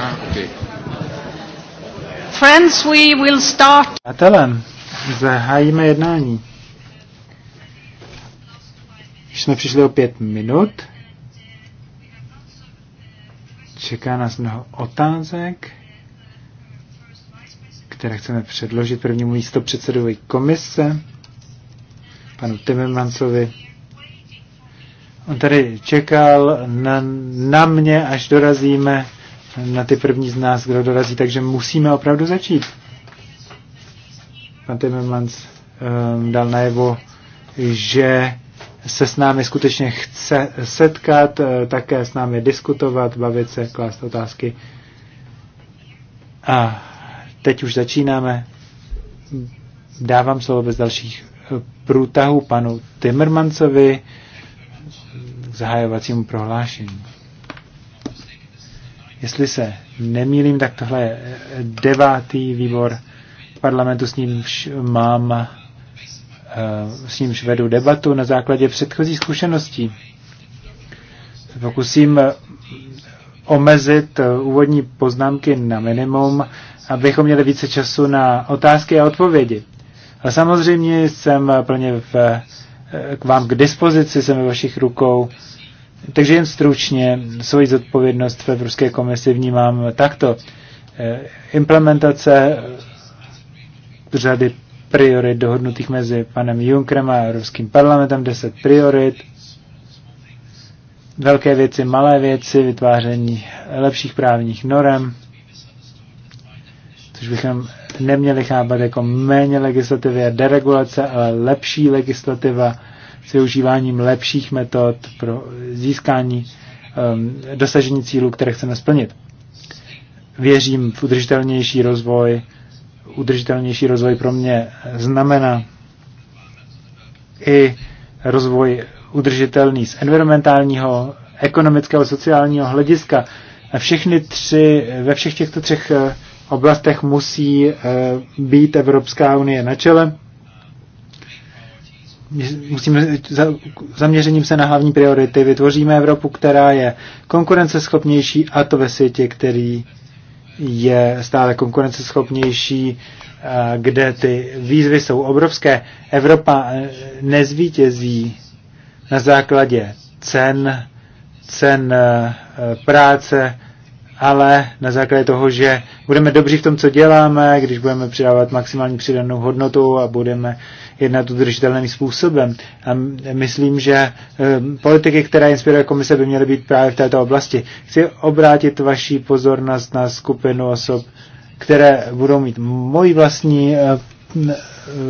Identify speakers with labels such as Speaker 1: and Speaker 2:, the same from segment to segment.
Speaker 1: Ah,
Speaker 2: Friends, we will
Speaker 1: start. Přátelé, zahájíme jednání. Už jsme přišli o pět minut. Čeká nás mnoho otázek, které chceme předložit prvnímu místo předsedové komise panu Timmermansovi. On tady čekal na, na mě, až dorazíme, na ty první z nás, kdo dorazí, takže musíme opravdu začít. Pan Timmermans um, dal najevo, že se s námi skutečně chce setkat, eh, také s námi diskutovat, bavit se, klást otázky. A teď už začínáme. Dávám slovo bez dalších průtahu panu Timmermansovi k zahajovacímu prohlášení. Jestli se nemýlím, tak tohle je devátý výbor parlamentu, s nímž mám, eh, s nímž vedu debatu na základě předchozí zkušeností. Pokusím eh, omezit eh, úvodní poznámky na minimum, abychom měli více času na otázky a odpovědi. Ale samozřejmě jsem plně v, k vám k dispozici, jsem ve vašich rukou. Takže jen stručně svoji zodpovědnost v Evropské komisi vnímám takto. Eh, implementace řady priorit dohodnutých mezi panem Junkrem a Evropským parlamentem, 10 priorit, velké věci, malé věci, vytváření lepších právních norem, což bychom neměli chápat jako méně legislativy a deregulace, ale lepší legislativa s využíváním lepších metod pro získání um, dosažení cílů, které chceme splnit. Věřím v udržitelnější rozvoj. Udržitelnější rozvoj pro mě znamená i rozvoj udržitelný z environmentálního, ekonomického, sociálního hlediska. Všechny tři, ve všech těchto třech eh, oblastech musí eh, být Evropská unie na čele. Musíme zaměřením se na hlavní priority vytvoříme Evropu, která je konkurenceschopnější a to ve světě, který je stále konkurenceschopnější, eh, kde ty výzvy jsou obrovské. Evropa eh, nezvítězí na základě cen, cen práce, ale na základě toho, že budeme dobří v tom, co děláme, když budeme přidávat maximální přidanou hodnotu a budeme jednat udržitelným způsobem. A myslím, že e, politiky, které inspiruje komise, by měly být právě v této oblasti. Chci obrátit vaši pozornost na skupinu osob, které budou mít moji vlastní, e,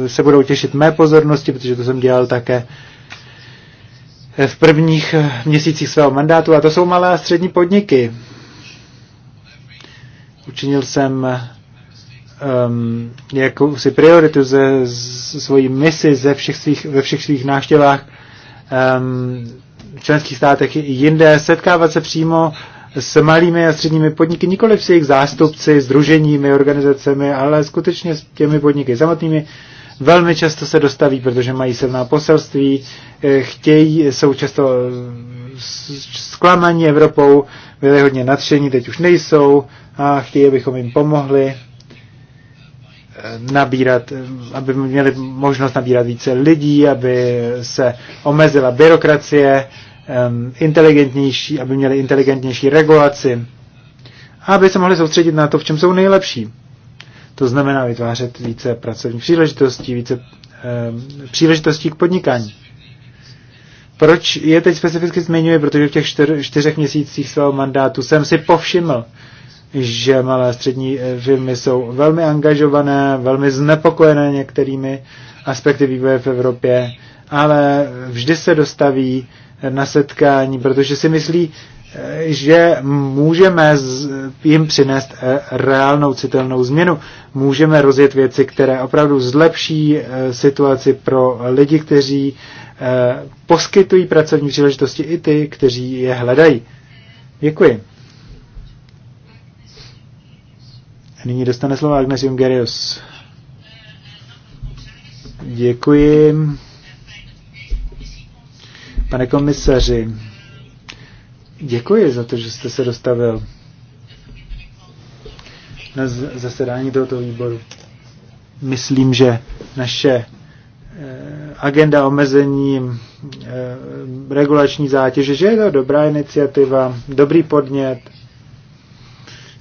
Speaker 1: e se budou těšit mé pozornosti, protože to jsem dělal také v prvních e, měsících svého mandátu, a to jsou malé a střední podniky. Učinil jsem um, si prioritu ze, ze svojí misi ze všech svých, ve všech svých návštěvách um, v členských státech i jinde, setkávat se přímo s malými a středními podniky, nikoli s jejich zástupci, združeními, organizacemi, ale skutečně s těmi podniky samotnými, velmi často se dostaví, protože mají silná poselství, eh, chtějí, jsou často eh, zklamaní Evropou, byli hodně nadšení, teď už nejsou, a chtějí, abychom jim pomohli eh, nabírat, aby měli možnost nabírat více lidí, aby se omezila byrokracie, inteligentnější, aby měli inteligentnější regulaci, aby se mohli soustředit na to, v čem jsou nejlepší. To znamená vytvářet více pracovních příležitostí, více e, příležitostí k podnikání. Proč je teď specificky zmiňuji? Protože v těch čtyř, čtyřech měsících svého mandátu jsem si povšiml, že malé střední firmy jsou velmi angažované, velmi znepokojené některými aspekty vývoje v Evropě, ale vždy se dostaví na setkání, protože si myslí, že můžeme jim přinést eh, reálnou citelnou změnu. Můžeme rozjet věci, které opravdu zlepší eh, situaci pro lidi, kteří eh, poskytují pracovní příležitosti i ty, kteří je hledají. Děkuji. Nyní dostane slovo Agnes Jungerius. Děkuji. Pane komisaři, děkuji za to, že jste se dostavil na zasedání tohoto výboru. Myslím, že naše eh, agenda omezení eh, regulační zátěže, že je to dobrá iniciativa, dobrý podnět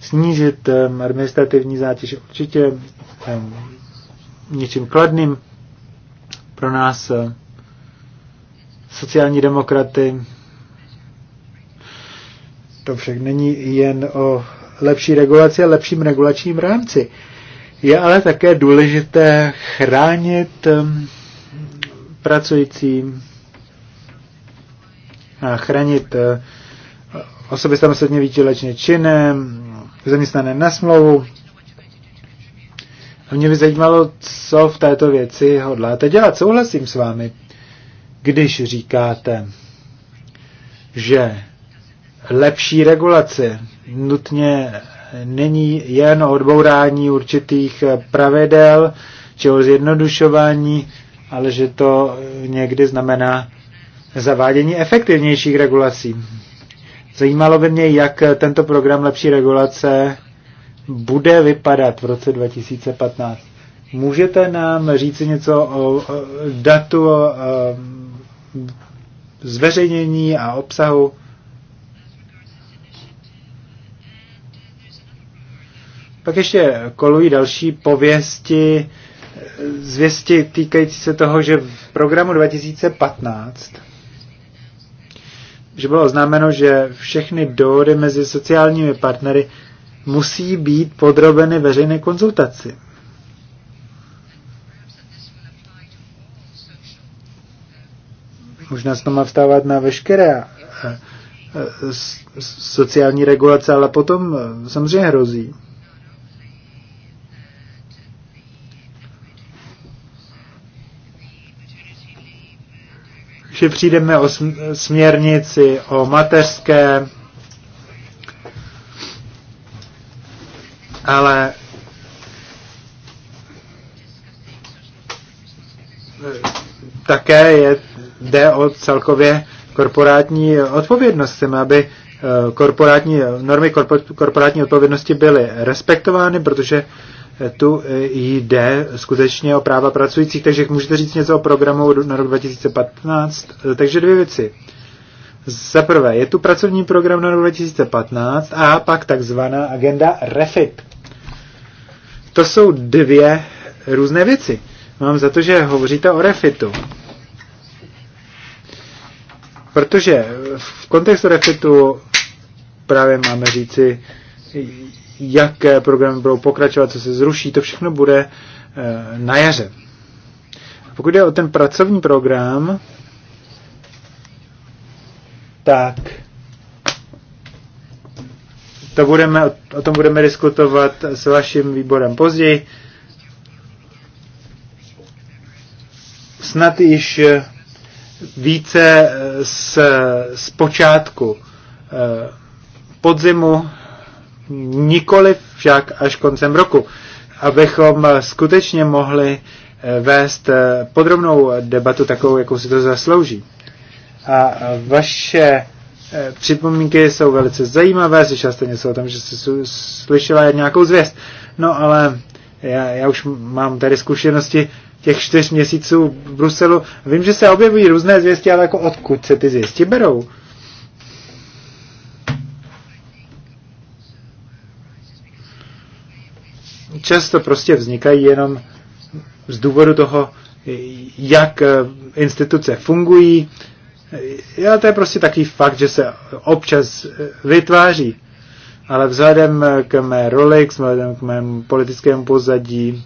Speaker 1: snížit administrativní zátěž. Určitě něčím kladným pro nás sociální demokraty. To však není jen o lepší regulaci a lepším regulačním rámci. Je ale také důležité chránit pracující a chránit eh, osoby samostatně výtělečně činem, zaměstnané na smlouvu. A mě by zajímalo, co v této věci hodláte dělat. Souhlasím s vámi, když říkáte, že lepší regulace nutně není jen odbourání určitých eh, pravidel či o zjednodušování, ale že to někdy znamená zavádění efektivnějších regulací. Zajímalo by mě, jak eh, tento program lepší regulace bude vypadat v roce 2015. Můžete nám říct něco o datu o eh, zveřejnění a obsahu? Pak ještě kolují další pověsti, eh, zvěsti týkající se toho, že v programu 2015 že bylo oznámeno, že všechny dohody mezi sociálními partnery musí být podrobeny veřejné konzultaci. Možná se to má vstávat na veškeré eh, eh, sociální regulace, ale potom eh, samozřejmě hrozí, že přijdeme o směrnici, o mateřské, ale také je, jde o celkově korporátní odpovědnost. aby eh, korporátní, normy korporátní odpovědnosti byly respektovány, protože tu jde skutečně o práva pracujících, takže můžete říct něco o programu na rok 2015. Takže dvě věci. Za prvé, je tu pracovní program na rok 2015 a pak takzvaná agenda REFIT. To jsou dvě různé věci. Mám za to, že hovoříte o REFITu. Protože v kontextu REFITu právě máme říci, jaké programy budou pokračovat, co se zruší, to všechno bude eh, na jaře. Pokud jde o ten pracovní program, tak to budeme, o tom budeme diskutovat s vaším výborem později. Snad již eh, více z, eh, z počátku podzimu nikoli však až koncem roku, abychom skutečně mohli eh, vést eh, podrobnou debatu takovou, jakou si to zaslouží. A eh, vaše připomínky jsou velice zajímavé, slyšela jste něco o tom, že jste slyšela nějakou zvěst. No ale já, já už mám tady zkušenosti těch čtyř měsíců v Bruselu. Vím, že se objevují různé zvěsti, ale jako odkud se ty zvěsti berou? často prostě vznikají jenom z důvodu toho, jak eh, instituce fungují. Já eh, to je prostě takový fakt, že se občas eh, vytváří. Ale vzhledem k mé roli, vzhledem k mému politickému pozadí,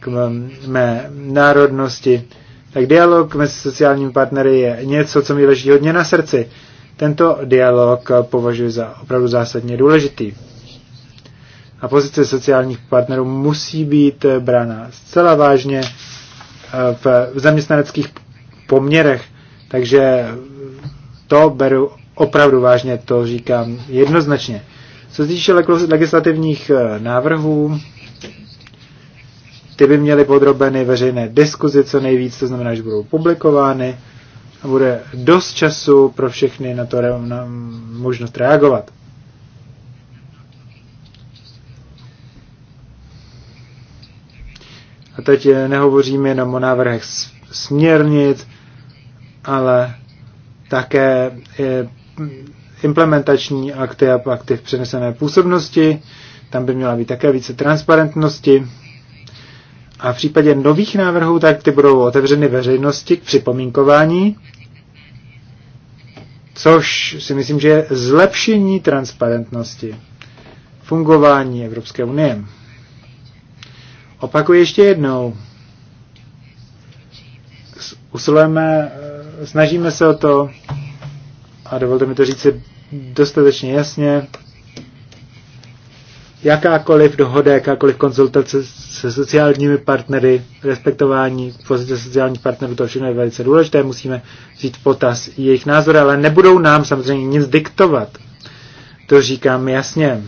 Speaker 1: k mé národnosti, tak dialog mezi sociálními partnery je něco, co mi leží hodně na srdci. Tento dialog považuji za opravdu zásadně důležitý a pozice sociálních partnerů musí být eh, brána zcela vážně eh, v zaměstnaneckých poměrech. Takže eh, to beru opravdu vážně, to říkám jednoznačně. Co se týče legislativních návrhů, ty by měly podrobeny veřejné diskuzi co nejvíc, to znamená, že budou publikovány a bude dost času pro všechny na to re- na možnost reagovat. A teď nehovoříme jenom o návrhech směrnic, ale také e, implementační akty a akty v přenesené působnosti. Tam by měla být také více transparentnosti. A v případě nových návrhů, tak ty budou otevřeny veřejnosti k připomínkování, což si myslím, že je zlepšení transparentnosti fungování Evropské unie. Opakuji ještě jednou. Usilujeme, eh, snažíme se o to, a dovolte mi to říct dostatečně jasně, jakákoliv dohoda, jakákoliv konzultace se sociálními partnery, respektování pozice sociálních partnerů, to všechno je velice důležité, musíme vzít v potaz jejich názory, ale nebudou nám samozřejmě nic diktovat. To říkám jasně.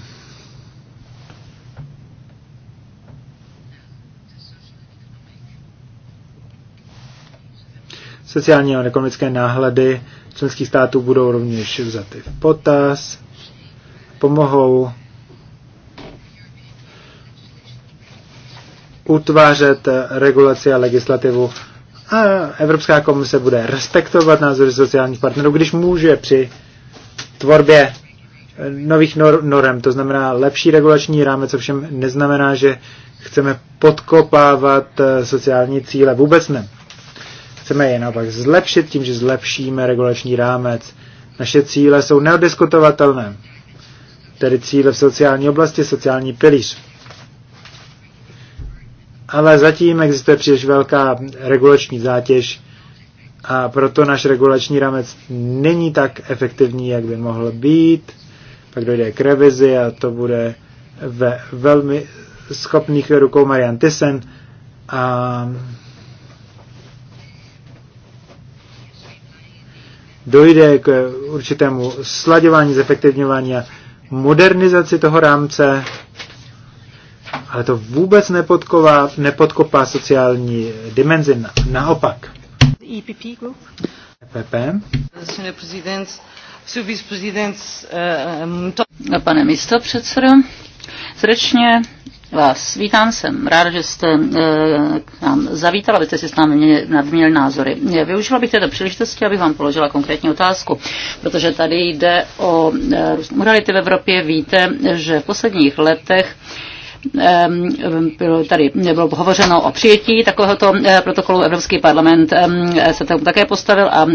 Speaker 1: Sociální a ekonomické náhledy členských států budou rovněž vzaty v potaz, pomohou utvářet regulaci a legislativu a Evropská komise bude respektovat názory sociálních partnerů, když může při tvorbě nových nor- norem. To znamená lepší regulační rámec, ovšem neznamená, že chceme podkopávat sociální cíle. Vůbec ne. Chceme je naopak zlepšit tím, že zlepšíme regulační rámec. Naše cíle jsou neodiskutovatelné, tedy cíle v sociální oblasti, sociální pilíř. Ale zatím existuje příliš velká regulační zátěž a proto náš regulační rámec není tak efektivní, jak by mohl být. Pak dojde k revizi a to bude ve velmi schopných rukou Marian Thyssen a dojde k určitému sladěvání, zefektivňování a modernizaci toho rámce, ale to vůbec nepodková, nepodkopá sociální dimenzi, naopak. EPP Group. E EPP.
Speaker 2: Eh, eh, Pane místo předsedo, srdečně vás vítám, jsem ráda, že jste eh, k nám zavítala, abyste si s námi nadměl názory. Využila bych této příležitosti, abych vám položila konkrétní otázku, protože tady jde o eh, morality v Evropě. Víte, že v posledních letech bylo tady bylo hovořeno o přijetí takovéhoto eh, protokolu. Evropský parlament se tomu také postavil a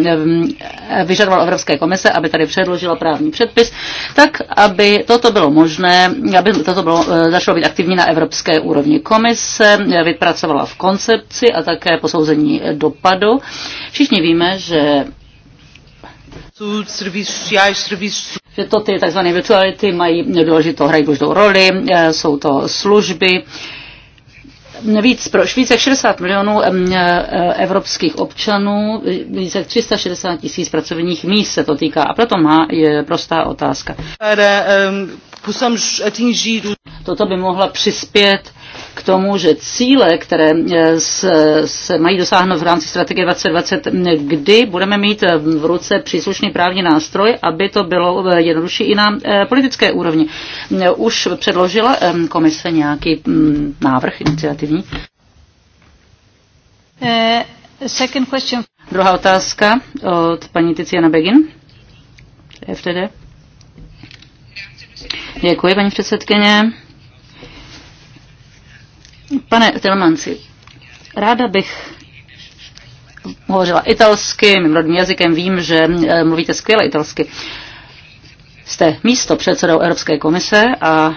Speaker 2: vyžadoval Evropské komise, aby tady předložila právní předpis, tak aby toto bylo možné, aby toto bylo, eh, začalo být aktivní na evropské úrovni. Komise eh, vypracovala v koncepci a také posouzení dopadu. Všichni víme, že že to ty tzv. virtuality mají důležitou, hrají důležitou roli, eh, jsou to služby, víc pro více 60 milionů eh, eh, evropských občanů, více 360 tisíc pracovních míst se to týká. A proto má je prostá otázka. Toto by mohla přispět k tomu, že cíle, které eh, se mají dosáhnout v rámci strategie 2020, kdy budeme mít eh, v ruce příslušný právní nástroj, aby to bylo eh, jednodušší i na politické úrovni. Už předložila komise nějaký návrh iniciativní? second question. Druhá otázka od paní Tiziana Begin, FTD. Děkuji, paní předsedkyně. Pane Tilmanci, ráda bych hovořila italsky, mým rodným jazykem vím, že eh, mluvíte skvěle italsky. Jste místo předsedou Evropské komise a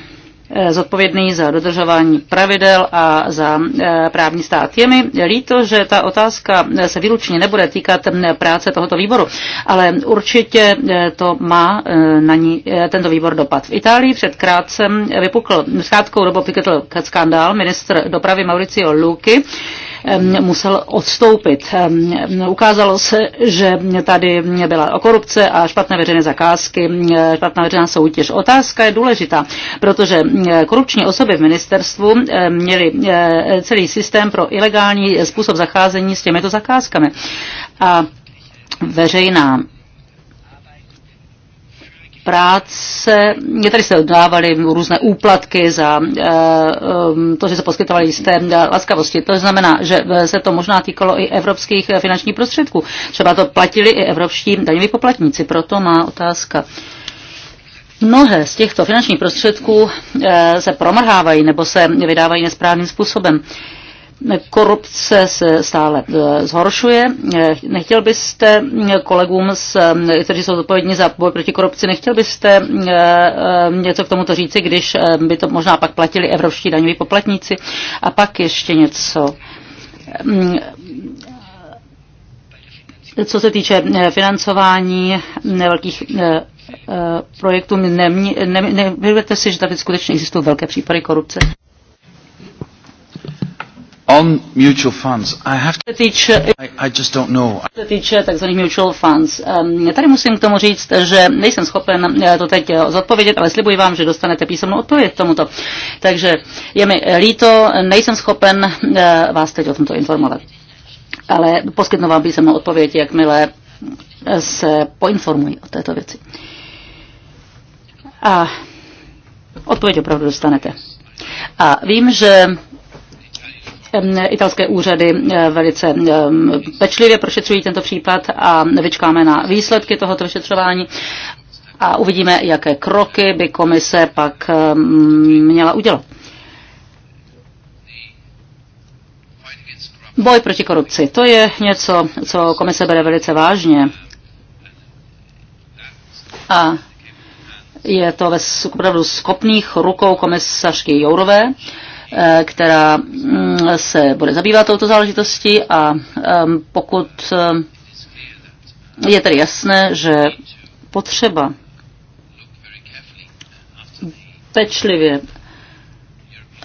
Speaker 2: Eh, zodpovědný za dodržování pravidel a za eh, právní stát. Je mi líto, že ta otázka eh, se výlučně nebude týkat práce tohoto výboru, ale určitě to má na ní tento výbor dopad. V Itálii před krátcem vypukl s krátkou dobou vykrytl skandál ministr dopravy Mauricio Luki, musel odstoupit. Ukázalo se, že tady byla korupce a špatné veřejné zakázky, špatná veřejná soutěž. Otázka je důležitá, protože korupční osoby v ministerstvu měly e, celý systém pro ilegální způsob zacházení s těmito zakázkami. A veřejná práce, mě tady se dávaly různé úplatky za eh, um, to, že se poskytovaly jisté eh, laskavosti. To znamená, že eh, se to možná týkalo i evropských finančních prostředků. Třeba to platili i evropští daňoví poplatníci, proto má otázka. Mnohé z těchto finančních prostředků se promrhávají nebo se vydávají nesprávným způsobem. Korupce se stále eh, zhoršuje. Eh, nechtěl byste eh, kolegům, z, kteří jsou zodpovědní za boj proti korupci, nechtěl byste něco k tomuto říci, když by to možná pak platili evropští daňoví poplatníci? A pak ještě něco. Mm. Co se týče financování velkých projektů, nevěřte si, že tady skutečně existují velké případy korupce.
Speaker 1: On mutual funds, I have to, týče, I, I just don't know.
Speaker 2: Se týče takzvaných mutual funds, um, tady musím k tomu říct, že nejsem schopen uh, to teď uh, zodpovědět, ale slibuji vám, že dostanete písemnou odpověď k tomuto. Takže je mi líto, nejsem schopen uh, vás teď o tomto informovat. Ale poskytnu vám písemnou odpověď, jakmile se poinformuji o této věci. A odpověď opravdu dostanete. A vím, že Italské úřady eh, velice pečlivě prošetřují tento případ a vyčkáme na výsledky tohoto vyšetřování a uvidíme, jaké kroky by komise pak měla udělat. Boj proti korupci, to je něco, co komise bere velice vážně. A je to ve opravdu schopných rukou komisařky Jourové. Eh, která mm, se bude zabývat touto záležitostí a pokud eh, je tedy jasné, že potřeba pečlivě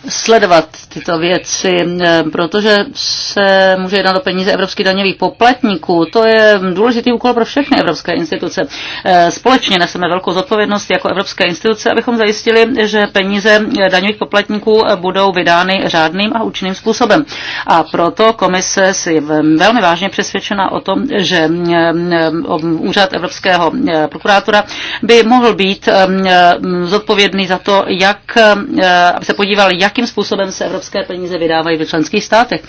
Speaker 2: sledovat tyto věci, eh, protože se může jednat o peníze evropských daňových poplatníků. To je důležitý úkol pro všechny evropské instituce. Eh, společně neseme velkou zodpovědnost jako evropské instituce, abychom zajistili, že peníze daňových poplatníků budou vydány řádným a účinným způsobem. A proto komise si velmi vážně přesvědčena o tom, že eh, úřad evropského prokurátora by mohl být zodpovědný za to, jak, aby se podíval, jak jakým způsobem se evropské peníze vydávají ve členských státech.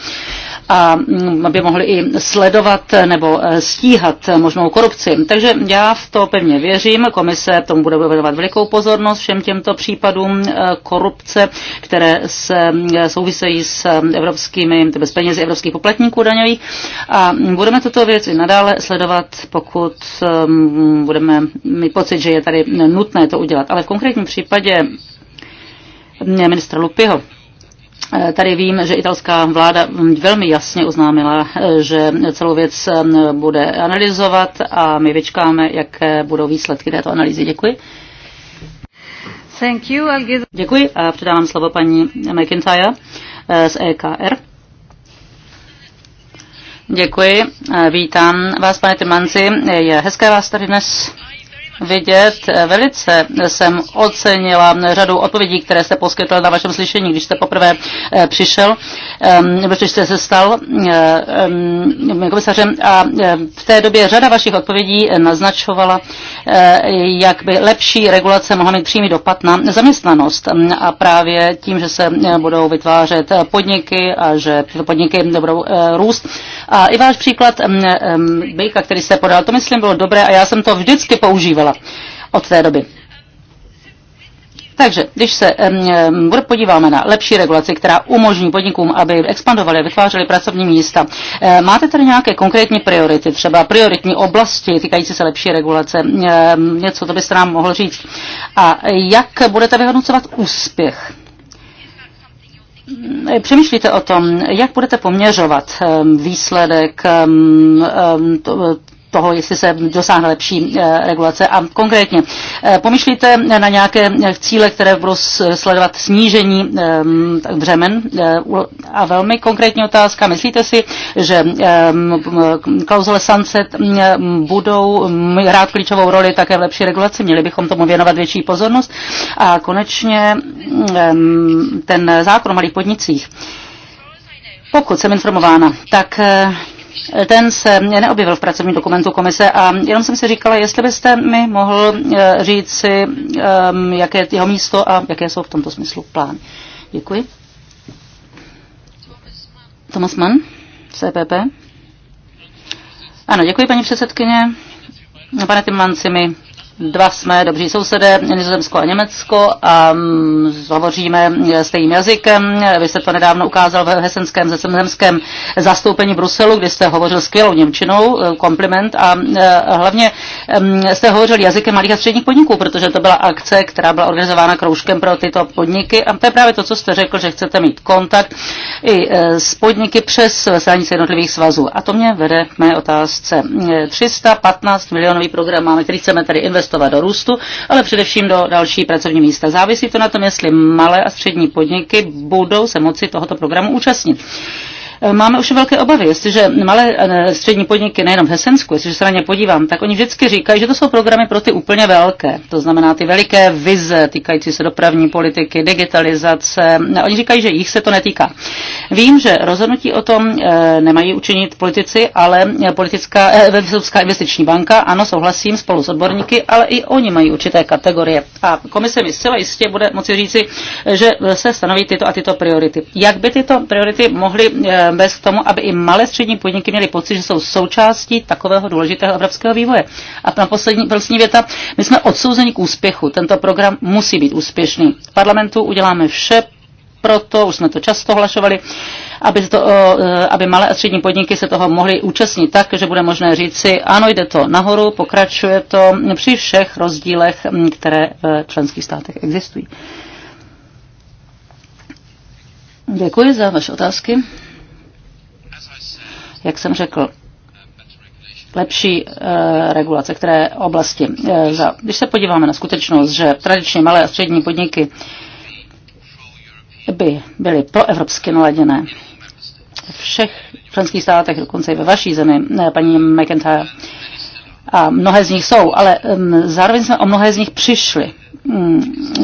Speaker 2: A mm, aby mohli i sledovat nebo eh, stíhat možnou korupci. Takže já v to pevně věřím. Komise tomu bude věnovat velikou pozornost všem těmto případům eh, korupce, které se eh, souvisejí s evropskými, tedy s penězi evropských poplatníků daňových. A mm, budeme tuto věc i nadále sledovat, pokud mm, budeme mít pocit, že je tady nutné to udělat. Ale v konkrétním případě ministra Lupiho. Eh, tady vím, že italská vláda velmi jasně oznámila, eh, že celou věc eh, bude analyzovat a my vyčkáme, jaké budou výsledky této analýzy. Děkuji. Thank you. I'll give... Děkuji a předávám slovo paní McIntyre z EKR. Děkuji. Vítám vás, pane Timanci. Je hezké vás tady dnes vidět. Velice jsem ocenila řadu odpovědí, které jste poskytl na vašem slyšení, když jste poprvé eh, přišel, ehm, nebo když jste se stal eh, ehm, komisařem a eh, v té době řada vašich odpovědí naznačovala, jak by lepší regulace mohla mít přímý dopad na zaměstnanost a právě tím, že se budou vytvářet podniky a že podniky budou růst. A i váš příklad ehm, Bejka, který se podal, to myslím bylo dobré a já jsem to vždycky používala změnila od té doby. Takže když se um, podíváme na lepší regulaci, která umožní podnikům, aby expandovali a vytvářeli pracovní místa, e, máte tady nějaké konkrétní priority, třeba prioritní oblasti týkající se lepší regulace? e, něco, to byste nám mohl říct. A jak budete vyhodnocovat úspěch? Eh, přemýšlíte o tom, jak budete poměřovat výsledek toho, jestli se dosáhne lepší eh, regulace. A konkrétně, eh, pomyšlíte na nějaké cíle, které budou sledovat snížení eh, břemen? A velmi konkrétní otázka, myslíte si, že klauzule sunset mm, budou mm, hrát klíčovou roli také v lepší regulaci? Měli bychom tomu věnovat větší pozornost? A konečně mm, ten zákon o malých podnicích. Pokud jsem informována, tak ten se neobjevil v pracovním dokumentu komise a jenom jsem si říkala, jestli byste mi mohl eh, říct si, ehm, jaké je jeho místo a jaké jsou v tomto smyslu plány. Děkuji. Thomas Mann, CPP. Ano, děkuji paní předsedkyně. Pane Timmanci, my Dva jsme dobří sousedé, Nizozemsko a Německo, a mm, hovoříme stejným jazykem. Vy jste to nedávno ukázal ve hesenském, zemském zastoupení Bruselu, kdy jste hovořil skvělou Němčinou, e, kompliment, a e, hlavně mm, jste hovořil jazykem malých a středních podniků, protože to byla akce, která byla organizována kroužkem pro tyto podniky. A to je právě to, co jste řekl, že chcete mít kontakt i e, s podniky přes silnice jednotlivých svazů. A to mě vede k mé otázce. 315 milionový program máme, který chceme tady investovat investovat do růstu, ale především do další pracovní místa. Závisí to na tom, jestli malé a střední podniky budou se moci tohoto programu účastnit. Eh, máme už velké obavy. Jestliže malé eh, střední podniky, nejenom v Hesensku, jestliže se na ně podívám, tak oni vždycky říkají, že to jsou programy pro ty úplně velké. To znamená ty veliké vize týkající se dopravní politiky, digitalizace. Oni říkají, že jich se to netýká. Vím, že rozhodnutí o tom eh, nemají učinit politici, ale politická, Evropská investiční banka, ano, souhlasím spolu s odborníky, ale i oni mají určité kategorie. A komise mi zcela jistě bude moci říci, že se stanoví tyto a tyto priority. Jak by tyto priority mohly Eh, bez tomu, aby i malé střední podniky měly pocit, že jsou součástí takového důležitého evropského vývoje. A na poslední, poslední věta, my jsme odsouzeni k úspěchu. Tento program musí být úspěšný. V parlamentu uděláme vše proto, už jsme to často hlašovali, aby, to, eh, aby malé a střední podniky se toho mohly účastnit tak, že bude možné říci, ano, jde to nahoru, pokračuje to při všech rozdílech, mm, které v členských státech existují. Děkuji za vaše otázky jak jsem řekl, lepší uh, regulace, které oblasti. Uh, za, když se podíváme na skutečnost, že tradičně malé a střední podniky by byly proevropsky naladěné všech členských státech, dokonce i ve vaší zemi, eh, paní McIntyre, a mnohé z nich jsou, ale um, zároveň jsme o mnohé z nich přišli. Hmm,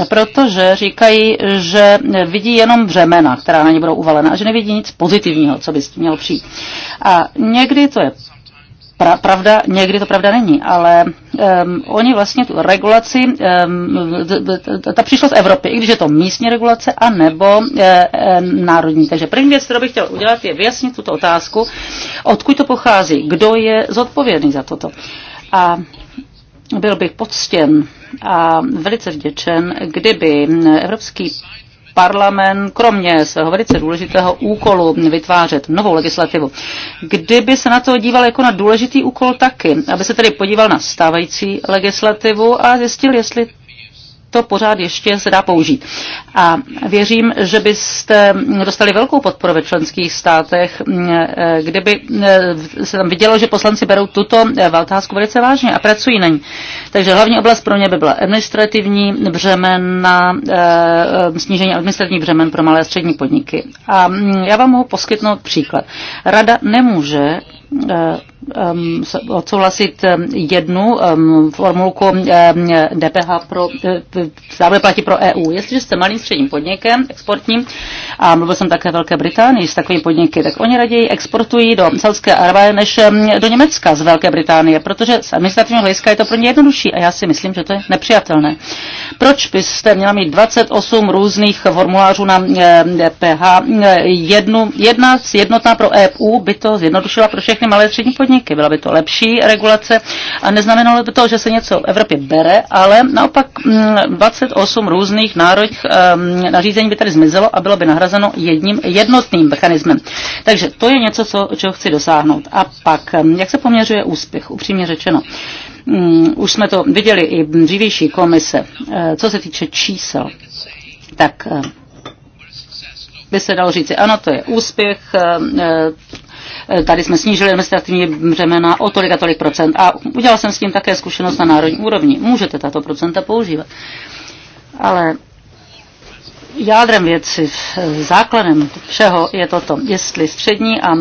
Speaker 2: protože říkají, že vidí jenom břemena, která na ně budou uvalena a že nevidí nic pozitivního, co by s tím mělo přijít. A někdy to je pra, pravda, někdy to pravda není, ale um, oni vlastně tu regulaci, um, ta přišla z Evropy, i když je to místní regulace a nebo e, e, národní. Takže první věc, kterou bych chtěl udělat, je vyjasnit tuto otázku, odkud to pochází, kdo je zodpovědný za toto. A byl bych poctěn a velice vděčen, kdyby Evropský parlament, kromě svého velice důležitého úkolu vytvářet novou legislativu, kdyby se na to díval jako na důležitý úkol taky, aby se tedy podíval na stávající legislativu a zjistil, jestli to pořád ještě se dá použít. A věřím, že byste dostali velkou podporu ve členských státech, kdyby se tam vidělo, že poslanci berou tuto valtázku velice vážně a pracují na ní. Takže hlavní oblast pro mě by byla administrativní břemena, eh, snížení administrativních břemen pro malé a střední podniky. A já vám mohu poskytnout příklad. Rada nemůže eh, Um, odsouhlasit um, jednu um, formulku DPH pro, stále uh, platí pro EU. Jestliže jste malým středním podnikem, exportním, a mluvil jsem také Velké Británii s takovými podniky, tak oni raději exportují do Saudské Arábie než do Německa z Velké Británie, protože z administrativního hlediska je to pro ně jednodušší a já si myslím, že to je nepřijatelné. Proč byste měla mít 28 různých formulářů na DPH? Jednu, jedna jednotná pro EU by to zjednodušila pro všechny malé střední podniky podniky. Byla by to lepší regulace a neznamenalo by to, že se něco v Evropě bere, ale naopak 28 mm, různých národních nařízení by tady zmizelo a bylo by nahrazeno jedním jednotným mechanismem. Takže to je něco, co, čeho chci dosáhnout. A pak, jak se poměřuje úspěch, upřímně řečeno. Mm, už jsme to viděli i dřívější komise. Eh, co se týče čísel, tak eh, by se dalo říci, ano, to je úspěch, eh, Eh, tady jsme snížili administrativní břemena o tolik a tolik procent. A udělal jsem s tím také zkušenost na národní úrovni. Můžete tato procenta používat. Ale jádrem věci, základem všeho je toto. Jestli střední a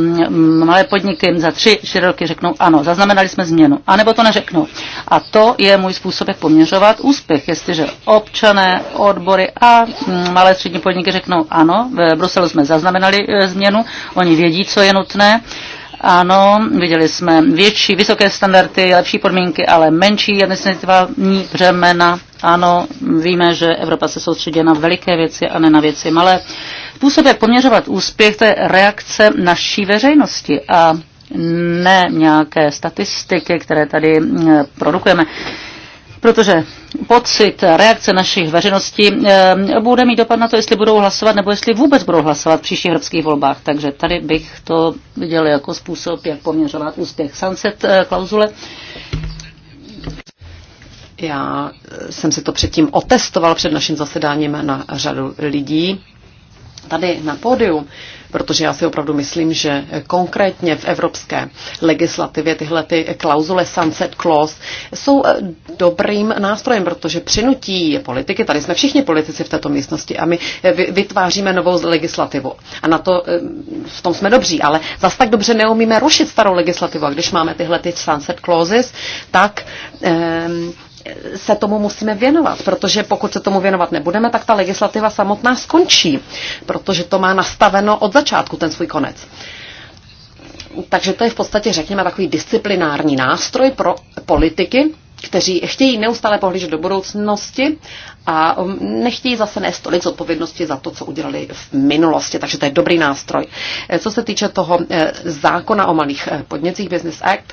Speaker 2: malé podniky za tři, čtyři roky řeknou ano, zaznamenali jsme změnu, anebo to neřeknou. A to je můj způsob, jak poměřovat úspěch. Jestliže občané, odbory a malé střední podniky řeknou ano, v Bruselu jsme zaznamenali e, změnu, oni vědí, co je nutné, ano, viděli jsme větší, vysoké standardy, lepší podmínky, ale menší administrativní břemena ano, víme, že Evropa se soustředí na veliké věci a ne na věci malé. Působ, jak poměřovat úspěch, to je reakce naší veřejnosti a ne nějaké statistiky, které tady eh, produkujeme protože pocit reakce našich veřejností eh, bude mít dopad na to, jestli budou hlasovat nebo jestli vůbec budou hlasovat v příštích evropských volbách. Takže tady bych to viděl jako způsob, jak poměřovat úspěch sunset eh, klauzule.
Speaker 3: Já jsem si to předtím otestoval před naším zasedáním na řadu lidí tady na pódiu, protože já si opravdu myslím, že konkrétně v evropské legislativě tyhle ty klauzule sunset clause jsou eh, dobrým nástrojem, protože přinutí politiky, tady jsme všichni politici v této místnosti a my eh, vytváříme novou legislativu. A na to eh, v tom jsme dobří, ale zas tak dobře neumíme rušit starou legislativu. A když máme tyhle ty sunset clauses, tak ehm, se tomu musíme věnovat, protože pokud se tomu věnovat nebudeme, tak ta legislativa samotná skončí, protože to má nastaveno od začátku ten svůj konec. Takže to je v podstatě, řekněme, takový disciplinární nástroj pro politiky, kteří chtějí neustále pohlížet do budoucnosti a um, nechtějí zase nést tolik zodpovědnosti za to, co udělali v minulosti. Takže to je dobrý nástroj. Eh, co se týče toho eh, zákona o malých eh, podnicích Business Act,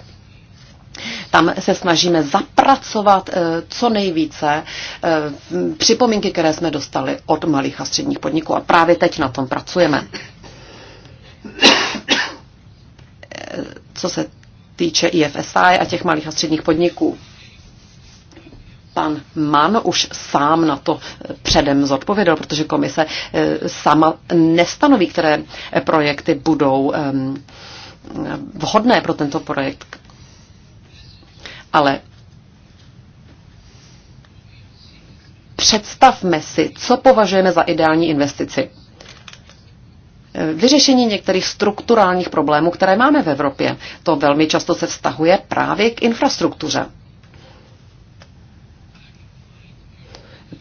Speaker 3: tam se snažíme zapracovat eh, co nejvíce eh, připomínky, které jsme dostali od malých a středních podniků a právě teď na tom pracujeme. Co se týče IFSI a těch malých a středních podniků. Pan Mann už sám na to eh, předem zodpověděl, protože komise sama nestanoví, které projekty budou ehm, vhodné pro tento projekt. Ale představme si, co považujeme za ideální investici. Vyřešení některých strukturálních problémů, které máme v Evropě, to velmi často se vztahuje právě k infrastruktuře.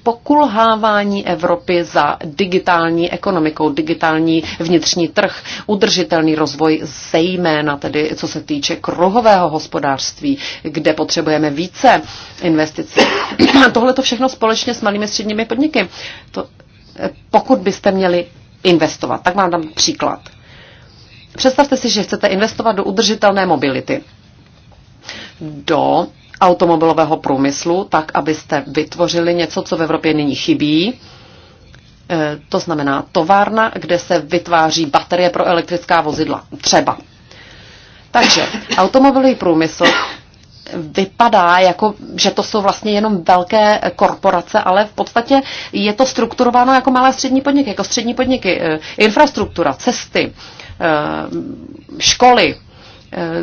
Speaker 3: pokulhávání Evropy za digitální ekonomikou, digitální vnitřní trh, udržitelný rozvoj, zejména tedy co se týče kruhového hospodářství, kde potřebujeme více investic. Tohle to všechno společně s malými středními podniky. To, pokud byste měli investovat, tak vám dám příklad. Představte si, že chcete investovat do udržitelné mobility, do automobilového průmyslu, tak abyste vytvořili něco, co v Evropě nyní chybí. E, to znamená továrna, kde se vytváří baterie pro elektrická vozidla. Třeba. Takže automobilový průmysl vypadá, jako, že to jsou vlastně jenom velké korporace, ale v podstatě je to strukturováno jako malé střední podniky, jako střední podniky, e, infrastruktura, cesty, e, školy,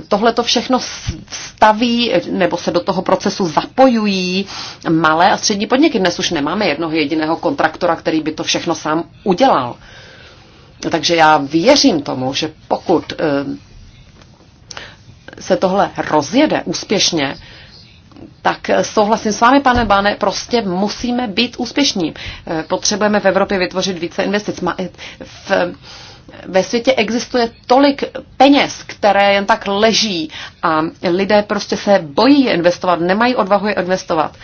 Speaker 3: Tohle to všechno staví nebo se do toho procesu zapojují malé a střední podniky. Dnes už nemáme jednoho jediného kontraktora, který by to všechno sám udělal. Takže já věřím tomu, že pokud eh, se tohle rozjede úspěšně, tak souhlasím s vámi, pane Báne, prostě musíme být úspěšní. Eh, potřebujeme v Evropě vytvořit více investic. Eh, v ve světě existuje tolik peněz, které jen tak leží a lidé prostě se bojí investovat, nemají odvahu je investovat.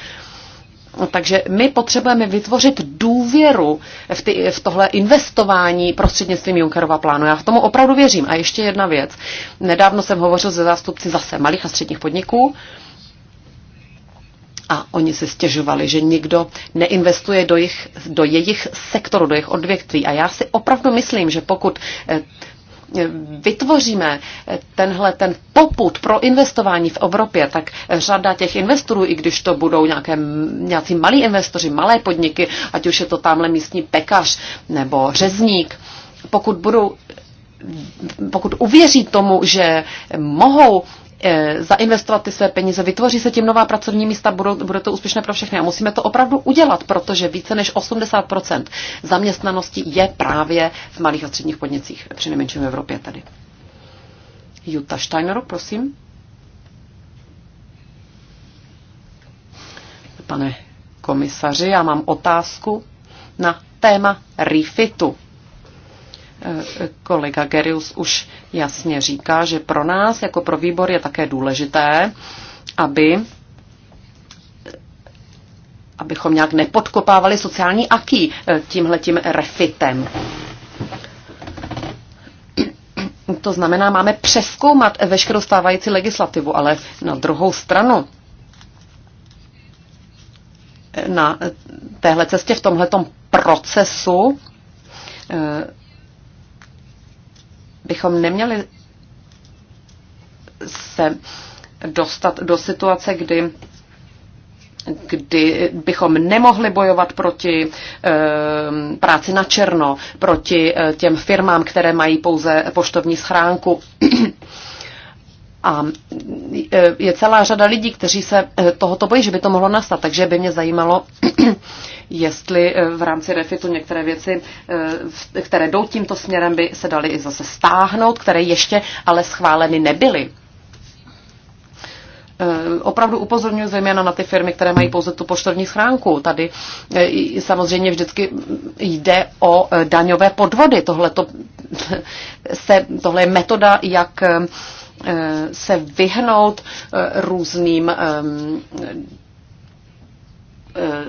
Speaker 3: Takže my potřebujeme vytvořit důvěru v, ty, v tohle investování prostřednictvím Junckerova plánu. Já v tomu opravdu věřím. A ještě jedna věc. Nedávno jsem hovořil se zástupci zase malých a středních podniků a oni si stěžovali, že nikdo neinvestuje do, jich, do jejich sektoru, do jejich odvětví. A já si opravdu myslím, že pokud eh, vytvoříme eh, tenhle ten poput pro investování v Evropě, tak řada těch investorů, i když to budou nějaké, nějací malí investoři, malé podniky, ať už je to tamhle místní pekař nebo řezník, pokud budou pokud uvěří tomu, že mohou Eh, zainvestovat ty své peníze, vytvoří se tím nová pracovní místa, budou, bude to úspěšné pro všechny. A musíme to opravdu udělat, protože více než 80% zaměstnanosti je právě v malých a středních podnicích, přinejmenším v Evropě tady. Jutta Steiner, prosím. Pane komisaři, já mám otázku na téma refitu kolega Gerius už jasně říká, že pro nás jako pro výbor je také důležité, aby abychom nějak nepodkopávali sociální aký eh, tímhletím refitem. To znamená, máme přeskoumat veškerou stávající legislativu, ale na druhou stranu na téhle cestě v tomhletom procesu eh, bychom neměli se dostat do situace, kdy kdy bychom nemohli bojovat proti e, práci na černo, proti e, těm firmám, které mají pouze poštovní schránku. A e, je celá řada lidí, kteří se e, tohoto bojí, že by to mohlo nastat. Takže by mě zajímalo, jestli e, v rámci refitu některé věci, které jdou tímto směrem, by se daly i zase stáhnout, které ještě ale schváleny nebyly opravdu upozorňuji zejména na ty firmy, které mají pouze tu poštovní schránku. Tady samozřejmě vždycky jde o daňové podvody. Tohle, to, se, tohle je metoda, jak Eh, se vyhnout eh, různým eh,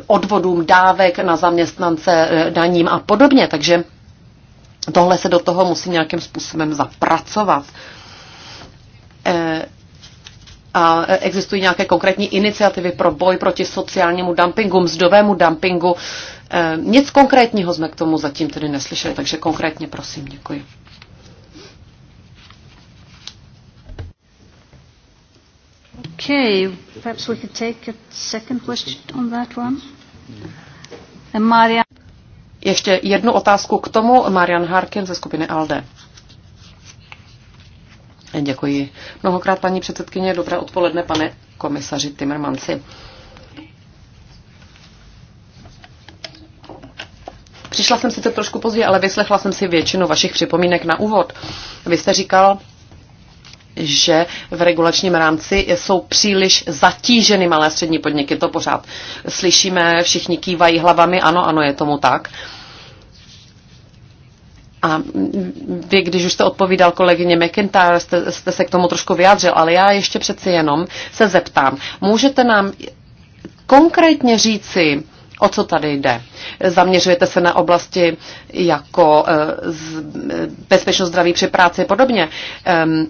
Speaker 3: odvodům dávek na zaměstnance, daním a podobně. Takže tohle se do toho musí nějakým způsobem zapracovat. A existují nějaké konkrétní iniciativy pro boj proti sociálnímu dumpingu, mzdovému dumpingu. Nic konkrétního jsme k tomu zatím tedy neslyšeli, takže konkrétně prosím, děkuji.
Speaker 2: Okay, perhaps we could take a second question on that one. And Maria.
Speaker 3: Ještě jednu otázku k tomu, Marian Harkin ze skupiny ALDE. Děkuji. Mnohokrát paní předsedkyně, dobré odpoledne, pane komisaři Timmermansi. Přišla jsem sice trošku pozdě, ale vyslechla jsem si většinu vašich připomínek na úvod. Vy jste říkal, že v regulačním rámci jsou příliš zatíženy malé a střední podniky. To pořád slyšíme, všichni kývají hlavami, ano, ano, je tomu tak. A vy, když už jste odpovídal kolegyně McIntyre, jste, jste se k tomu trošku vyjádřil, ale já ještě přeci jenom se zeptám. Můžete nám konkrétně říci, O co tady jde? Zaměřujete se na oblasti jako eh, eh, bezpečnost zdraví při práci a podobně. Ehm,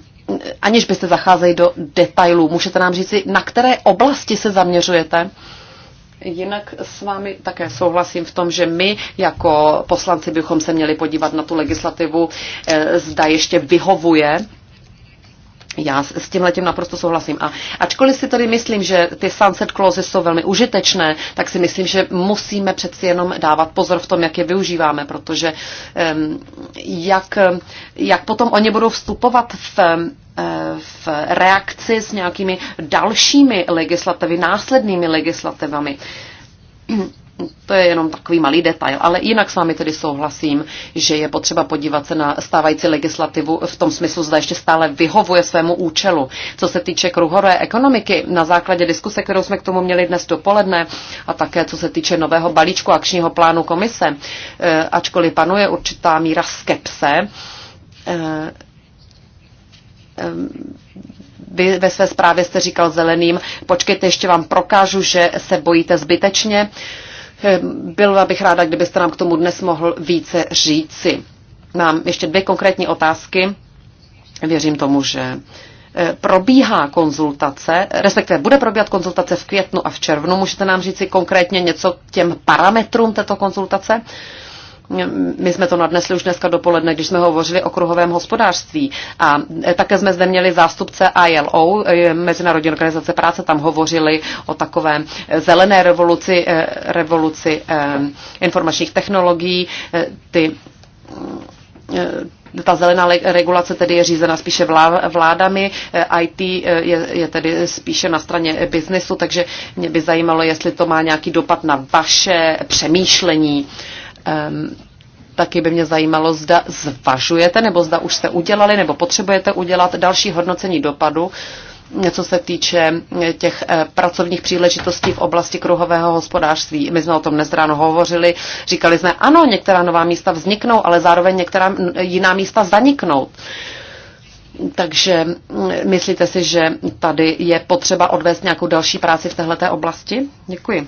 Speaker 3: aniž byste zacházeli do detailů, můžete nám říci, na které oblasti se zaměřujete? Jinak s vámi také souhlasím v tom, že my jako poslanci bychom se měli podívat na tu legislativu, eh, zda ještě vyhovuje já s tím letím naprosto souhlasím. A ačkoliv si tady myslím, že ty sunset clauses jsou velmi užitečné, tak si myslím, že musíme přeci jenom dávat pozor v tom, jak je využíváme, protože jak, jak potom oni budou vstupovat v v reakci s nějakými dalšími legislativy, následnými legislativami to je jenom takový malý detail, ale jinak s vámi tedy souhlasím, že je potřeba podívat se na stávající legislativu v tom smyslu, zda ještě stále vyhovuje svému účelu. Co se týče kruhové ekonomiky, na základě diskuse, kterou jsme k tomu měli dnes dopoledne, a také co se týče nového balíčku akčního plánu komise, eh, ačkoliv panuje určitá míra skepse, eh, eh, vy ve své zprávě jste říkal zeleným, počkejte, ještě vám prokážu, že se bojíte zbytečně. Uh, Eh, byla bych ráda, kdybyste nám k tomu dnes mohl více říci. Mám ještě dvě konkrétní otázky. Věřím tomu, že eh, probíhá konzultace, respektive bude probíhat konzultace v květnu a v červnu. Můžete nám říci konkrétně něco k těm parametrům této konzultace? Uh, my jsme to nadnesli už dneska dopoledne, když jsme hovořili o kruhovém hospodářství. A e, také jsme zde měli zástupce ILO, e, Mezinárodní organizace práce, tam hovořili o takové e, zelené revoluci, revoluci informačních technologií. Ty ta zelená regulace tedy je řízena spíše vládami, IT je, je tedy spíše na straně biznesu, takže mě by zajímalo, jestli to má nějaký dopad na vaše přemýšlení. Uh, Taky by mě zajímalo, zda zvažujete, nebo zda už jste udělali, nebo potřebujete udělat další hodnocení dopadu, co se týče eh, těch eh, pracovních příležitostí v oblasti kruhového hospodářství. My jsme o tom dnes ráno hovořili, říkali jsme, ano, některá nová místa vzniknou, ale zároveň některá jiná místa zaniknou. Takže myslíte si, že tady je potřeba odvést nějakou další práci v této oblasti? Děkuji.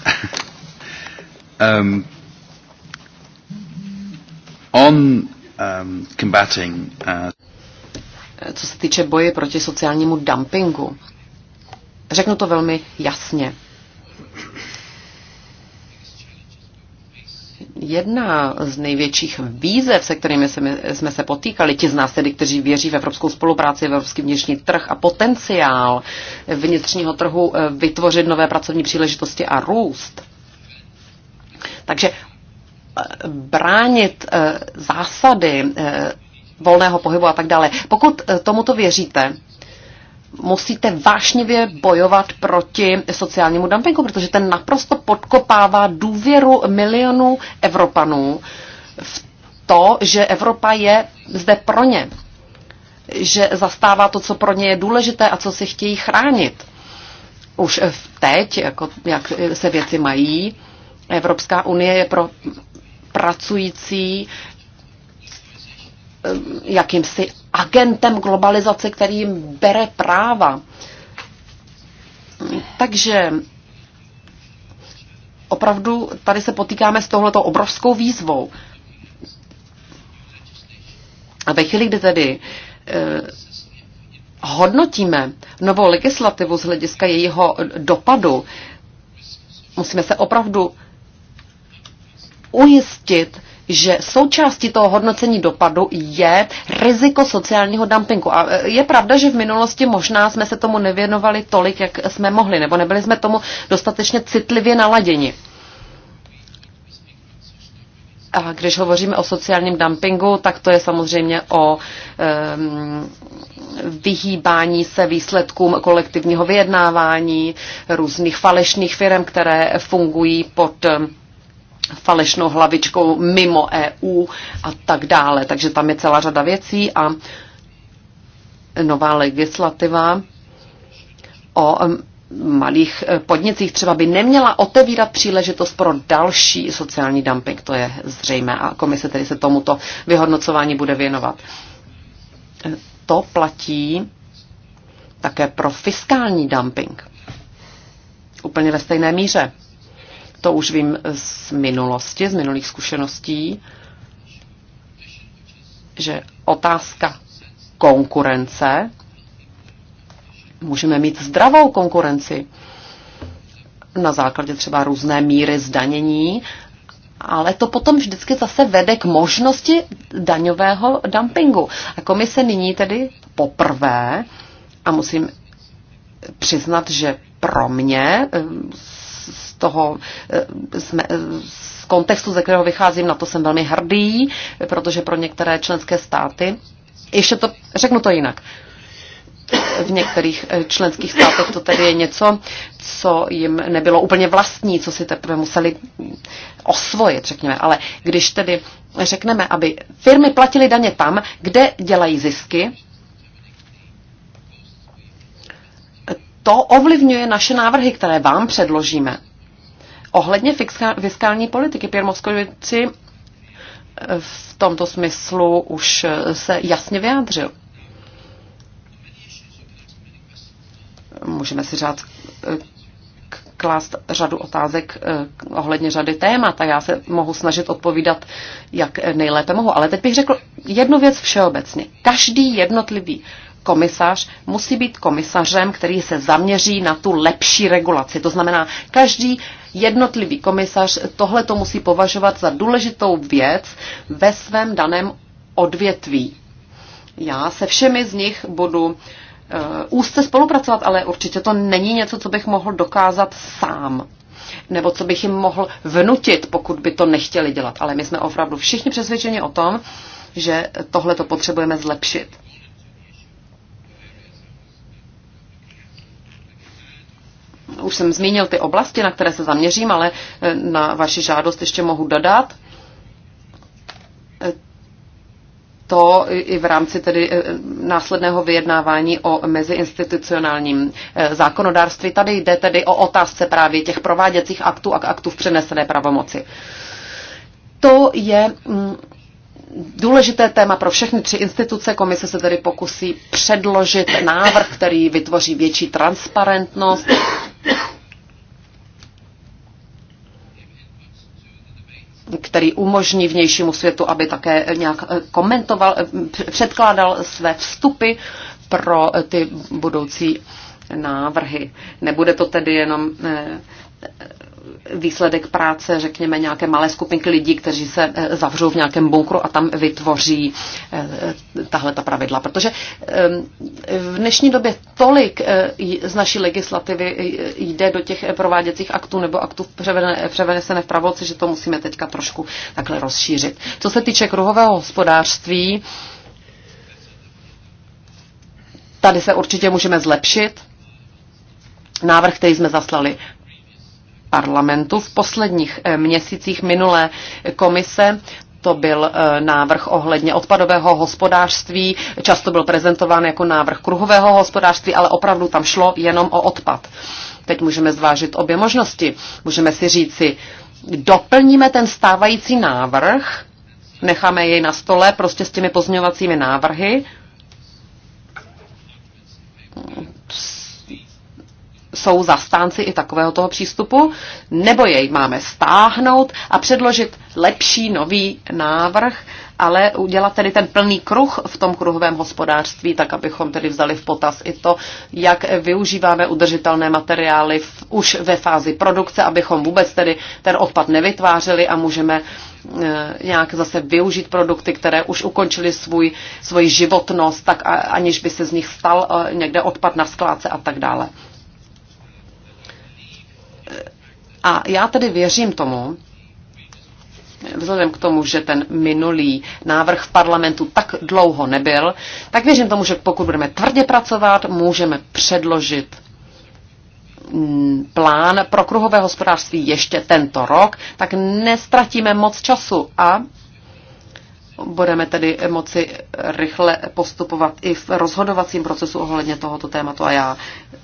Speaker 2: um, on um, combating, uh...
Speaker 3: Co se týče boje proti sociálnímu dumpingu, řeknu to velmi jasně. Jedna z největších výzev, se kterými jsme se potýkali, ti z nás tedy, kteří věří v evropskou spolupráci, v evropský vnitřní trh a potenciál vnitřního trhu eh, vytvořit nové pracovní příležitosti a růst. Takže eh, bránit eh, zásady volného pohybu a tak dále. Pokud tomuto věříte, musíte vášnivě bojovat proti sociálnímu dumpingu, protože ten naprosto podkopává důvěru milionů Evropanů v to, že Evropa je zde pro ně, že zastává to, co pro ně je důležité a co si chtějí chránit. Už teď, jako, jak se věci mají, Evropská unie je pro pracující eh, jakýmsi agentem globalizace, který jim bere práva. Takže opravdu tady se potýkáme s touhletou obrovskou výzvou. A ve chvíli, kdy tedy eh, hodnotíme novou legislativu z hlediska jejího dopadu, musíme se opravdu ujistit, že součástí toho hodnocení dopadu je riziko sociálního dumpingu. A e, je pravda, že v minulosti možná jsme se tomu nevěnovali tolik, jak jsme mohli, nebo nebyli jsme tomu dostatečně citlivě naladěni. A když hovoříme o sociálním dumpingu, tak to je samozřejmě o um, vyhýbání se výsledkům kolektivního vyjednávání, různých falešných firm, které fungují pod um, falešnou hlavičkou mimo EU a tak dále. Takže tam je celá řada věcí a nová legislativa o malých eh, podnicích třeba by neměla otevírat příležitost pro další sociální dumping, to je zřejmé a komise tedy se tomuto vyhodnocování bude věnovat. Eh, to platí také pro fiskální dumping. Úplně ve stejné míře to už vím z minulosti, z minulých zkušeností, že otázka konkurence, můžeme mít zdravou konkurenci na základě třeba různé míry zdanění, ale to potom vždycky zase vede k možnosti daňového dumpingu. A komise nyní tedy poprvé, a musím přiznat, že pro mě eh, z toho z, eh, eh, z kontextu, ze kterého vycházím, na to jsem velmi hrdý, protože pro některé členské státy, ještě to, řeknu to jinak, v některých eh, členských státech to tedy je něco, co jim nebylo úplně vlastní, co si teprve museli osvojit, řekněme. Ale když tedy řekneme, aby firmy platily daně tam, kde dělají zisky, to ovlivňuje naše návrhy, které vám předložíme. Ohledně fiskální politiky Pierre Moskovici eh, v tomto smyslu už eh, se jasně vyjádřil. Můžeme si řád eh, klást řadu otázek ohledně řady témat a já se mohu snažit odpovídat, jak nejlépe mohu. Ale teď bych řekl jednu věc všeobecně. Každý jednotlivý komisař musí být komisařem, který se zaměří na tu lepší regulaci. To znamená, každý jednotlivý komisař tohle to musí považovat za důležitou věc ve svém daném odvětví. Já se všemi z nich budu uh, úzce spolupracovat, ale určitě to není něco, co bych mohl dokázat sám nebo co bych jim mohl vnutit, pokud by to nechtěli dělat. Ale my jsme opravdu všichni přesvědčeni o tom, že tohle to potřebujeme zlepšit. Už jsem zmínil ty oblasti, na které se zaměřím, ale eh, na vaši žádost ještě mohu dodat. Eh, to i v rámci tedy eh, následného vyjednávání o meziinstitucionálním zákonodárství. Tady jde tedy o otázce právě těch prováděcích aktů a aktů v přenesené pravomoci. To je mm, důležité téma pro všechny tři instituce. Komise se tedy pokusí předložit návrh, který vytvoří větší transparentnost který umožní vnějšímu světu, aby také nějak eh, komentoval, eh, předkládal své vstupy pro eh, ty budoucí návrhy. Nebude to tedy jenom výsledek práce, řekněme, nějaké malé skupinky lidí, kteří se eh, zavřou v nějakém bunkru a tam vytvoří eh, tahle ta pravidla. Protože eh, v dnešní době tolik z naší legislativy jde do těch prováděcích aktů nebo aktů převenesené v pravoci, že to musíme teďka trošku takhle rozšířit. Co se týče kruhového hospodářství, tady se určitě můžeme zlepšit. Návrh, který jsme zaslali parlamentu v posledních eh, měsících minulé komise. To byl eh, návrh ohledně odpadového hospodářství, často byl prezentován jako návrh kruhového hospodářství, ale opravdu tam šlo jenom o odpad. Teď můžeme zvážit obě možnosti. Můžeme si říci, doplníme ten stávající návrh, necháme jej na stole prostě s těmi pozměňovacími návrhy, jsou zastánci i takového toho přístupu, nebo jej máme stáhnout a předložit lepší nový návrh, ale udělat tedy ten plný kruh v tom kruhovém hospodářství, tak abychom tedy vzali v potaz i to, jak využíváme udržitelné materiály v, už ve fázi produkce, abychom vůbec tedy ten odpad nevytvářeli a můžeme e, nějak zase využít produkty, které už ukončily svůj, svoji životnost, tak a, aniž by se z nich stal e, někde odpad na skládce a tak dále. A já tedy věřím tomu, vzhledem k tomu, že ten minulý návrh v parlamentu tak dlouho nebyl, tak věřím tomu, že pokud budeme tvrdě pracovat, můžeme předložit mm, plán pro kruhové hospodářství ještě tento rok, tak nestratíme moc času a budeme tedy moci rychle postupovat i v rozhodovacím procesu ohledně tohoto tématu a já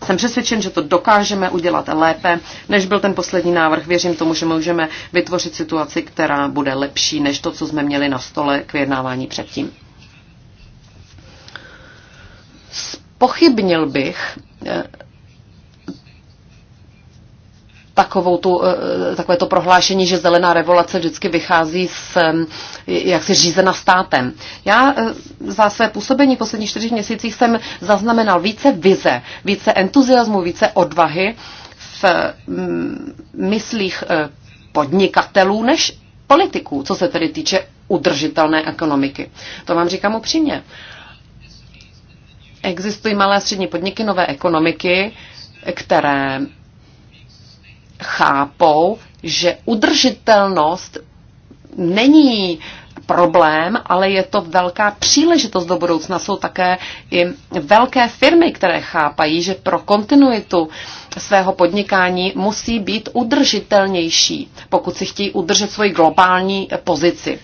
Speaker 3: jsem přesvědčen, že to dokážeme udělat lépe, než byl ten poslední návrh. Věřím tomu, že můžeme vytvořit situaci, která bude lepší než to, co jsme měli na stole k vyjednávání předtím. Pochybnil bych eh, takovou tu, eh, takové to prohlášení, že zelená revoluce vždycky vychází z eh, jaksi řízena státem. Já eh, za své působení v posledních čtyřech měsících jsem zaznamenal více vize, více entuziasmu, více odvahy v mm, myslích podnikatelů než politiků, co se tedy týče udržitelné ekonomiky. To vám říkám upřímně. Existují malé a střední podniky, nové ekonomiky, které chápou, že udržitelnost není problém, ale je to velká příležitost do budoucna. Jsou také i velké firmy, které chápají, že pro kontinuitu svého podnikání musí být udržitelnější, pokud si chtějí udržet svoji globální pozici.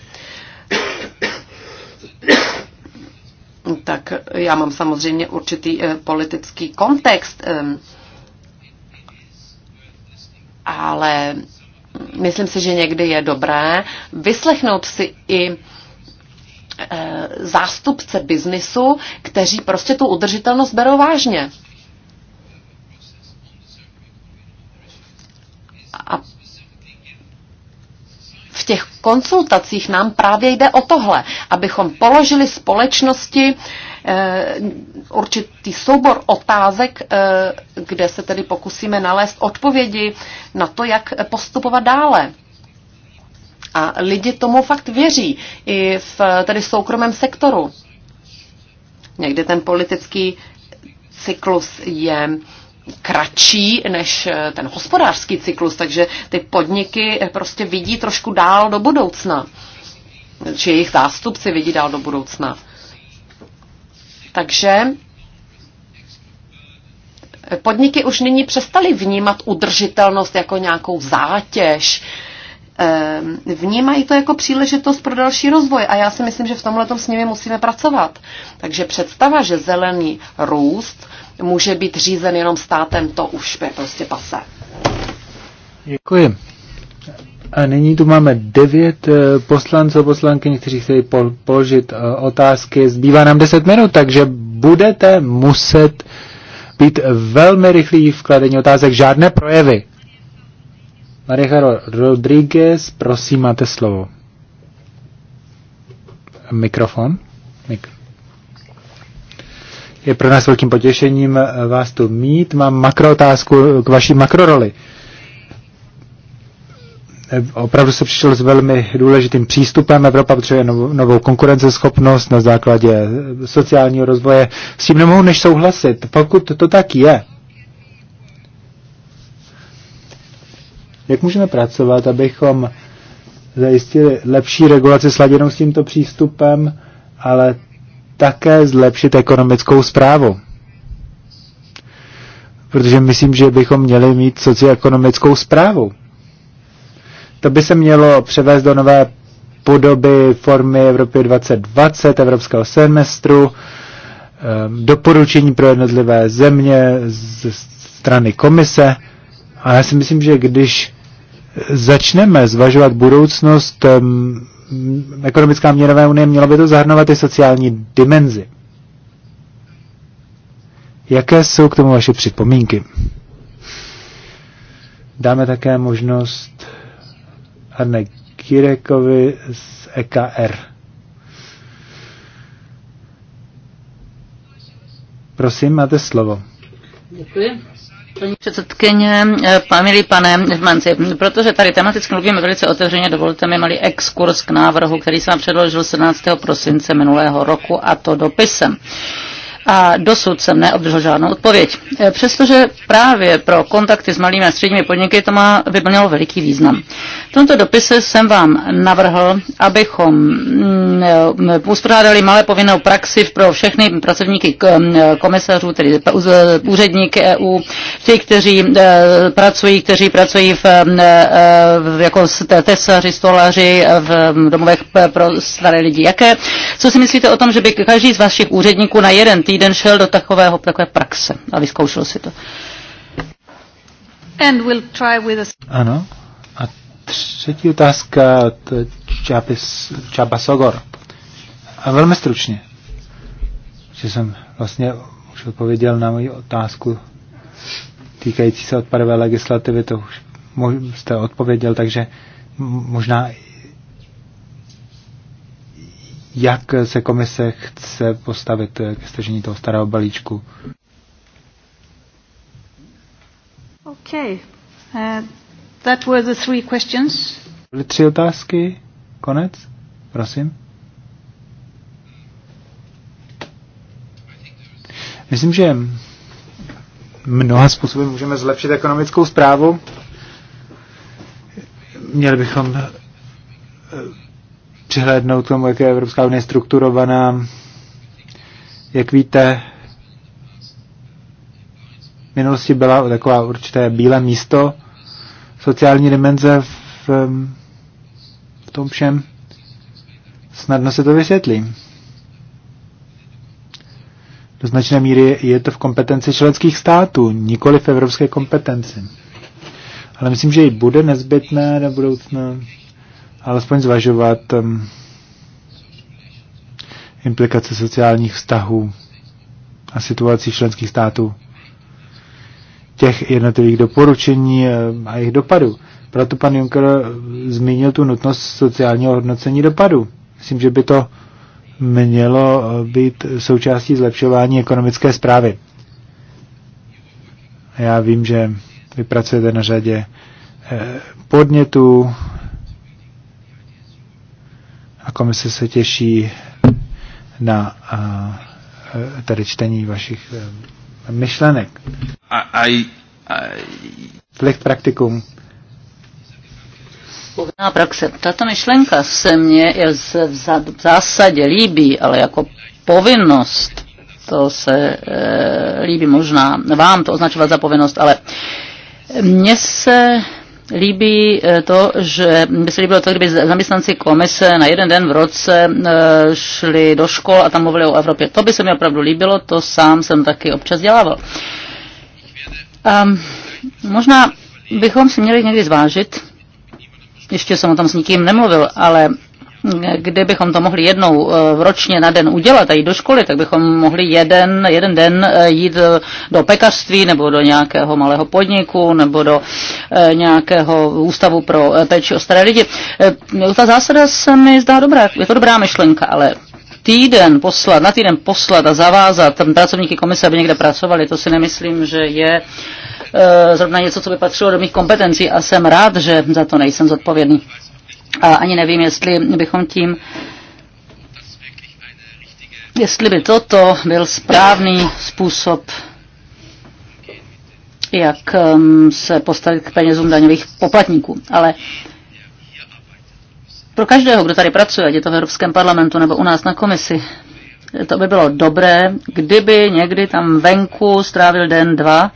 Speaker 3: Tak já mám samozřejmě určitý eh, politický kontext ehm, ale myslím si, že někdy je dobré vyslechnout si i e, zástupce biznisu, kteří prostě tu udržitelnost berou vážně. A v těch konsultacích nám právě jde o tohle, abychom položili společnosti Eh, určitý soubor otázek, eh, kde se tedy pokusíme nalézt odpovědi na to, jak postupovat dále. A lidi tomu fakt věří, i v tedy soukromém sektoru. Někdy ten politický cyklus je kratší než eh, ten hospodářský cyklus, takže ty podniky prostě vidí trošku dál do budoucna. Či jejich zástupci vidí dál do budoucna. Takže podniky už nyní přestaly vnímat udržitelnost jako nějakou zátěž. Ehm, vnímají to jako příležitost pro další rozvoj a já si myslím, že v tomhle s nimi musíme pracovat. Takže představa, že zelený růst může být řízen jenom státem, to už je prostě pase.
Speaker 1: Děkuji. A nyní tu máme devět eh, poslanců poslankyň, kteří chtějí položit eh, otázky. Zbývá nám deset minut, takže budete muset být velmi rychlí v kladení otázek. Žádné projevy. Maria Rodriguez, prosím, máte slovo. Mikrofon. Mik. Je pro nás velkým potěšením eh, vás tu mít. Mám makrootázku k vaší makroroli. Uh, Eh, opravdu se přišel s velmi důležitým přístupem. Evropa potřebuje novou konkurenceschopnost na základě eh, sociálního rozvoje. S tím nemohu než souhlasit, pokud to tak je. Jak můžeme pracovat, abychom zajistili lepší regulaci sladěnou s tímto přístupem, ale také zlepšit ekonomickou zprávu? Protože myslím, že bychom měli mít socioekonomickou zprávu to by se mělo převést do nové podoby formy Evropy 2020, evropského semestru, ehm, doporučení pro jednotlivé země ze strany komise. A já si myslím, že když začneme zvažovat budoucnost ehm, ekonomická měnové unie, mělo by to zahrnovat i sociální dimenzi. Jaké jsou k tomu vaše připomínky? Dáme také možnost Arne Kirekovi z EKR. Prosím, máte slovo.
Speaker 2: Děkuji. Paní předsedkyně, eh, milý pane Manci, protože tady tematicky mluvíme velice otevřeně, dovolte mi malý exkurs k návrhu, který jsem předložil 17. prosince minulého roku a to dopisem a dosud jsem neobdržel žádnou odpověď. E, přestože právě pro kontakty s malými a středními podniky to má vyplnilo veliký význam. V tomto dopise jsem vám navrhl, abychom mm, e, uspořádali malé povinnou praxi pro všechny pracovníky komisařů, tedy úředníky EU, ti, kteří e, pracují, kteří pracují v, jako tesaři, stolaři v domovech pro staré lidi. Jaké? Co si myslíte o tom, že by každý z vašich úředníků na jeden týden týden šel do takového takové praxe a vyzkoušel si to. And we'll try with a...
Speaker 1: Ano. A třetí otázka od Čaba Sogor. A velmi stručně, že jsem vlastně už odpověděl na moji otázku týkající se odpadové legislativy, to už jste odpověděl, takže možná jak se komise chce postavit k stažení toho starého balíčku.
Speaker 2: Okay. Uh, that were the three questions.
Speaker 1: Byly tři otázky. Konec. Prosím. Myslím, že mnoha způsoby můžeme zlepšit ekonomickou zprávu. Měli bychom eh, přihlédnout tomu, jak je Evropská unie strukturovaná. Jak víte, v minulosti byla taková určité bílé místo, sociální dimenze v, v tom všem. Snadno se to vysvětlí. Do značné míry je to v kompetenci členských států, nikoli v evropské kompetenci. Ale myslím, že i bude nezbytné do budoucna alespoň zvažovat implikace sociálních vztahů a situací členských států, těch jednotlivých doporučení a jejich dopadů. Proto pan Juncker eh, zmínil tu nutnost sociálního hodnocení dopadu. Myslím, že by to mělo eh, být součástí zlepšování ekonomické zprávy. Já vím, že vy pracujete na řadě eh, podnětů, a komise se těší na e, tady čtení vašich e, myšlenek. I, I... praktikum. Na
Speaker 2: praxe. Tato myšlenka se mně v zásadě líbí, ale jako povinnost, to se e, líbí možná vám to označovat za povinnost, ale mně se líbí eh, to, že by se líbilo to, kdyby zaměstnanci komise na jeden den v roce eh, šli do škol a tam mluvili o Evropě. To by se mi opravdu líbilo, to sám jsem taky občas dělával. A ehm, možná bychom si měli někdy zvážit, ještě jsem o tom s nikým nemluvil, ale kdybychom to mohli jednou eh, ročně na den udělat a jít do školy, tak bychom mohli jeden, jeden den eh, jít eh, do pekařství nebo do nějakého malého podniku nebo do nějakého ústavu pro péči o staré lidi. Ta zásada se mi zdá dobrá, je to dobrá myšlenka, ale týden poslat, na týden poslat a zavázat tam pracovníky komise, aby někde pracovali, to si nemyslím, že je zrovna něco, co by patřilo do mých kompetencí a jsem rád, že za to nejsem zodpovědný. A ani nevím, jestli bychom tím jestli by toto byl správný způsob, jak um, se postavit k penězům daňových poplatníků. Ale pro každého, kdo tady pracuje, ať je to v Evropském parlamentu nebo u nás na komisi, to by bylo dobré, kdyby někdy tam venku strávil den, dva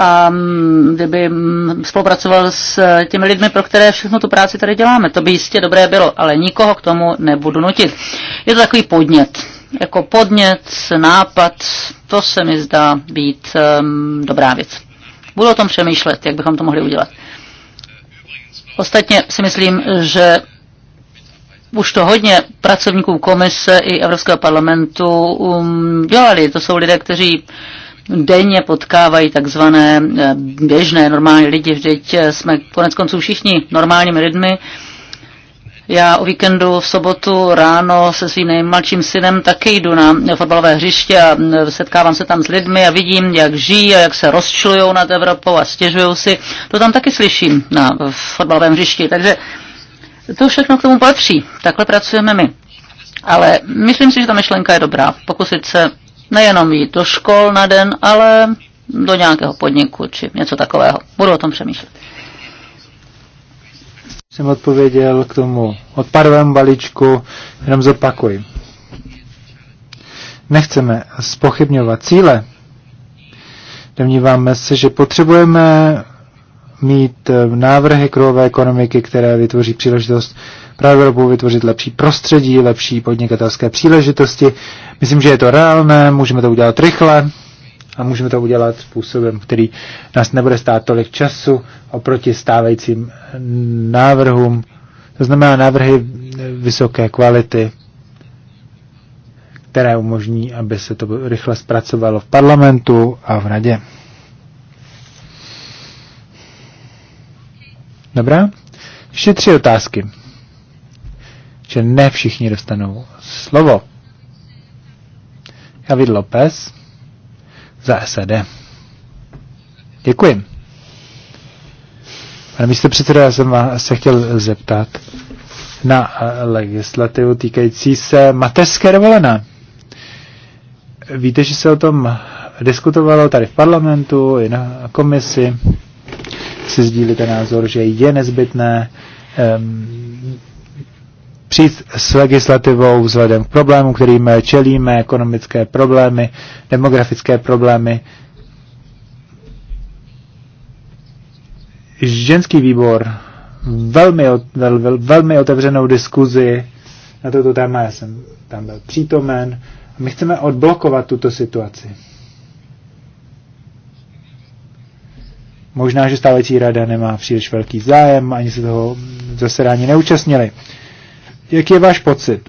Speaker 2: a mm, kdyby mm, spolupracoval s eh, těmi lidmi, pro které všechno tu práci tady děláme. To by jistě dobré bylo, ale nikoho k tomu nebudu nutit. Je to takový podnět. Jako podnět, nápad, to se mi zdá být um, dobrá věc. Budu o tom přemýšlet, jak bychom to mohli udělat. Ostatně si myslím, že už to hodně pracovníků komise i Evropského parlamentu um, dělali. To jsou lidé, kteří uh, denně potkávají takzvané eh, běžné normální lidi, vždyť eh, jsme konec konců všichni normálními lidmi. Já o víkendu v sobotu ráno se svým nejmladším synem taky jdu na fotbalové hřiště a setkávám se tam s lidmi a vidím, jak žijí a jak se rozčilují nad Evropou a stěžují si. To tam taky slyším na fotbalovém hřišti, takže to všechno k tomu patří. Takhle pracujeme my. Ale myslím si, že ta myšlenka je dobrá. Pokusit se nejenom jít do škol na den, ale do nějakého podniku či něco takového. Budu o tom přemýšlet.
Speaker 1: Jsem odpověděl k tomu odpadovému balíčku, jenom zopakuji. Nechceme spochybňovat cíle. Domníváme se, že potřebujeme mít eh, návrhy kruhové ekonomiky, které vytvoří příležitost právě Evropu vytvořit lepší prostředí, lepší podnikatelské příležitosti. Myslím, že je to reálné, můžeme to udělat rychle a můžeme to udělat způsobem, který nás nebude stát tolik času oproti stávajícím návrhům. To znamená návrhy vysoké kvality, které umožní, aby se to rychle zpracovalo v parlamentu a v radě. Dobrá? Ještě tři otázky. Že ne všichni dostanou slovo. David López za SED. Děkuji. Pane místo předsedo, já jsem vás se chtěl zeptat na eh, legislativu týkající se mateřské dovolené. Víte, že se o tom diskutovalo tady v parlamentu i na komisi si sdílíte názor, že je nezbytné um, přijít s legislativou vzhledem k problémům, kterým čelíme, ekonomické problémy, demografické problémy. Ženský výbor velmi, vel, vel, velmi otevřenou diskuzi na toto téma. Já jsem tam byl přítomen. My chceme odblokovat tuto situaci. Možná, že stávající rada nemá příliš velký zájem, ani se toho zasedání neúčastnili. Jaký je váš pocit?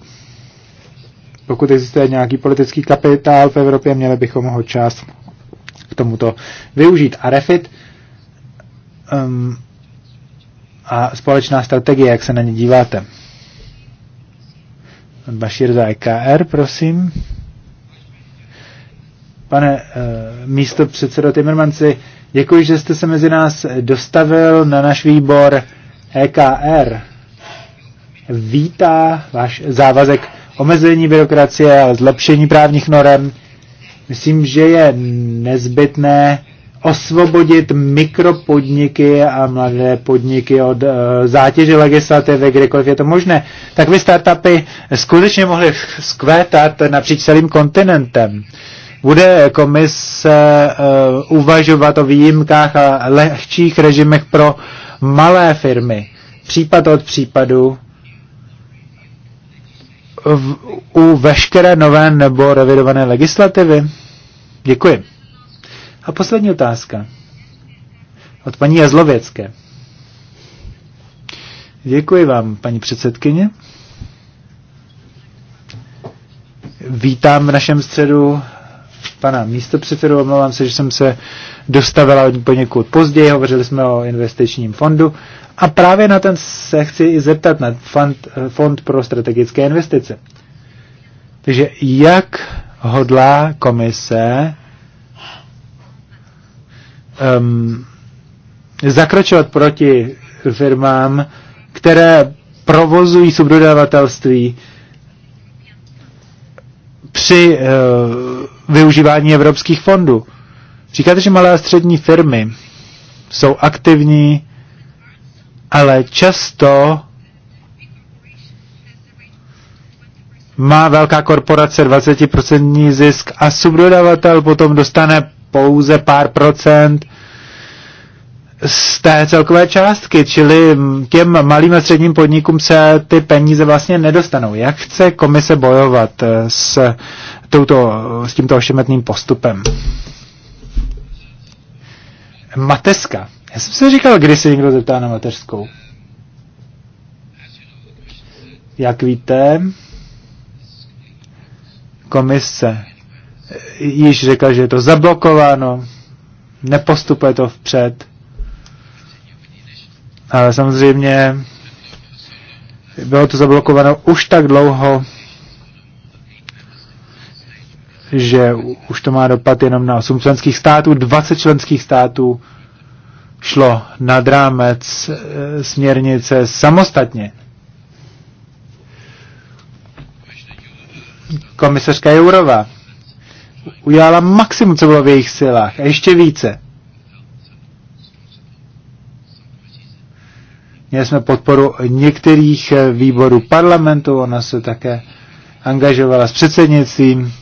Speaker 1: Pokud existuje nějaký politický kapitál v Evropě, měli bychom ho čas k tomuto využít. A refit um, a společná strategie, jak se na ně díváte? Bašír za EKR, prosím. Pane eh, místo předsedo Timmermansi, děkuji, že jste se mezi nás dostavil na náš výbor EKR. Vítá váš závazek omezení byrokracie a zlepšení právních norem. Myslím, že je nezbytné osvobodit mikropodniky a mladé podniky od uh, zátěže legislativy, kdykoliv je to možné, tak by startupy skutečně mohly skvétat napříč celým kontinentem. Uh, bude komise jako eh, uvažovat o výjimkách a lehčích režimech pro malé firmy? Případ od případu v, u veškeré nové nebo revidované legislativy? Děkuji. A poslední otázka od paní Jazlověcké. Děkuji vám, paní předsedkyně. Vítám v našem středu pana místopředsedu. Omlouvám se, že jsem se dostavila poněkud později. Hovořili jsme o investičním fondu. A právě na ten se chci i zeptat na fond, fond pro strategické investice. Takže jak hodlá komise um, zakročovat proti firmám, které provozují subdodavatelství při uh, využívání evropských fondů. Říkáte, že malé a střední firmy jsou aktivní, ale často má velká korporace 20% zisk a subdodavatel potom dostane pouze pár procent z té celkové částky, čili těm malým a středním podnikům se ty peníze vlastně nedostanou. Jak chce komise bojovat s touto, s tímto ošemetným postupem. Mateska. Já jsem si říkal, kdy se někdo zeptá na mateřskou. Jak víte, komise již řekla, že je to zablokováno, nepostupuje to vpřed. Ale samozřejmě bylo to zablokováno už tak dlouho, že už to má dopad jenom na 8 členských států, 20 členských států šlo nad rámec eh, směrnice samostatně. Komisařka Jourova udělala maximum, co bylo v jejich silách a ještě více. Měli jsme podporu některých eh, výborů parlamentu, ona se také angažovala s předsednictvím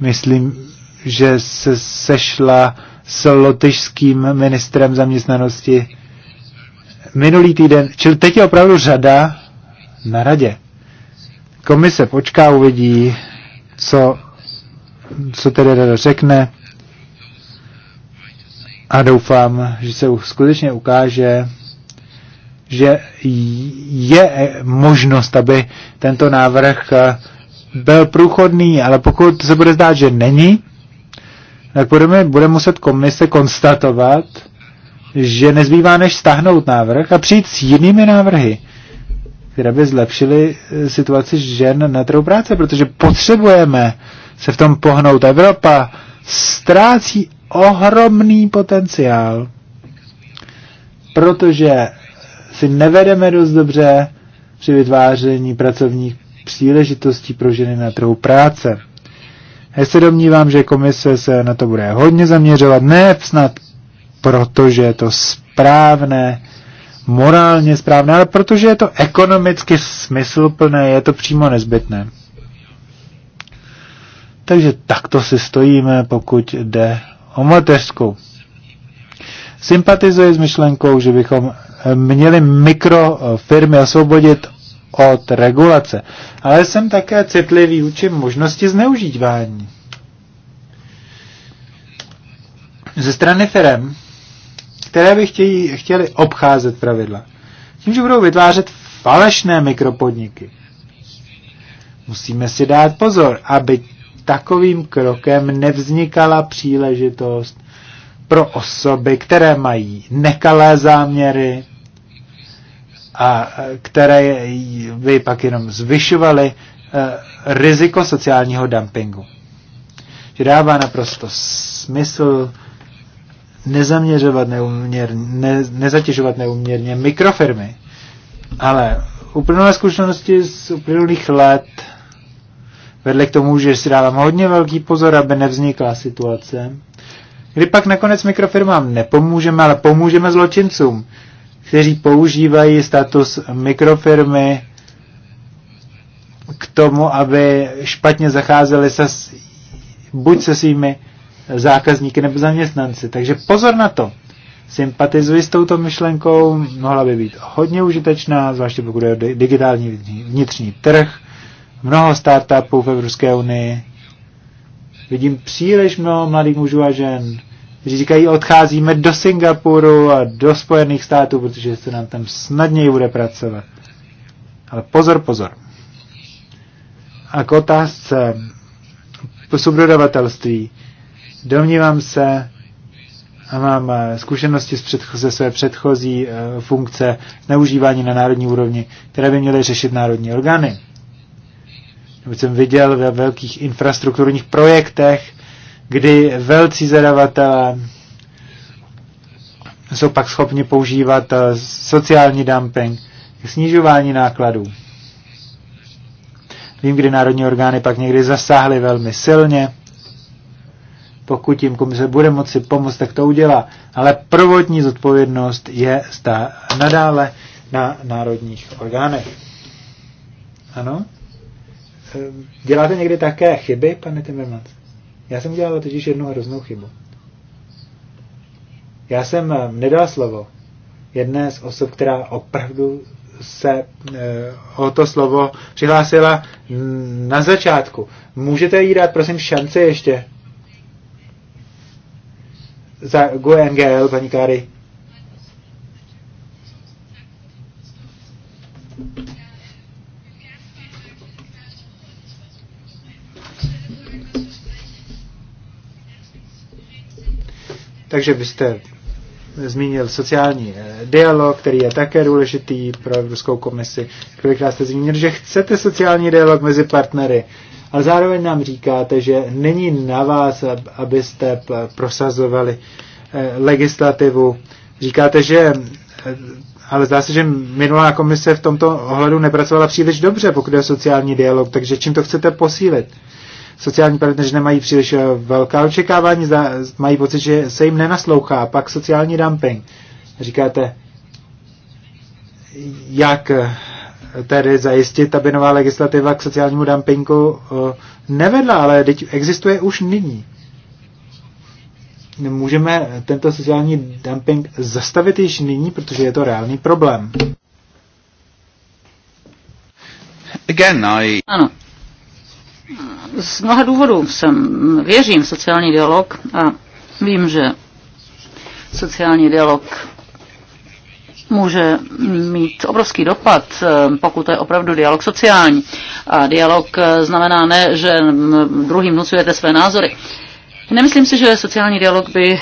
Speaker 1: myslím, že se sešla s lotyšským ministrem zaměstnanosti minulý týden. Čili teď je opravdu řada na radě. Komise počká, uvidí, co, co tedy rada řekne. A doufám, že se skutečně ukáže, že je možnost, aby tento návrh byl průchodný, ale pokud se bude zdát, že není, tak budeme, bude muset komise konstatovat, že nezbývá než stáhnout návrh a přijít s jinými návrhy, které by zlepšily eh, situaci žen na trhu práce, protože potřebujeme se v tom pohnout. Evropa ztrácí ohromný potenciál, protože si nevedeme dost dobře při vytváření pracovních příležitostí pro ženy na trhu práce. Já se domnívám, že komise se na to bude hodně zaměřovat, ne snad protože je to správné, morálně správné, ale protože je to ekonomicky smysluplné, je to přímo nezbytné. Takže takto si stojíme, pokud jde o mateřskou. Sympatizuji s myšlenkou, že bychom měli mikrofirmy osvobodit od regulace. Ale jsem také citlivý vůči možnosti zneužívání. Ze strany firm, které by chtějí, chtěli obcházet pravidla. Tím, že budou vytvářet falešné mikropodniky. Musíme si dát pozor, aby takovým krokem nevznikala příležitost pro osoby, které mají nekalé záměry, a e, které by pak jenom zvyšovaly e, riziko sociálního dumpingu. Že dává naprosto smysl nezaměřovat neuměrně, ne, nezatěžovat neuměrně mikrofirmy. Ale uplynulé zkušenosti z uplynulých let vedle k tomu, že si dávám hodně velký pozor, aby nevznikla situace, kdy pak nakonec mikrofirmám nepomůžeme, ale pomůžeme zločincům, kteří používají status mikrofirmy k tomu, aby špatně zacházeli se, buď se svými zákazníky nebo zaměstnanci. Takže pozor na to. Sympatizuji s touto myšlenkou, mohla by být hodně užitečná, zvláště pokud je digitální vnitřní trh, mnoho startupů v Evropské unii. Vidím příliš mnoho mladých mužů a žen, kteří říkají, odcházíme do Singapuru a do Spojených států, protože se nám tam snadněji bude pracovat. Ale pozor, pozor. A k otázce subdodavatelství. Domnívám se, a mám eh, zkušenosti z předcho- ze své předchozí e, funkce zneužívání na národní úrovni, které by měly řešit národní orgány. Nebo jsem viděl ve velkých infrastrukturních projektech, kdy velcí zadavatelé jsou pak schopni používat eh, sociální dumping k snižování nákladů. Vím, kdy národní orgány pak někdy zasáhly velmi silně. Pokud jim komise bude moci pomoct, tak to udělá. Ale prvotní zodpovědnost je stá nadále na národních orgánech. Ano? Eh, děláte někdy také chyby, pane Timmermans? Já jsem udělal totiž jednu hroznou chybu. Já jsem eh, nedal slovo jedné z osob, která opravdu se e, o to slovo přihlásila na začátku. Můžete jí dát, prosím, šance ještě? Za GUNGL, paní kari. Takže byste zmínil sociální eh, dialog, který je také důležitý pro Evropskou komisi. Kolikrát jste zmínil, že chcete sociální dialog mezi partnery, ale zároveň nám říkáte, že není na vás, abyste prosazovali eh, legislativu. Říkáte, že eh, ale zdá se, že minulá komise v tomto ohledu nepracovala příliš dobře, pokud je sociální dialog, takže čím to chcete posílit? sociální partneři nemají příliš eh, velká očekávání, mají pocit, že se jim nenaslouchá, pak sociální dumping. Říkáte, jak eh, tedy zajistit, aby nová legislativa k sociálnímu dumpingu eh, nevedla, ale teď existuje už nyní. Můžeme tento sociální dumping zastavit již nyní, protože je to reálný problém.
Speaker 2: Again, I... Ano z mnoha důvodů jsem, věřím v sociální dialog a vím, že sociální dialog může mít obrovský dopad, eh, pokud to je opravdu dialog sociální. A dialog eh, znamená ne, že druhým nucujete své názory. Nemyslím si, že sociální dialog by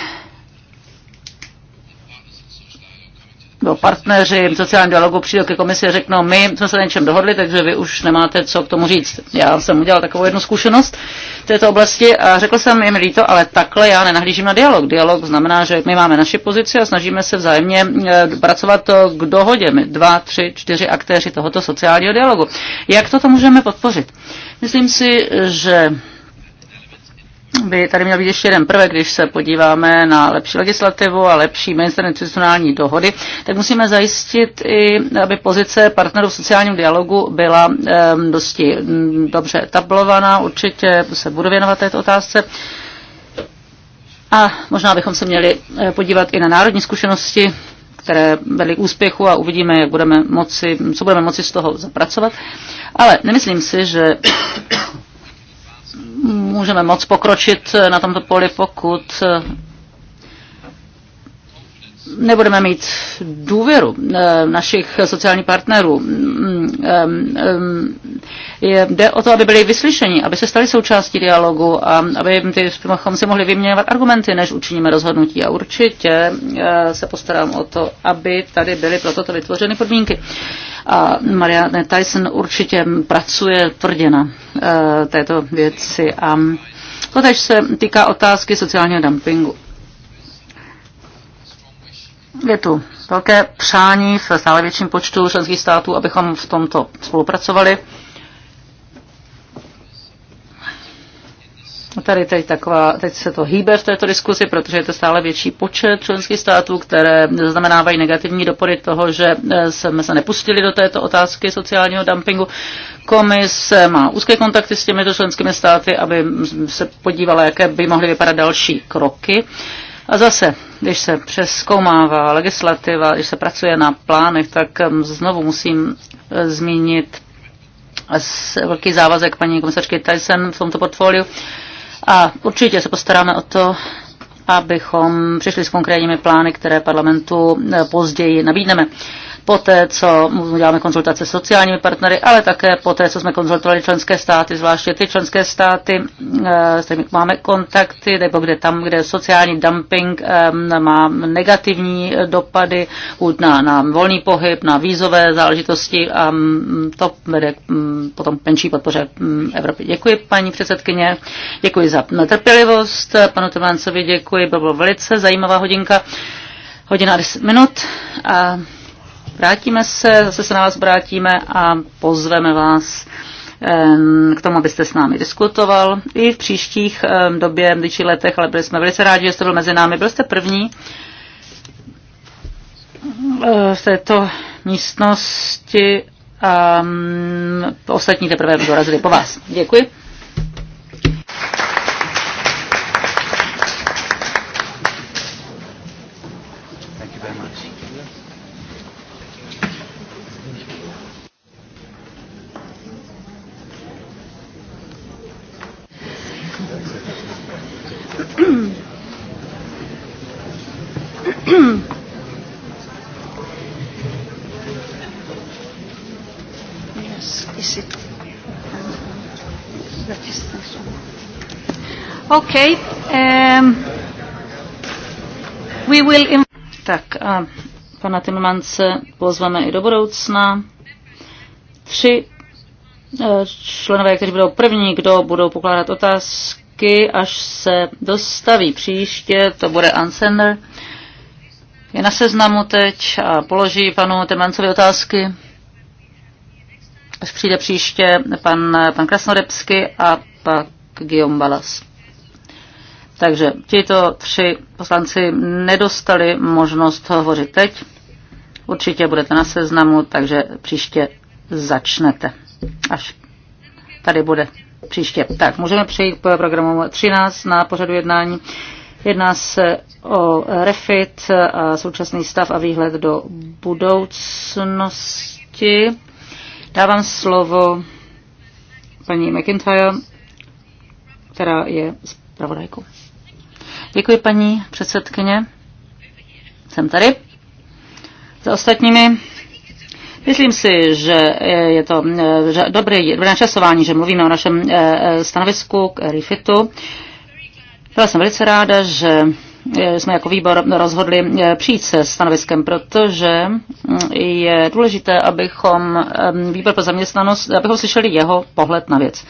Speaker 2: no, partneři sociálního dialogu přijde ke komisi a řeknou, my jsme se na něčem dohodli, takže vy už nemáte co k tomu říct. Já jsem udělal takovou jednu zkušenost v této oblasti a řekl jsem jim líto, ale takhle já nenahlížím na dialog. Dialog znamená, že my máme naši pozici a snažíme se vzájemně eh, pracovat k dohodě. My dva, tři, čtyři aktéři tohoto sociálního dialogu. Jak toto můžeme podpořit? Myslím si, že by tady měl být ještě jeden prvek, když se podíváme na lepší legislativu a lepší mezinstitucionální dohody, tak musíme zajistit i, aby pozice partnerů v sociálním dialogu byla um, dosti um, dobře etablovaná. Určitě se budu věnovat této otázce. A možná bychom se měli e, podívat i na národní zkušenosti, které vedly k úspěchu a uvidíme, jak budeme moci, co budeme moci z toho zapracovat. Ale nemyslím si, že můžeme moc pokročit eh, na tomto poli, pokud eh, nebudeme mít důvěru eh, našich sociálních partnerů. Mm, mm, mm, jde o to, aby byli vyslyšeni, aby se stali součástí dialogu a aby bychom si mohli vyměňovat argumenty, než učiníme rozhodnutí. A určitě eh, se postarám o to, aby tady byly pro toto vytvořeny podmínky. A Maria Tyson určitě pracuje tvrdě na eh, této věci a to se týká otázky sociálního dumpingu je tu velké přání v stále větším počtu členských států, abychom v tomto spolupracovali. Tady teď, taková, teď se to hýbe v této diskusi, protože je to stále větší počet členských států, které zaznamenávají negativní dopady toho, že eh, jsme se nepustili do této otázky sociálního dumpingu. Komise má úzké kontakty s těmito členskými státy, aby se podívala, jaké by mohly vypadat další kroky. A zase, když se přeskoumává legislativa, když se pracuje na plánech, tak hm, znovu musím eh, zmínit eh, velký závazek paní komisařky Tyson v tomto portfoliu. A určitě se postaráme o to, abychom přišli s konkrétními plány, které parlamentu eh, později nabídneme poté, co uděláme konzultace s sociálními partnery, ale také poté, co jsme konzultovali členské státy, zvláště ty členské státy, eh, s kterými máme kontakty, nebo kde tam, kde sociální dumping má negativní dopady na, na volný pohyb, na vízové záležitosti a mm, to vede mm, potom menší podpoře mm, Evropy. Děkuji, paní předsedkyně, děkuji za trpělivost, panu Tománcovi děkuji, bylo velice zajímavá hodinka hodina 10 minut a Vrátíme se, zase se na vás vrátíme a pozveme vás k tomu, abyste s námi diskutoval i v příštích době, když letech, ale byli jsme velice rádi, že jste byl mezi námi. Byl jste první eh, v této místnosti a mm, ostatní teprve dorazili po vás. Děkuji. Okay. Um, we will. Tak a pana Timmance pozveme i do budoucna. Tři eh, členové, kteří budou první, kdo budou pokládat otázky, Ky, až se dostaví příště, to bude Ansender. Je na seznamu teď a položí panu Temancovi otázky. Až přijde příště pan, pan Krasnorebsky a pak Guillaume Balas. Takže tito tři poslanci nedostali možnost hovořit teď. Určitě budete na seznamu, takže příště začnete, až tady bude příště. Tak, můžeme přejít k programu 13 na pořadu jednání. Jedná se o refit a současný stav a výhled do budoucnosti. Dávám slovo paní McIntyre, která je zpravodajkou. Děkuji, paní předsedkyně. Jsem tady. Za ostatními Myslím si, že je to eh, dobré, dobré načasování, že mluvíme o našem eh, eh, stanovisku k REFITu. Byla jsem velice ráda, že jsme jako výbor rozhodli přijít se stanoviskem, protože mm, je důležité, abychom výbor pro zaměstnanost, abychom slyšeli jeho pohled na věc,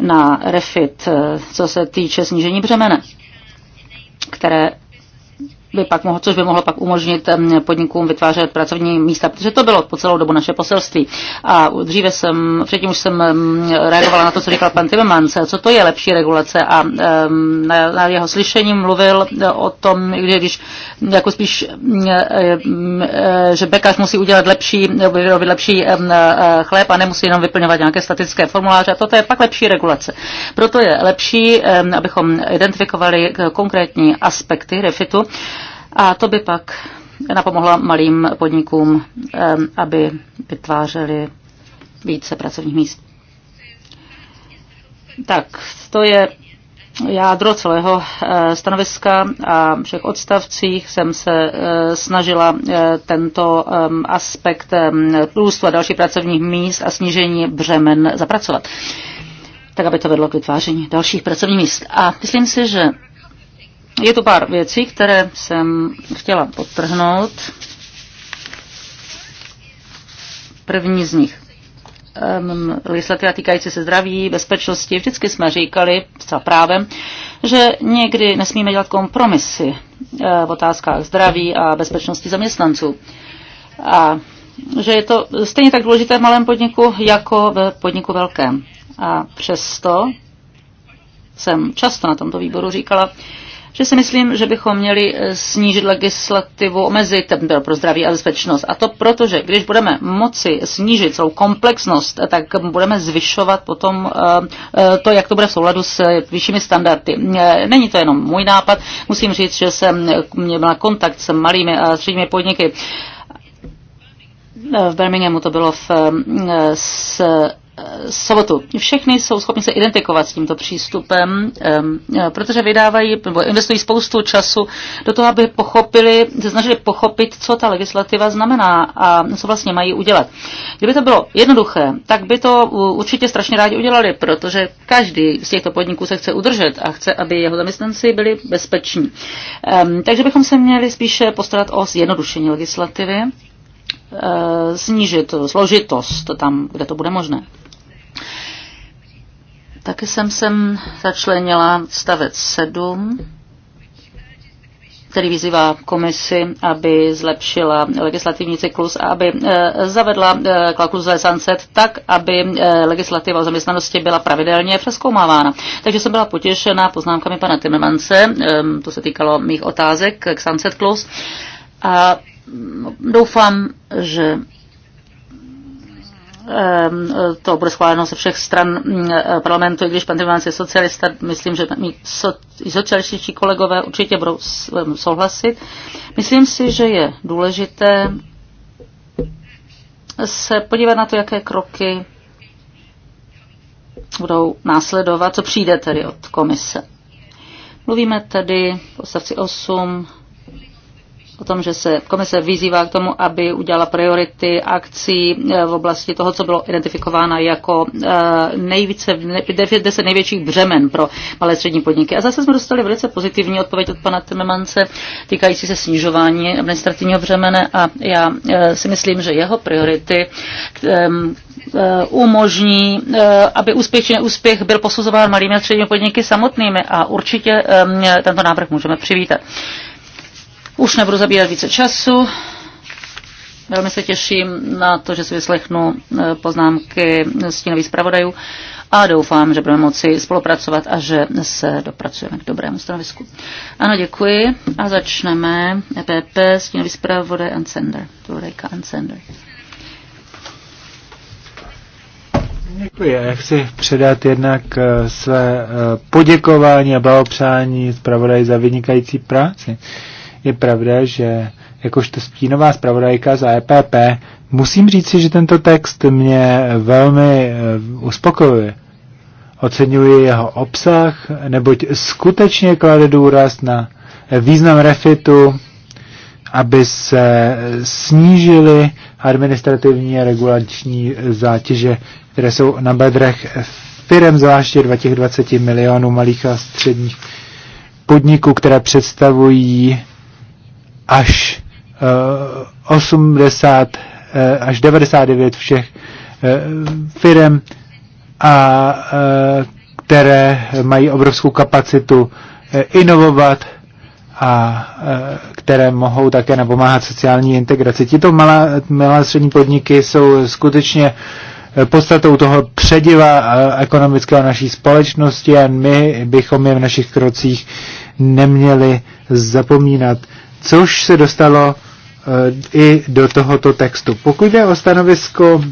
Speaker 2: na refit, co se týče snížení břemene, které by pak mohlo, což by mohlo pak umožnit podnikům vytvářet pracovní místa, protože to bylo po celou dobu naše poselství. A dříve jsem, předtím už jsem reagovala na to, co říkal pan Timmermans, co to je lepší regulace a na, na jeho slyšení mluvil e, o tom, že když jako spíš, e, e, že bekař musí udělat lepší, vyrobit lepší chléb a nemusí jenom vyplňovat nějaké statické formuláře a toto je pak lepší regulace. Proto je lepší, abychom identifikovali konkrétní aspekty refitu, a to by pak napomohla malým podnikům, eh, aby vytvářeli více pracovních míst. Tak, to je jádro celého eh, stanoviska a všech odstavcích jsem se eh, snažila tento aspekt růstu a dalších pracovních míst a snížení břemen zapracovat tak aby to vedlo k vytváření dalších pracovních míst. A myslím si, že je tu pár věcí, které jsem chtěla podtrhnout. První z nich. Um, legislativa týkající se zdraví, bezpečnosti. Vždycky jsme říkali, zcela právem, že někdy nesmíme dělat kompromisy eh, v otázkách zdraví a bezpečnosti zaměstnanců. A že je to stejně tak důležité v malém podniku jako ve podniku velkém. A přesto jsem často na tomto výboru říkala, že si myslím, že bychom měli eh, snížit legislativu, omezit eh, pro zdraví a bezpečnost. A to proto, že když budeme moci snížit celou komplexnost, tak budeme zvyšovat potom eh, to, jak to bude v souladu s vyššími standardy. Není to jenom můj nápad, musím říct, že jsem měl kontakt s malými a středními podniky. V Birminghamu to bylo v, s sobotu. Všechny jsou schopni se identifikovat s tímto přístupem, e, protože vydávají nebo investují spoustu času do toho, aby pochopili, se snažili pochopit, co ta legislativa znamená a co vlastně mají udělat. Kdyby to bylo jednoduché, tak by to určitě strašně rádi udělali, protože každý z těchto podniků se chce udržet a chce, aby jeho zaměstnanci byli bezpeční. Takže bychom se měli spíše postarat o zjednodušení legislativy e, snížit složitost tam, kde to bude možné. Taky jsem sem začlenila stavec 7, který vyzývá komisi, aby zlepšila legislativní cyklus a aby eh, zavedla eh, klauzule sunset tak, aby eh, legislativa o zaměstnanosti byla pravidelně přeskoumávána. Takže jsem byla potěšena poznámkami pana Timmermanse, ehm, to se týkalo mých otázek k sunset clause. A mm, doufám, že Ehm, to bude schváleno ze všech stran mm, eh, parlamentu, i když pan Timmermans je socialista, myslím, že mý socialističtí kolegové určitě budou souhlasit. Myslím si, že je důležité se podívat na to, jaké kroky budou následovat, co přijde tedy od komise. Mluvíme tedy o srdci 8 o tom, že se komise vyzývá k tomu, aby udělala priority akcí eh, v oblasti toho, co bylo identifikováno jako eh, nejvíce, deset největších břemen pro malé střední podniky. A zase jsme dostali velice pozitivní odpověď od pana Tememance týkající se snižování administrativního břemene a já eh, si myslím, že jeho priority ehm, umožní, aby úspěch byl posuzován malými a středními podniky samotnými a určitě ehm, tento návrh můžeme přivítat. Už nebudu zabírat více času. Velmi se těším na to, že si vyslechnu e, poznámky stínových zpravodajů a doufám, že budeme moci spolupracovat a že se dopracujeme k dobrému stanovisku. Ano, děkuji a začneme. EPP, stínový zpravodaj Ancender. Zpravodajka Ancender.
Speaker 1: Děkuji. Já chci předat jednak e, své e, poděkování a blahopřání zpravodaj za vynikající práci. Je pravda, že jakožto stínová zpravodajka za EPP musím říci, že tento text mě velmi eh, uspokojuje. Oceňuji jeho obsah, neboť skutečně klade důraz na význam refitu, aby se snížily administrativní a regulační zátěže, které jsou na bedrech firm, zvláště 20 milionů malých a středních podniků, které představují až 80 eh, eh, až 99 všech eh, firm, a, které mají obrovskou kapacitu inovovat a které mohou také napomáhat sociální integraci. Tito malá, malá střední podniky jsou skutečně podstatou toho přediva ekonomického naší společnosti a my bychom je v našich krocích neměli zapomínat což se dostalo eh, i do tohoto textu. Pokud jde o stanovisko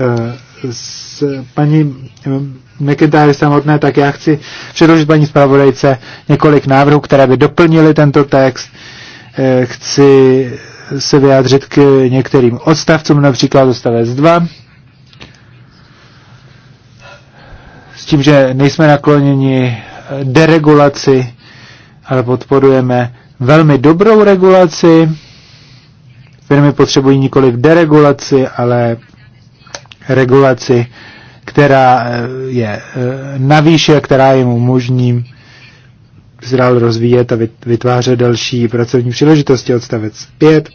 Speaker 1: eh, s paní eh, McIntyre samotné, tak já chci předložit paní zpravodajce několik návrhů, které by doplnily tento text. Chci se vyjádřit k některým odstavcům, například odstavec 2, s tím, že nejsme nakloněni deregulaci, ale podporujeme velmi dobrou regulaci. Firmy potřebují nikoli v deregulaci, ale regulaci, která eh, je eh, navýše, která jim umožní zrál rozvíjet a vytvářet další pracovní příležitosti. Odstavec 5.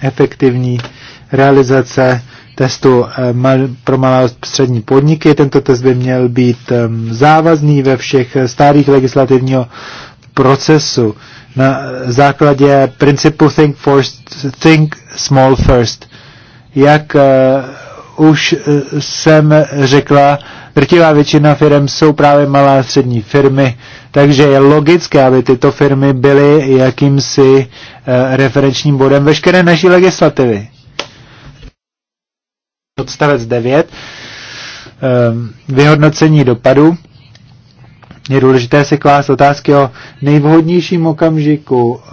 Speaker 1: Efektivní realizace testu eh, pro malé a střední podniky. Tento test by měl být ehm, závazný ve všech starých legislativního procesu na základě principu think, first, think small first. Jak uh, už eh, jsem řekla, drtivá většina firm jsou právě malé a střední firmy, takže je logické, aby tyto firmy byly jakýmsi uh, referenčním bodem veškeré naší legislativy. Odstavec 9. Um, ehm, vyhodnocení dopadu je důležité si klást otázky o nejvhodnějším okamžiku eh,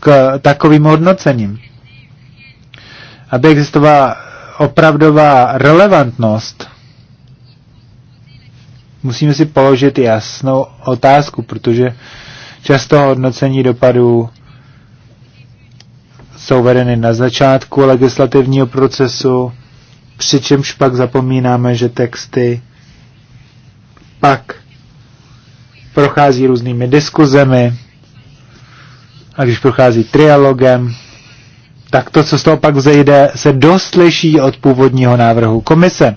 Speaker 1: k takovým hodnocením. Aby existovala opravdová relevantnost, musíme si položit jasnou otázku, protože často hodnocení dopadů jsou vedeny na začátku legislativního procesu, přičemž pak zapomínáme, že texty pak prochází různými diskuzemi a když prochází trialogem, tak to, co z toho pak vzejde, se dost liší od původního návrhu komise.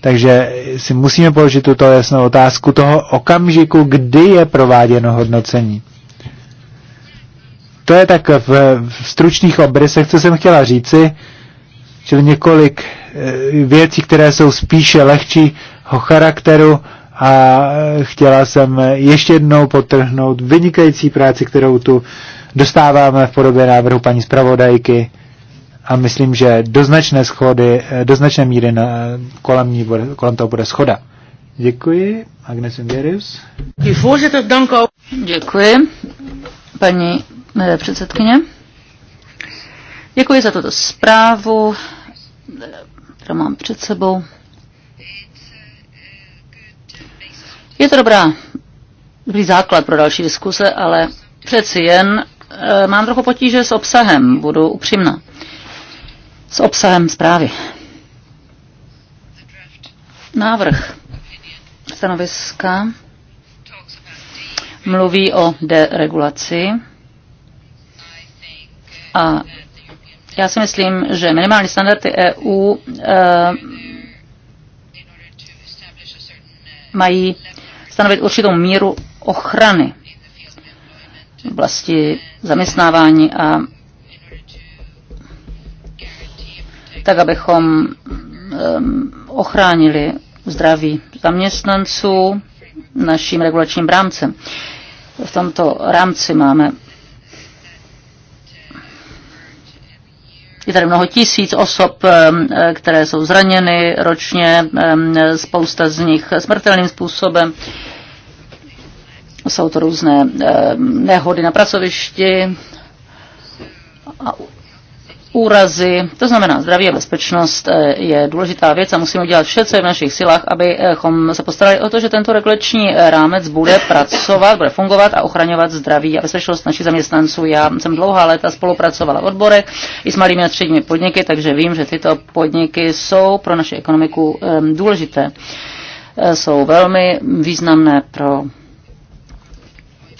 Speaker 1: Takže si musíme položit tuto jasnou otázku toho okamžiku, kdy je prováděno hodnocení. To je tak v, v stručných obrysech, co jsem chtěla říci, čili několik eh, věcí, které jsou spíše lehčího charakteru a e, chtěla jsem ještě jednou potrhnout vynikající práci, kterou tu dostáváme v podobě návrhu paní zpravodajky a myslím, že do značné schody, e, do značné míry na, e, kolem, ní bude, kolem toho bude schoda. Děkuji. Agnes Ingerius.
Speaker 2: Děkuji, paní předsedkyně. Děkuji za tuto zprávu, kterou mám před sebou. Je to dobrá, dobrý základ pro další diskuse, ale přeci jen e, mám trochu potíže s obsahem, budu upřímná. S obsahem zprávy. Návrh stanoviska mluví o deregulaci a já si myslím, že minimální standardy EU e, mají stanovit určitou míru ochrany v oblasti zaměstnávání a tak, abychom ochránili zdraví zaměstnanců naším regulačním rámcem. V tomto rámci máme je tady mnoho tisíc osob, které jsou zraněny ročně, spousta z nich smrtelným způsobem. Jsou to různé eh, nehody na
Speaker 1: pracovišti
Speaker 2: a úrazy. To znamená, zdraví a bezpečnost eh, je důležitá věc a musíme dělat vše, co je v našich silách, abychom se postarali o to, že tento regulační eh, rámec bude pracovat, bude fungovat a ochraňovat zdraví a bezpečnost našich zaměstnanců. Já jsem dlouhá léta spolupracovala v odborech i s malými a středními podniky, takže vím, že tyto podniky jsou pro naši ekonomiku důležité. Jsou velmi významné pro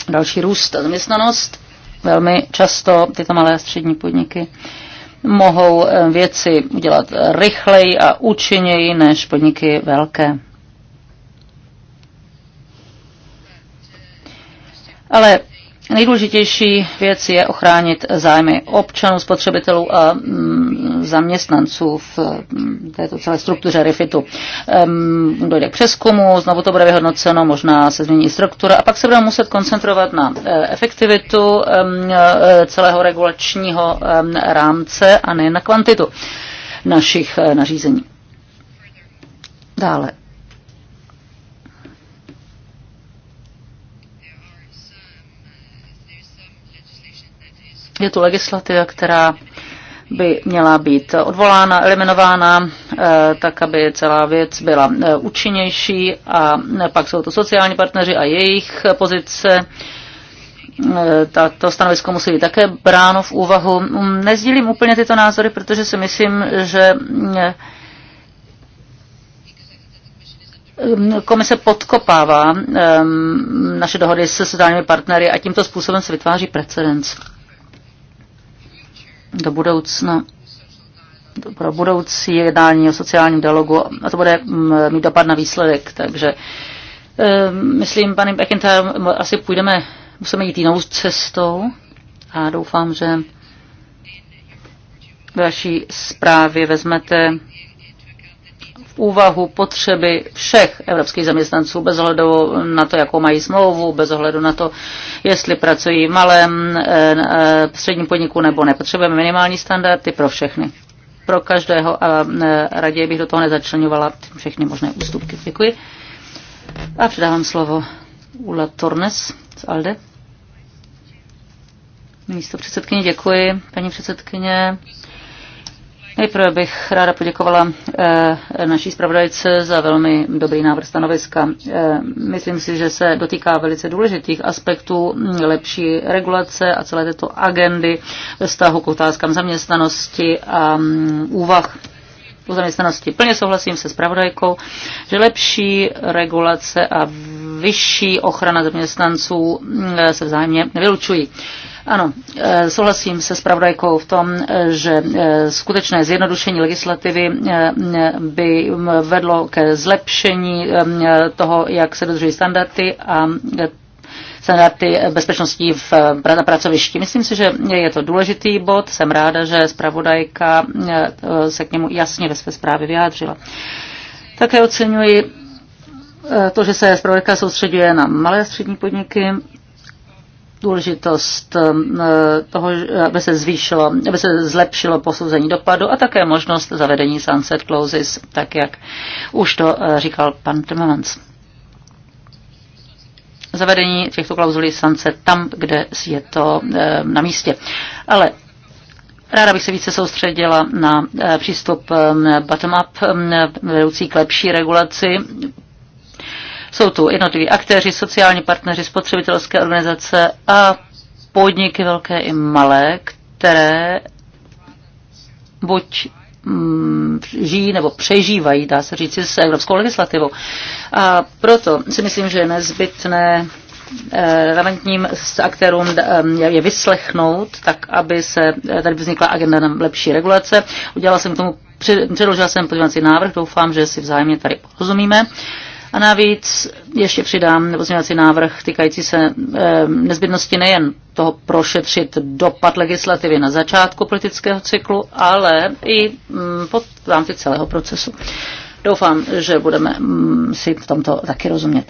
Speaker 2: další růst a zaměstnanost. Velmi často tyto malé a střední podniky mohou eh, věci udělat rychleji a účinněji než podniky velké. Ale Nejdůležitější věc je ochránit zájmy občanů, spotřebitelů a mm, zaměstnanců v mm, této celé struktuře REFITu. Dojde k přeskumu, znovu to bude vyhodnoceno, možná se změní struktura a pak se budeme muset koncentrovat na e, efektivitu e, celého regulačního rámce a ne na kvantitu našich e, nařízení. Dále. Je tu legislativa, která by měla být odvolána, eliminována, eh, tak aby celá věc byla eh, účinnější a eh, pak jsou to sociální partneři a jejich pozice. Tato stanovisko musí být také bráno v úvahu. Mm, nezdílím úplně tyto názory, protože si myslím, že komise podkopává naše dohody se sociálními partnery a tímto způsobem se vytváří precedens do budoucna pro budoucí jednání o sociálním dialogu a to bude mm, mít dopad na výsledek. Takže eh, myslím, paní McIntyre, asi půjdeme, musíme jít jinou cestou a doufám, že ve vaší zprávě vezmete úvahu potřeby všech evropských zaměstnanců bez ohledu na to, jakou mají smlouvu, bez ohledu na to, jestli pracují v malém eh, eh, středním podniku nebo ne. Potřebujeme minimální standardy pro všechny. Pro každého a eh, raději bych do toho nezačlenovala všechny možné ústupky. Děkuji. A předávám slovo Ula Tornes z ALDE. Místo předsedkyně děkuji, paní předsedkyně. Nejprve bych ráda poděkovala eh, naší zpravodajce za velmi dobrý návrh stanoviska. Eh, myslím si, že se dotýká velice důležitých aspektů lepší regulace a celé této agendy vztahu k otázkám zaměstnanosti a mm, úvah o zaměstnanosti. Plně souhlasím se spravodajkou, že lepší regulace a vyšší ochrana zaměstnanců mm, se vzájemně nevylučují. Ano, e, souhlasím se spravodajkou v tom, e, že e, skutečné zjednodušení legislativy by vedlo ke zlepšení toho, jak se dodržují standardy a standardy bezpečnosti v, na pracovišti. Myslím si, že je to důležitý bod. Jsem ráda, že zpravodajka eh, se k němu jasně ve své zprávě vyjádřila. Také oceňuji eh, to, že se zpravodajka soustředuje na malé a střední podniky, důležitost eh, toho, aby se zvýšilo, aby se zlepšilo posouzení dopadu a také možnost zavedení sunset clauses, tak jak už to říkal pan Timmermans zavedení těchto klauzulí sance tam, kde je to eh, na místě. Ale Ráda bych se více soustředila na eh, přístup ehm, bottom-up, ehm, vedoucí k lepší regulaci. Jsou tu jednotliví aktéři, sociální partneři, spotřebitelské organizace a podniky velké i malé, které buď Mm, žijí nebo přežívají, dá se říct, s evropskou legislativou. A proto si myslím, že je nezbytné eh, relevantním aktérům eh, je vyslechnout, tak aby se eh, tady vznikla agenda na lepší regulace. Udělala jsem k tomu, předložila jsem podívací návrh, doufám, že si vzájemně tady porozumíme. A navíc ještě přidám pozměňovací návrh týkající se e, nezbytnosti nejen toho prošetřit dopad legislativy na začátku politického cyklu, ale i mm, pod rámci celého procesu. Doufám, že budeme mm, si v tomto taky rozumět.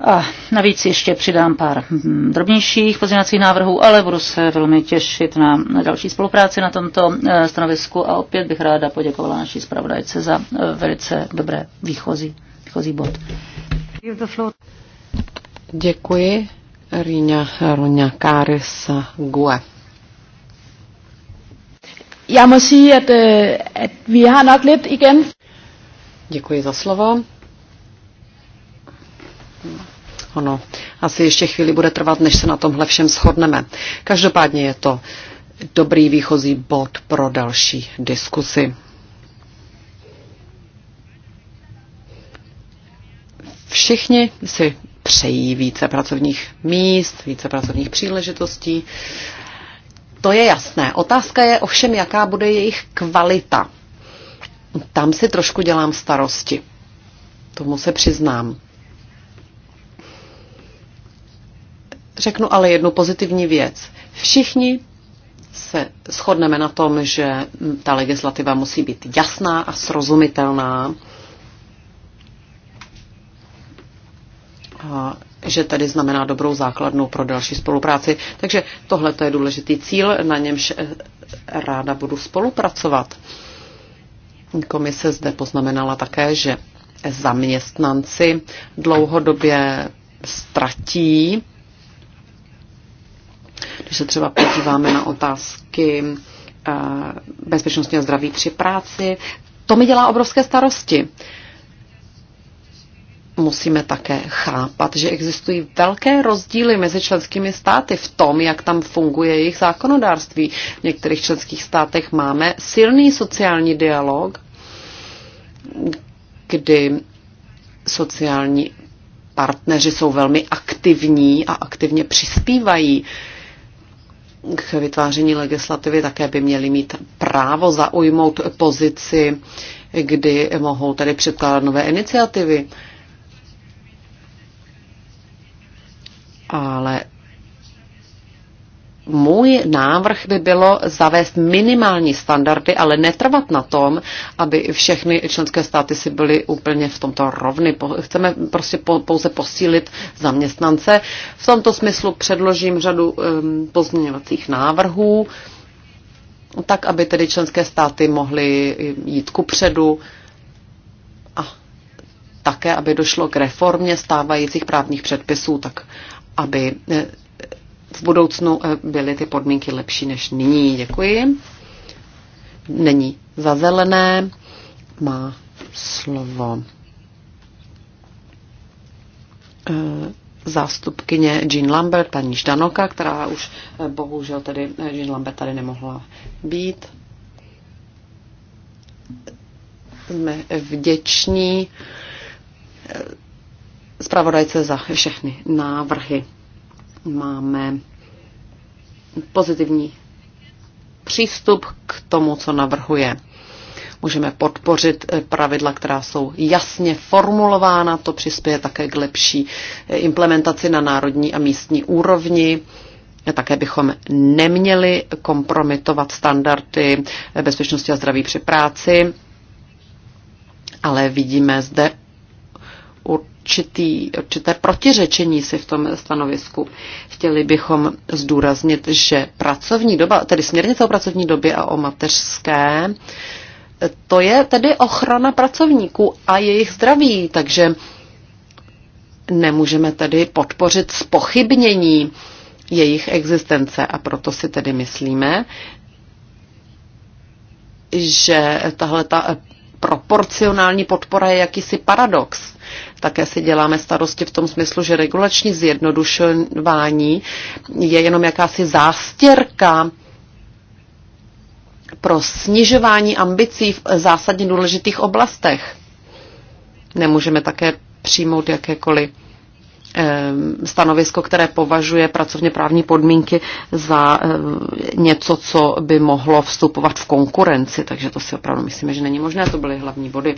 Speaker 2: A navíc ještě přidám pár hm, drobnějších pozměňovacích návrhů, ale budu se velmi těšit na další spolupráci na tomto eh, stanovisku a opět bych ráda poděkovala naší zpravodajce za eh, velice dobré výchozí, výchozí bod.
Speaker 3: Děkuji. Rýňa Roňa Káris Gue. Já musím, at,
Speaker 2: eh, že vi har nok lidt igen.
Speaker 3: Děkuji za slovo. Ono asi ještě chvíli bude trvat, než se na tomhle všem shodneme. Každopádně je to dobrý výchozí bod pro další diskusy. Všichni si přejí více pracovních míst, více pracovních příležitostí. To je jasné. Otázka je ovšem, jaká bude jejich kvalita. Tam si trošku dělám starosti. Tomu se přiznám. Řeknu ale jednu pozitivní věc. Všichni se shodneme na tom, že ta legislativa musí být jasná a srozumitelná, a že tedy znamená dobrou základnou pro další spolupráci. Takže tohle to je důležitý cíl, na němž eh, ráda budu spolupracovat. Komise zde poznamenala také, že zaměstnanci dlouhodobě ztratí když se třeba podíváme na otázky eh, bezpečnosti a zdraví při práci, to mi dělá obrovské starosti. Musíme také chápat, že existují velké rozdíly mezi členskými státy v tom, jak tam funguje jejich zákonodárství. V některých členských státech máme silný sociální dialog, kdy sociální partneři jsou velmi aktivní a aktivně přispívají uh, k vytváření legislativy také by měli mít právo zaujmout pozici, kdy mohou tady předkládat nové iniciativy. Ale můj návrh by bylo zavést minimální standardy, ale netrvat na tom, aby všechny členské státy si byly úplně v tomto rovny. Chceme prostě pouze posílit zaměstnance. V tomto smyslu předložím řadu pozměňovacích návrhů, tak aby tedy členské státy mohly jít kupředu a také, aby došlo k reformě stávajících právních předpisů, tak aby e, v budoucnu eh, byly ty podmínky lepší než nyní. Děkuji. Není za zelené, má slovo eh, zástupkyně Jean Lambert, paní Ždanoka, která už eh, bohužel tedy Jean Lambert tady nemohla být. Jsme vděční zpravodajce za všechny návrhy máme pozitivní přístup k tomu, co navrhuje. Můžeme podpořit eh, pravidla, která jsou jasně formulována, to přispěje také k lepší eh, implementaci na národní a místní úrovni. Také bychom neměli kompromitovat standardy eh, bezpečnosti a zdraví při práci, ale vidíme zde určitý, určité protiřečení si v tom stanovisku. Chtěli bychom zdůraznit, že pracovní doba, tedy směrnice o pracovní době a o mateřské, to je tedy ochrana pracovníků a jejich zdraví, takže nemůžeme tedy podpořit spochybnění jejich existence a proto si tedy myslíme, že tahle ta proporcionální podpora je jakýsi paradox. Také si děláme starosti v tom smyslu, že regulační zjednodušování je jenom jakási zástěrka pro snižování ambicí v zásadně důležitých oblastech. Nemůžeme také přijmout jakékoliv Eh, stanovisko, které považuje pracovně právní podmínky za eh, něco, co by mohlo vstupovat v konkurenci. Takže to si opravdu myslíme, že není možné. To byly hlavní body.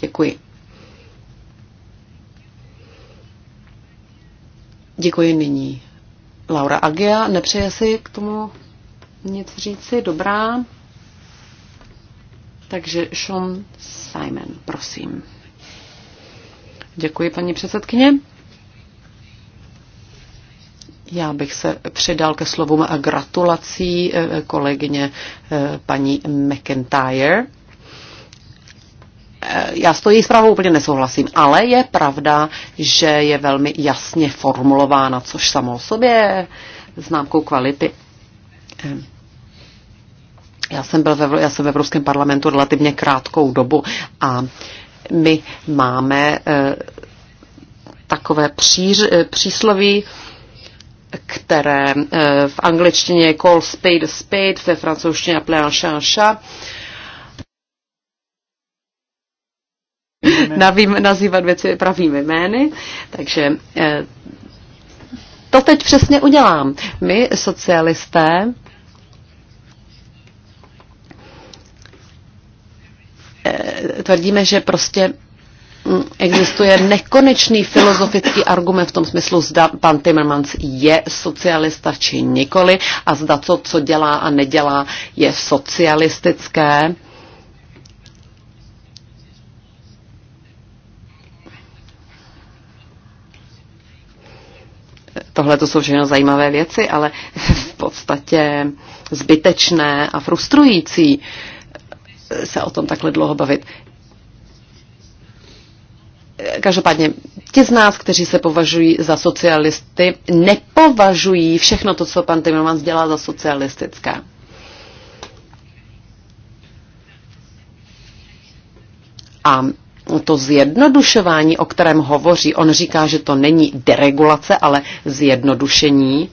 Speaker 3: Děkuji. Děkuji nyní. Laura Agia, nepřeje si k tomu nic říci? Dobrá. Takže Sean Simon, prosím. Děkuji, paní předsedkyně. Já bych se přidal ke slovům a gratulací eh, kolegyně eh, paní McIntyre. Eh, já s její zprávou úplně nesouhlasím, ale je pravda, že je velmi jasně formulována, což samo o sobě známkou kvality. Já jsem byl ve, já jsem v Evropském parlamentu relativně krátkou dobu a my máme takové příř, přísloví, které eh, v angličtině je call spade a spade, ve francouzštině appelé un chat un chat. Navím, nazývat věci pravými jmény, takže eh, to teď přesně udělám. My, socialisté, eh, tvrdíme, že prostě Mm, existuje nekonečný filozofický argument v tom smyslu, zda pan Timmermans je socialista či nikoli a zda to, co dělá a nedělá, je socialistické. Tohle to jsou všechno zajímavé věci, ale v podstatě zbytečné a frustrující se o tom takhle dlouho bavit. Každopádně ti z nás, kteří se považují za socialisty, nepovažují všechno to, co pan Timmermans dělá za socialistické. A to zjednodušování, o kterém hovoří, on říká, že to není deregulace, ale zjednodušení.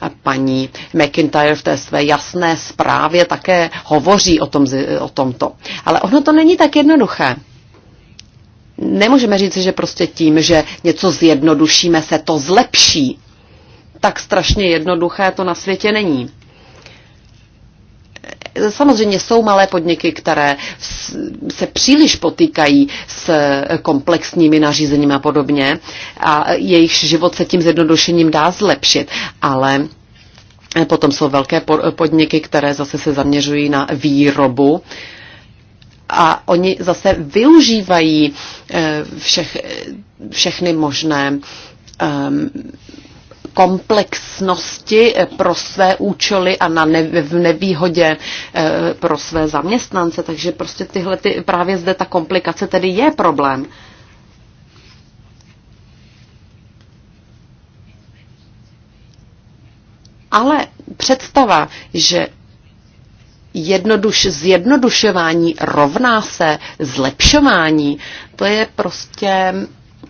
Speaker 3: A paní McIntyre v té své jasné zprávě také hovoří o, tom, o tomto. Ale ono to není tak jednoduché nemůžeme říct, že prostě tím, že něco zjednodušíme, se to zlepší. Tak strašně jednoduché to na světě není. Samozřejmě jsou malé podniky, které se příliš potýkají s komplexními nařízeními a podobně a jejich život se tím zjednodušením dá zlepšit, ale potom jsou velké podniky, které zase se zaměřují na výrobu a oni zase využívají eh, všech, všechny možné ehm, komplexnosti pro své účely a na ne, v nevýhodě eh, pro své zaměstnance. Takže prostě tyhle ty, právě zde ta komplikace tedy je problém. Ale představa, že jednoduš, zjednodušování rovná se zlepšování. To je prostě,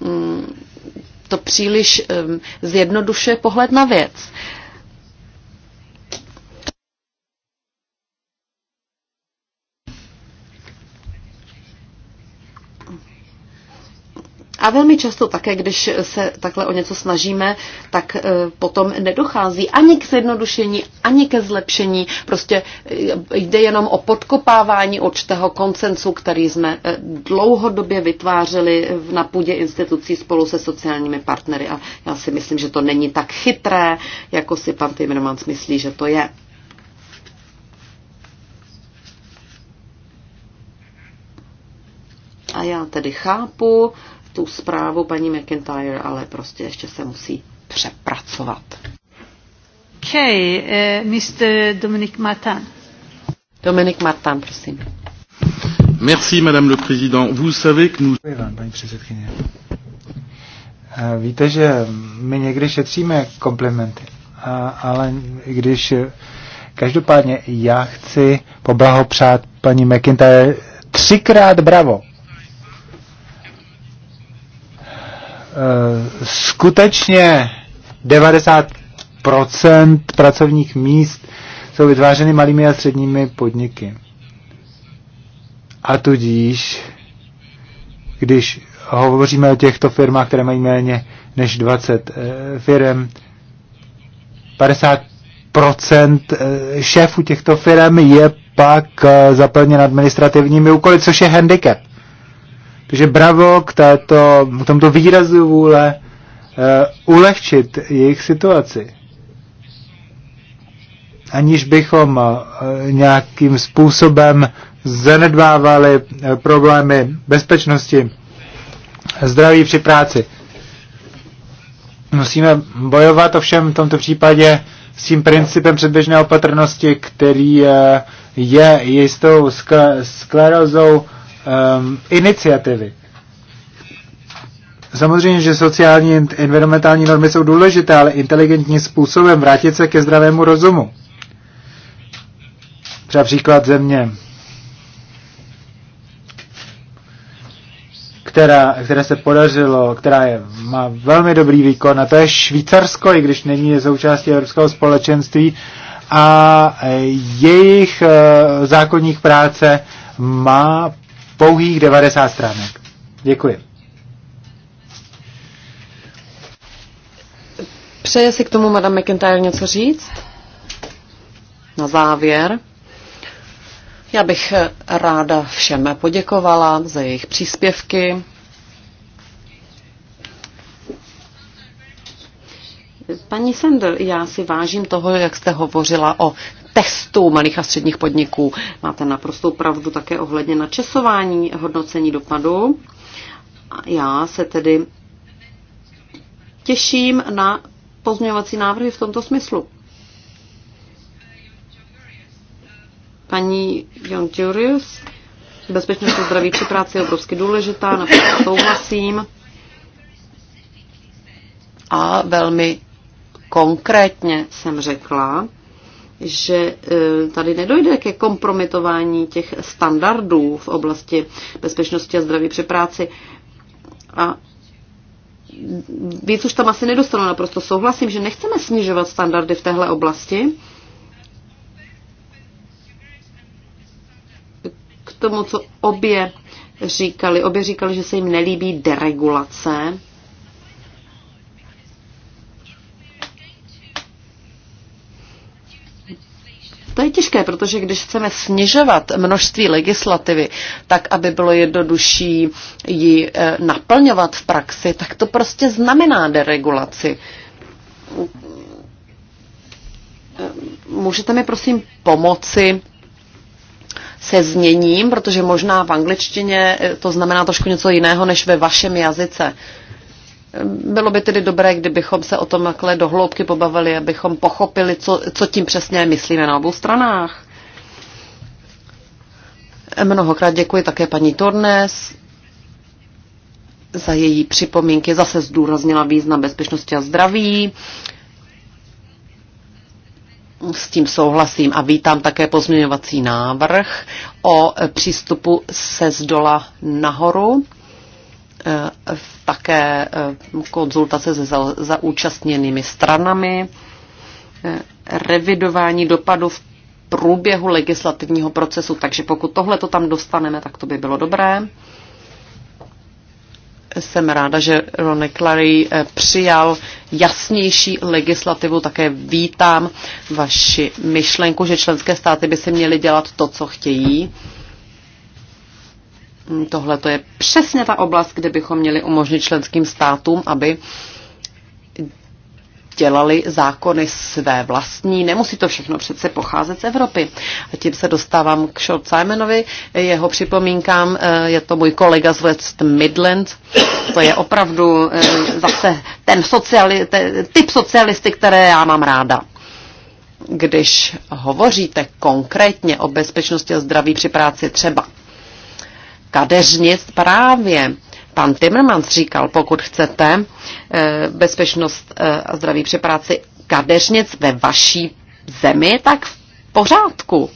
Speaker 3: mm, to příliš mm, zjednodušuje pohled na věc. A velmi často také, když se takhle o něco snažíme, tak eh, potom nedochází ani k zjednodušení, ani ke zlepšení. Prostě eh, jde jenom o podkopávání určitého koncensu, který jsme eh, dlouhodobě vytvářeli na půdě institucí spolu se sociálními partnery. A já si myslím, že to není tak chytré, jako si pan Timmermans myslí, že to je. A já tedy chápu, tu zprávu paní McIntyre, ale prostě ještě se musí přepracovat.
Speaker 2: Okay, uh, eh, Mr. Dominik Martin.
Speaker 3: Dominik Martin, prosím.
Speaker 1: Merci, Madame le Président. Vous savez que nous... paní předsedkyně. Eh, víte, že my někdy šetříme komplimenty, a, ale když eh, každopádně já chci poblahopřát paní McIntyre třikrát bravo. Eh, skutečně 90% pracovních míst jsou vytvářeny malými a středními podniky. A tudíž, když hovoříme o těchto firmách, které mají méně než 20 firm, 50 procent eh, šéfů těchto firm je pak eh, zaplněn administrativními úkoly, což je handicap. Takže bravo k, této, k tomto výrazu vůle uh, ulehčit jejich situaci. Aniž bychom uh, nějakým způsobem zanedbávali uh, problémy bezpečnosti, zdraví při práci. Musíme bojovat ovšem v tomto případě s tím principem předběžné opatrnosti, který je jistou sklerozou um, iniciativy. Samozřejmě, že sociální a environmentální normy jsou důležité, ale inteligentním způsobem vrátit se ke zdravému rozumu. Třeba příklad země, která, která se podařilo, která je, má velmi dobrý výkon, a to je Švýcarsko, i když není součástí Evropského společenství, a jejich e, zákonník práce má pouhých 90 stránek. Děkuji.
Speaker 3: Přeje si k tomu Madame McIntyre něco říct? Na závěr. Já bych ráda všem poděkovala za jejich příspěvky. Paní Sandl, já si vážím toho, jak jste hovořila o testu malých a středních podniků. Máte naprostou pravdu také ohledně načasování hodnocení dopadu. Já se tedy těším na pozměňovací návrhy v tomto smyslu. Paní Jonturius, bezpečnost a zdraví při práci je obrovsky důležitá, naprosto souhlasím. A velmi konkrétně jsem řekla, že e, tady nedojde ke kompromitování těch standardů v oblasti bezpečnosti a zdraví při práci. A víc už tam asi nedostanu, naprosto souhlasím, že nechceme snižovat standardy v téhle oblasti. K tomu, co obě říkali, obě říkali, že se jim nelíbí deregulace To je těžké, protože když chceme snižovat množství legislativy, tak aby bylo jednodušší ji e, naplňovat v praxi, tak to prostě znamená deregulaci. Můžete mi prosím pomoci se zněním, protože možná v angličtině e, to znamená trošku něco jiného než ve vašem jazyce. Uh, bylo by tedy dobré, kdybychom se o tom takhle dohloubky pobavili, abychom pochopili, co, co tím přesně myslíme na obou stranách. Mnohokrát děkuji také paní Tornes za její připomínky. Zase zdůraznila význam bezpečnosti a zdraví. S tím souhlasím a vítám také pozměňovací návrh o přístupu se zdola nahoru. Eh, také eh, konzultace se zaúčastněnými stranami, eh, revidování dopadu v průběhu legislativního procesu. Takže pokud tohle to tam dostaneme, tak to by bylo dobré. Jsem ráda, že Ronny Clary přijal jasnější legislativu. Také vítám vaši myšlenku, že členské státy by si měly dělat to, co chtějí Tohle to je přesně ta oblast, kde bychom měli umožnit členským státům, aby dělali zákony své vlastní. Nemusí to všechno přece pocházet z Evropy. A tím se dostávám k Short Simonovi, jeho připomínkám. Eh, je to můj kolega z West Midlands. To je opravdu eh, zase ten sociali, ten typ socialisty, které já mám ráda. Když hovoříte konkrétně o bezpečnosti a zdraví při práci třeba kadeřnic právě pan Timmermans říkal, pokud chcete eh, bezpečnost eh, a zdraví při práci kadeřnic ve vaší zemi, tak v pořádku.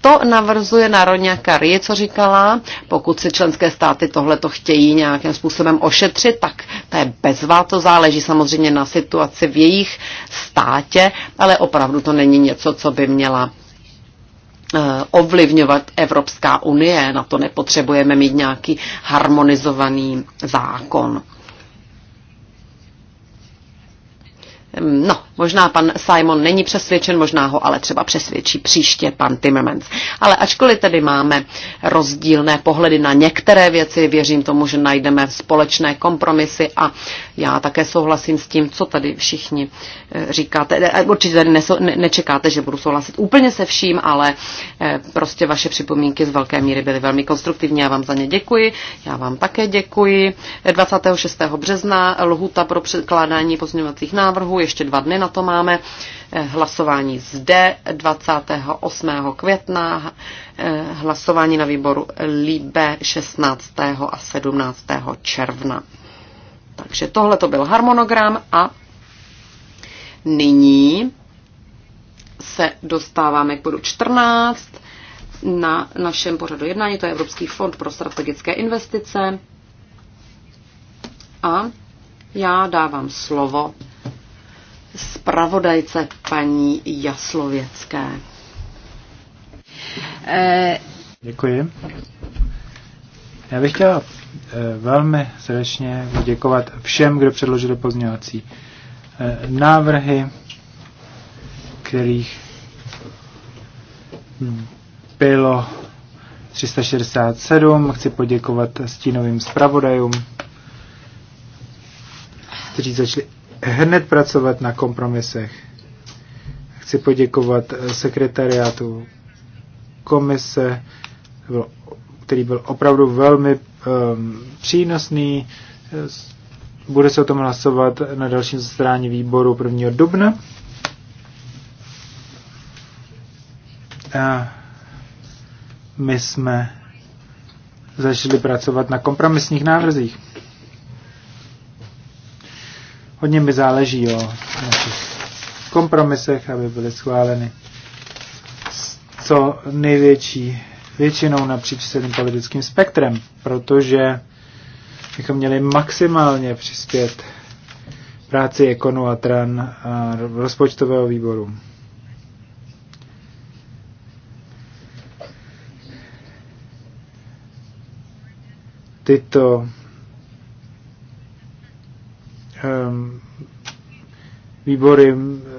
Speaker 3: To navrzuje Národňa Karie, co říkala, pokud si členské státy tohle to chtějí nějakým způsobem ošetřit, tak to je bezvá, to záleží samozřejmě na situaci v jejich státě, ale opravdu to není něco, co by měla Eh, ovlivňovat Evropská unie. Na to nepotřebujeme mít nějaký harmonizovaný zákon. No, možná pan Simon není přesvědčen, možná ho ale třeba přesvědčí příště pan Timmermans. Ale ačkoliv tedy máme rozdílné pohledy na některé věci, věřím tomu, že najdeme společné kompromisy a já také souhlasím s tím, co tady všichni eh, říkáte. Eh, eh, určitě tady nečekáte, že budu souhlasit úplně se vším, ale prostě vaše připomínky z velké míry byly velmi konstruktivní. Já vám za ně děkuji, já vám také děkuji. 26. března lhuta pro předkládání pozměňovacích návrhů ještě dva dny na to máme. Eh, hlasování zde 28. května, eh, hlasování na výboru Líbe 16. a 17. června. Takže tohle to byl harmonogram a nyní se dostáváme k bodu 14 na našem pořadu jednání, to je Evropský fond pro strategické investice. A já dávám slovo zpravodajce paní Jaslověcké. Eh,
Speaker 1: Děkuji. Já bych chtěla eh, velmi srdečně poděkovat všem, kdo předložili pozměňovací eh, návrhy, kterých hm, bylo 367. Chci poděkovat stínovým zpravodajům, kteří začali hned pracovat na kompromisech. Chci poděkovat eh, sekretariátu komise, který byl opravdu velmi um, přínosný. Eh, bude se o tom hlasovat na dalším zasedání výboru 1. dubna. A my jsme začali pracovat na kompromisních návrzích. Hodně mi záleží o našich kompromisech, aby byly schváleny co největší většinou napříč celým politickým spektrem, protože bychom měli maximálně přispět práci ekonu a tran a rozpočtového výboru. Tyto Ehm, výbory eh,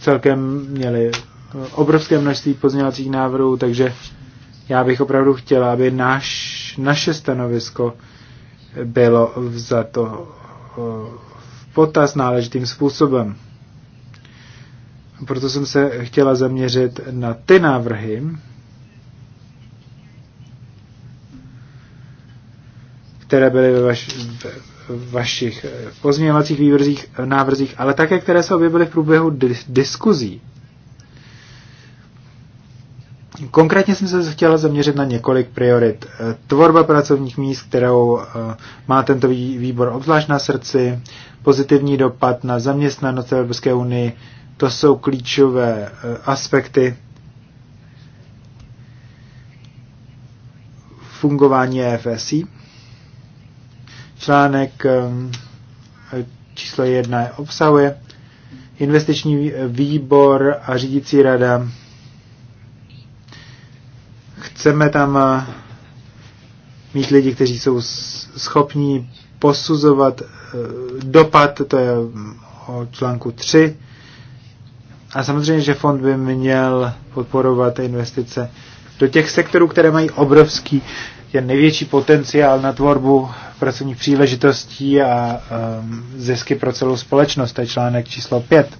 Speaker 1: celkem měly eh, obrovské množství pozměňovacích návrhů, takže já bych opravdu chtěla, aby naš, naše stanovisko bylo vzato eh, v potaz náležitým způsobem. Proto jsem se chtěla zaměřit na ty návrhy, které byly ve vaš, vašich eh, pozměňovacích vývrzích, eh, návrzích, ale také, které se objevily v průběhu dis- diskuzí. Konkrétně jsem se chtěla zaměřit na několik priorit. Eh, tvorba pracovních míst, kterou má tento výbor obzvlášť na srdci, pozitivní dopad na zaměstnanost Evropské unii, to jsou klíčové aspekty fungování EFSI Článek ehm, číslo jedna obsahuje investiční výbor a řídící rada. Chceme tam eh, mít lidi, kteří jsou schopní posuzovat eh, dopad, to je mm, o článku 3. A samozřejmě, že fond by měl podporovat investice do těch sektorů, které mají obrovský, je největší potenciál na tvorbu pracovních příležitostí a um, zisky pro celou společnost. To je článek číslo 5.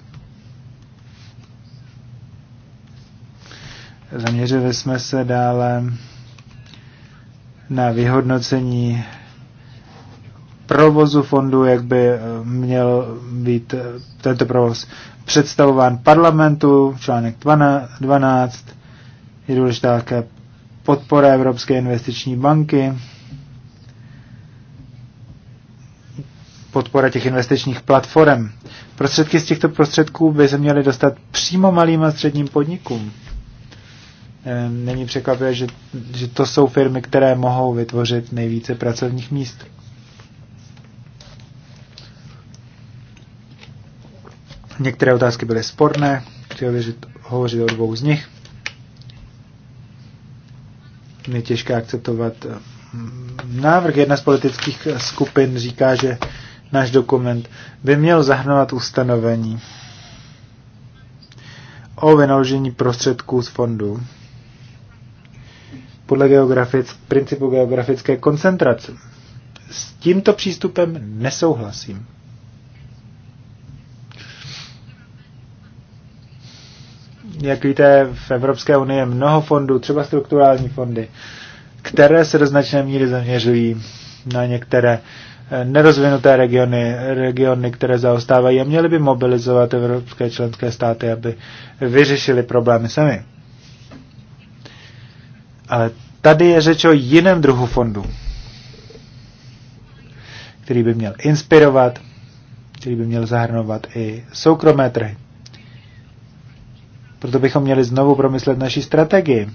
Speaker 1: Zaměřili jsme se dále na vyhodnocení provozu fondu, jak by eh, měl být eh, tento provoz představován parlamentu, článek 12, je důležitá také podpora Evropské investiční banky, podpora těch investičních platform. Prostředky z těchto prostředků by se měly dostat přímo malým a středním podnikům. Ehm, není překvapivé, že, že to jsou firmy, které mohou vytvořit nejvíce pracovních míst. Některé otázky byly sporné, chtěl věřit, hovořit o dvou z nich. Je těžké akceptovat ehm, návrh. Jedna z politických skupin říká, že náš dokument by měl zahrnovat ustanovení o vynaložení prostředků z fondu podle geografic, principu geografické koncentrace. S tímto přístupem nesouhlasím. Jak víte, v Evropské unii je mnoho fondů, třeba strukturální fondy, které se do značné míry zaměřují na některé uh, nerozvinuté regiony, regiony, které zaostávají a měly by mobilizovat evropské členské státy, aby vyřešili problémy sami. Ale tady je řeč o jiném druhu fondu, který by měl inspirovat, který by měl zahrnovat i soukromé trhy. Proto bychom měli znovu promyslet naší strategii.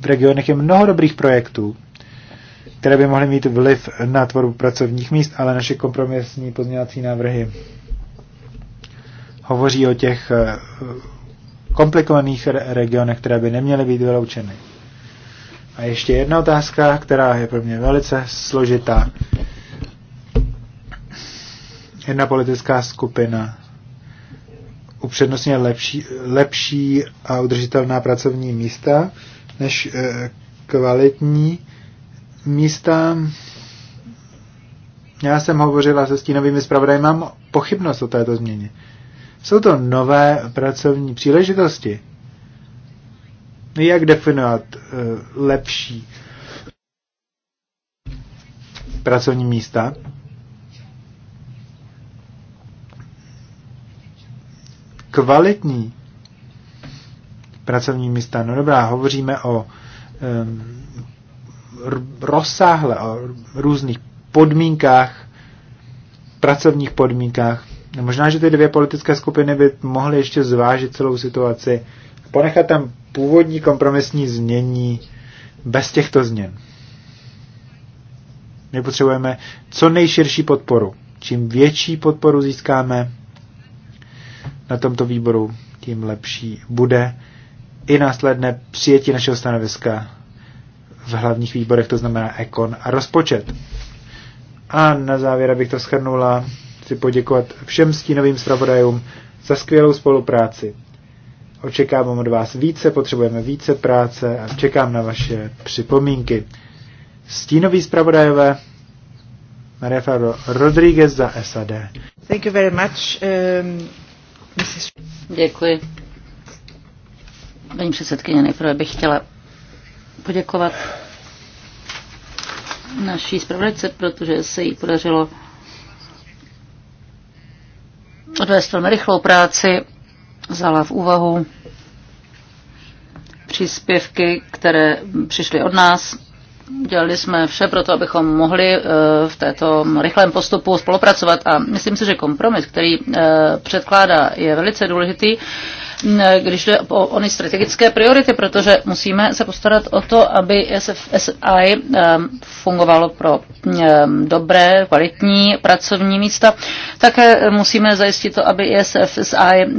Speaker 1: V regionech je mnoho dobrých projektů, které by mohly mít vliv na tvorbu pracovních míst, ale naše kompromisní pozměňovací návrhy hovoří o těch eh, komplikovaných regionech, které by neměly být vyloučeny. A ještě jedna otázka, která je pro mě velice složitá. Jedna politická skupina upřednostňuje lepší, lepší a udržitelná pracovní místa než eh, kvalitní místa. Já jsem hovořila se stínovými zpravodaji, mám pochybnost o této změně. Jsou to nové pracovní příležitosti. Jak definovat uh, lepší pracovní místa? Kvalitní pracovní místa. No dobrá, hovoříme o um, rozsáhle o různých podmínkách, pracovních podmínkách. No, možná, že ty dvě politické skupiny by mohly ještě zvážit celou situaci, ponechat tam původní kompromisní změní bez těchto změn. My potřebujeme co nejširší podporu. Čím větší podporu získáme na tomto výboru, tím lepší bude i následné přijetí našeho stanoviska v hlavních výborech, to znamená ekon a rozpočet. A na závěr, abych to schrnula, chci poděkovat všem stínovým zpravodajům za skvělou spolupráci. Očekávám od vás více, potřebujeme více práce a čekám na vaše připomínky. Stínový zpravodajové Maria Faro Rodriguez za SAD.
Speaker 2: Thank you very much, um, Mrs. Děkuji. Paní předsedkyně, nejprve bych chtěla poděkovat naší zpravodajce, protože se jí podařilo odvést velmi rychlou práci, vzala v úvahu příspěvky, které přišly od nás. Dělali jsme vše pro to, abychom mohli eh, v této rychlém postupu spolupracovat a myslím si, že kompromis, který eh, předkládá, je velice důležitý Mm, když jde o ony strategické priority, protože musíme se postarat o to, aby SFSI ehm, fungovalo pro ehm, dobré, kvalitní pracovní místa. Také musíme zajistit to, aby SFSI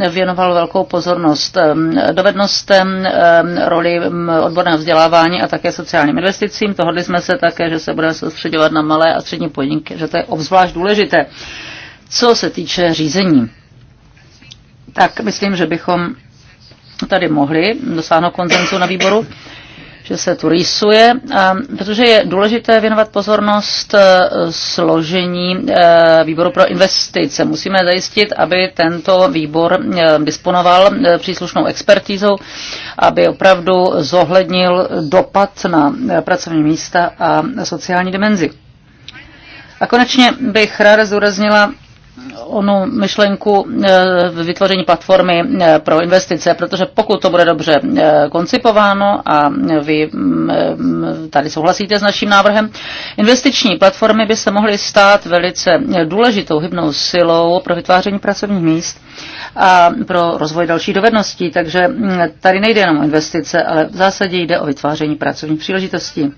Speaker 2: věnovalo velkou pozornost ehm, dovednostem, roli odborného vzdělávání a také sociálním investicím. Dohodli jsme se také, že se budeme soustředovat na malé a střední podniky, že to je obzvlášť důležité. Co se týče řízení, tak myslím, že bychom tady mohli dosáhnout konzenzu na výboru že se tu rýsuje, protože je důležité věnovat pozornost e, složení e, výboru pro investice. Musíme zajistit, aby tento výbor e, disponoval příslušnou expertízou, aby opravdu zohlednil dopad na pracovní místa a sociální dimenzi. A konečně bych ráda zdůraznila onu myšlenku e, vytvoření platformy e, pro investice, protože pokud to bude dobře e, koncipováno a vy mm, mm, tady souhlasíte s naším návrhem, investiční platformy by se mohly stát velice důležitou hybnou silou pro vytváření pracovních míst a pro rozvoj dalších dovedností. Takže mm, tady nejde jenom o investice, ale v zásadě jde o vytváření pracovních příležitostí.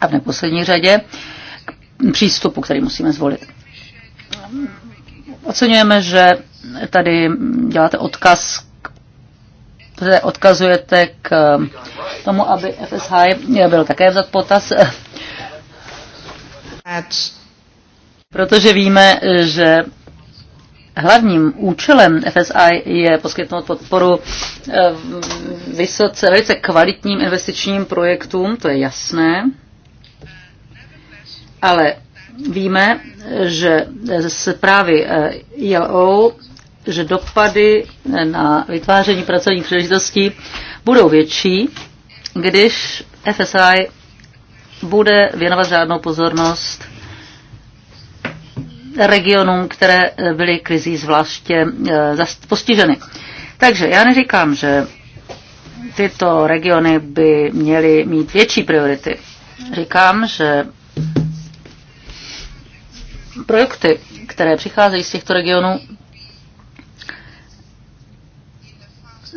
Speaker 2: A v neposlední řadě k přístupu, který musíme zvolit Oceňujeme, že tady děláte odkaz že odkazujete k eh, tomu, aby FSH byl také vzat potaz. Protože víme, že hlavním účelem FSI je poskytnout podporu eh, vysoce, velice kvalitním investičním projektům, to je jasné. Ale Víme, že zprávy eh, ILO, že dopady eh, na vytváření pracovních příležitostí budou větší, když FSI bude věnovat žádnou pozornost regionům, které eh, byly krizí zvláště postiženy. Takže já neříkám, že tyto regiony by měly mít větší priority. Říkám, že Projekty, které přicházejí z těchto regionů,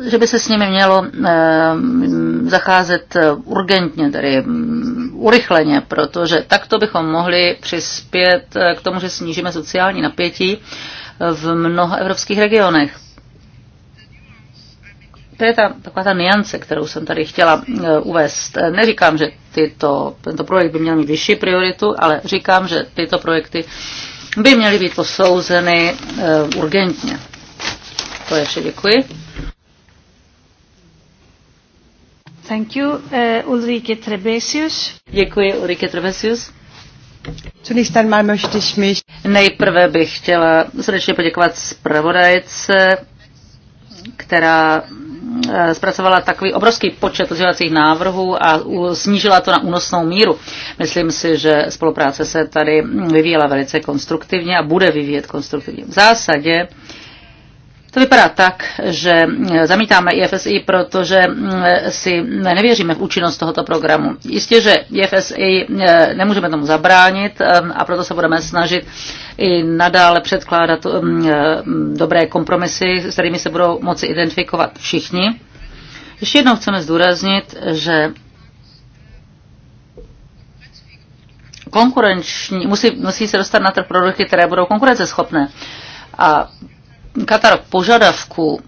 Speaker 2: že by se s nimi mělo eh, zacházet urgentně, tedy mm, urychleně, protože takto bychom mohli přispět eh, k tomu, že snížíme sociální napětí v mnoha evropských regionech to je ta, taková ta niance, kterou jsem tady chtěla eh, uvést. Neříkám, že tyto, tento projekt by měl mít vyšší prioritu, ale říkám, že tyto projekty by měly být posouzeny eh, urgentně. To je vše, děkuji. Thank you, uh, Ulrike Trebesius. Děkuji, Ulrike Trebesius. Zunächst einmal möchte ich mich... Nejprve bych chtěla srdečně poděkovat zpravodajce, která Eh, zpracovala takový obrovský počet pozměňovacích návrhů a snížila to na únosnou míru. Myslím si, že spolupráce se tady vyvíjela velice konstruktivně a bude vyvíjet konstruktivně. V zásadě to vypadá tak, že zamítáme IFSI, protože mm, si nevěříme v účinnost tohoto programu. Jistě, že IFSI e, nemůžeme tomu zabránit e, a proto se budeme snažit i nadále předkládat e, dobré kompromisy, s kterými se budou moci identifikovat všichni. Ještě jednou chceme zdůraznit, že konkurenční, musí, musí se dostat na trh produkty, které budou konkurenceschopné. A Katar požadavků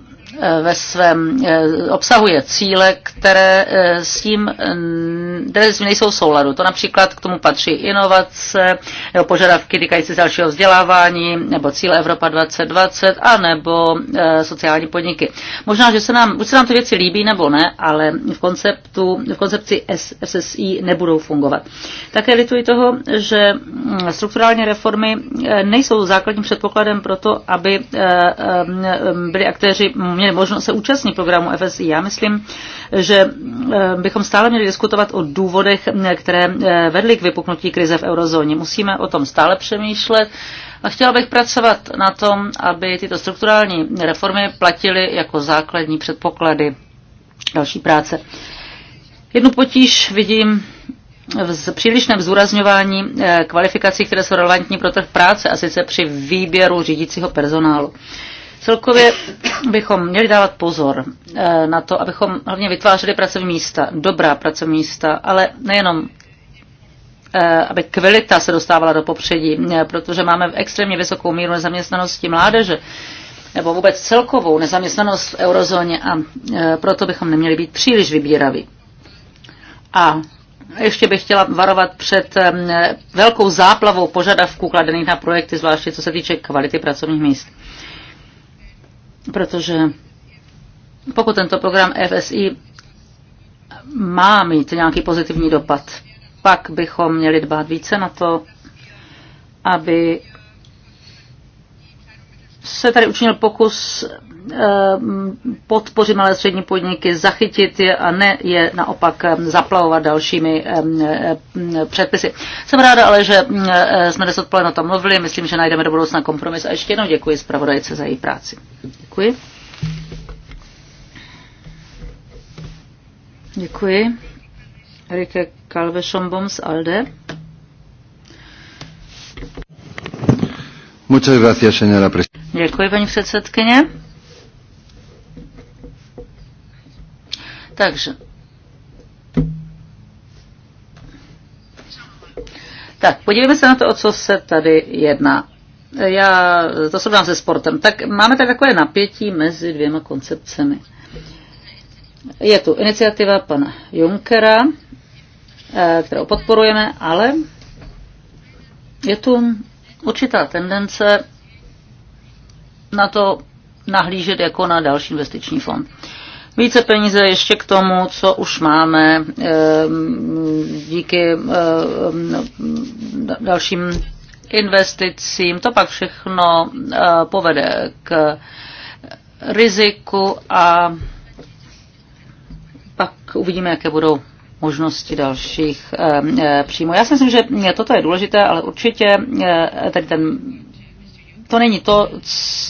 Speaker 2: Eh, ve svém eh, obsahuje cíle, které eh, s tím, které s tím nejsou souladu. To například k tomu patří inovace, nebo požadavky týkající dalšího vzdělávání, nebo cíle Evropa 2020, a nebo sociální podniky. Možná, že se nám, buď se nám ty věci líbí, nebo ne, ale v, konceptu, v koncepci SSI nebudou fungovat. Také lituji toho, že mm, strukturální reformy nejsou základním předpokladem pro to, aby byli aktéři mm, měli možnost se účastnit programu FSI. Já myslím, že eh, bychom stále měli diskutovat o důvodech, eh, které eh, vedly k vypuknutí krize v eurozóně. Musíme o tom stále přemýšlet. A chtěla bych pracovat na tom, aby tyto strukturální reformy platily jako základní předpoklady další práce. Jednu potíž vidím v přílišném zúrazňování kvalifikací, které jsou relevantní pro trh práce, a sice při výběru řídícího personálu. Celkově bychom měli dávat pozor eh, na to, abychom hlavně vytvářeli pracovní místa, dobrá pracovní místa, ale nejenom eh, aby kvalita se dostávala do popředí, eh, protože máme extrémně vysokou míru nezaměstnanosti mládeže nebo vůbec celkovou nezaměstnanost v eurozóně a proto bychom neměli být příliš vybíraví. A ještě bych chtěla varovat před velkou záplavou požadavků kladených na projekty, zvláště co se týče kvality pracovních míst protože pokud tento program FSI má mít nějaký pozitivní dopad, pak bychom měli dbát více na to, aby se tady učinil pokus eh, podpořit malé střední podniky, zachytit je a ne je naopak eh, zaplavovat dalšími eh, předpisy. Jsem ráda ale, že jsme dnes odpoledne o tom mluvili. Myslím, že najdeme do budoucna kompromis. A ještě jednou děkuji zpravodajce za její práci. Děkuji. Děkuji. Rike Kalvešombom z Alde.
Speaker 1: Muchas gracias, señora presidenta.
Speaker 2: Děkuji, paní předsedkyně. Takže. Tak, podívejme se na to, o co se tady jedná. Já to srovnám se sportem. Tak máme tady takové napětí mezi dvěma koncepcemi. Je tu iniciativa pana Junkera, eh, kterou podporujeme, ale je tu určitá tendence na to nahlížet jako na další investiční fond. Více peníze ještě k tomu, co už máme ehm, díky ehm, dalším investicím. To pak všechno eh, povede k riziku a pak uvidíme, jaké budou možnosti dalších eh, eh, příjmů. Já si myslím, že toto je důležité, ale určitě eh, tady ten, to není to,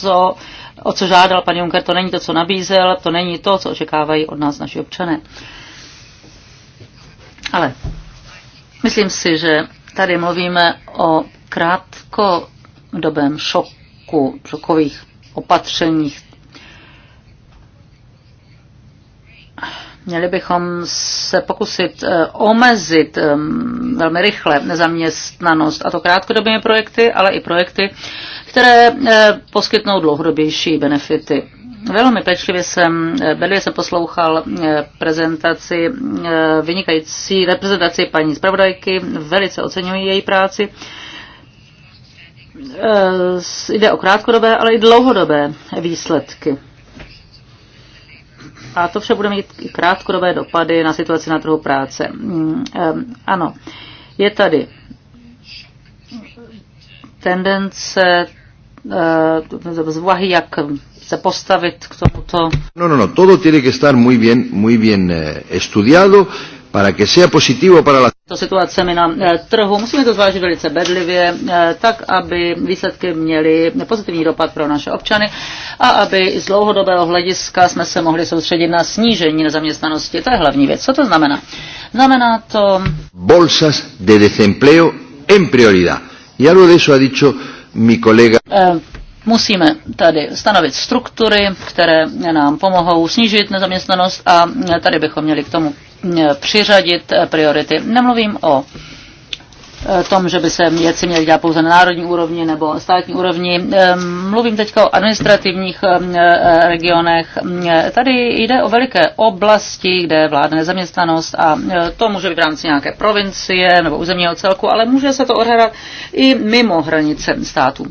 Speaker 2: co, o co žádal pan Juncker, to není to, co nabízel, to není to, co očekávají od nás naši občané. Ale myslím si, že tady mluvíme o krátkodobém šoku, šokových opatřeních. Měli bychom se pokusit eh, omezit eh, velmi rychle nezaměstnanost, a to krátkodobými projekty, ale i projekty, které eh, poskytnou dlouhodobější benefity. Velmi pečlivě jsem, bedlivě jsem poslouchal prezentaci, vynikající reprezentaci paní zpravodajky, velice oceňuji její práci. Jde o krátkodobé, ale i dlouhodobé výsledky. A to vše bude mít krátkodobé dopady na situaci na trhu práce. Mm, ano, je tady tendence eh, zvahy, jak se postavit k tomuto.
Speaker 1: No, no, no, todo tiene que estar muy bien, muy bien eh, estudiado para que sea positivo para la...
Speaker 2: To situacemi na eh, trhu musíme to zvážit velice bedlivě, eh, tak aby výsledky měly pozitivní dopad pro naše občany a aby z dlouhodobého hlediska jsme se mohli soustředit na snížení nezaměstnanosti. To je hlavní věc. Co to znamená? Znamená to...
Speaker 1: Bolsas de desempleo en prioridad. Y algo de eso ha dicho mi kolega. Eh,
Speaker 2: musíme tady stanovit struktury, které nám pomohou snížit nezaměstnanost a tady bychom měli k tomu E, přiřadit e, priority. Nemluvím o e, tom, že by se věci měly dělat pouze na národní úrovni nebo státní úrovni. Mluvím teď o administrativních regionech. Tady jde o veliké oblasti, kde vládne nezaměstnanost a to může být v rámci nějaké provincie nebo územního celku, ale může se to odhrát i mimo hranice států.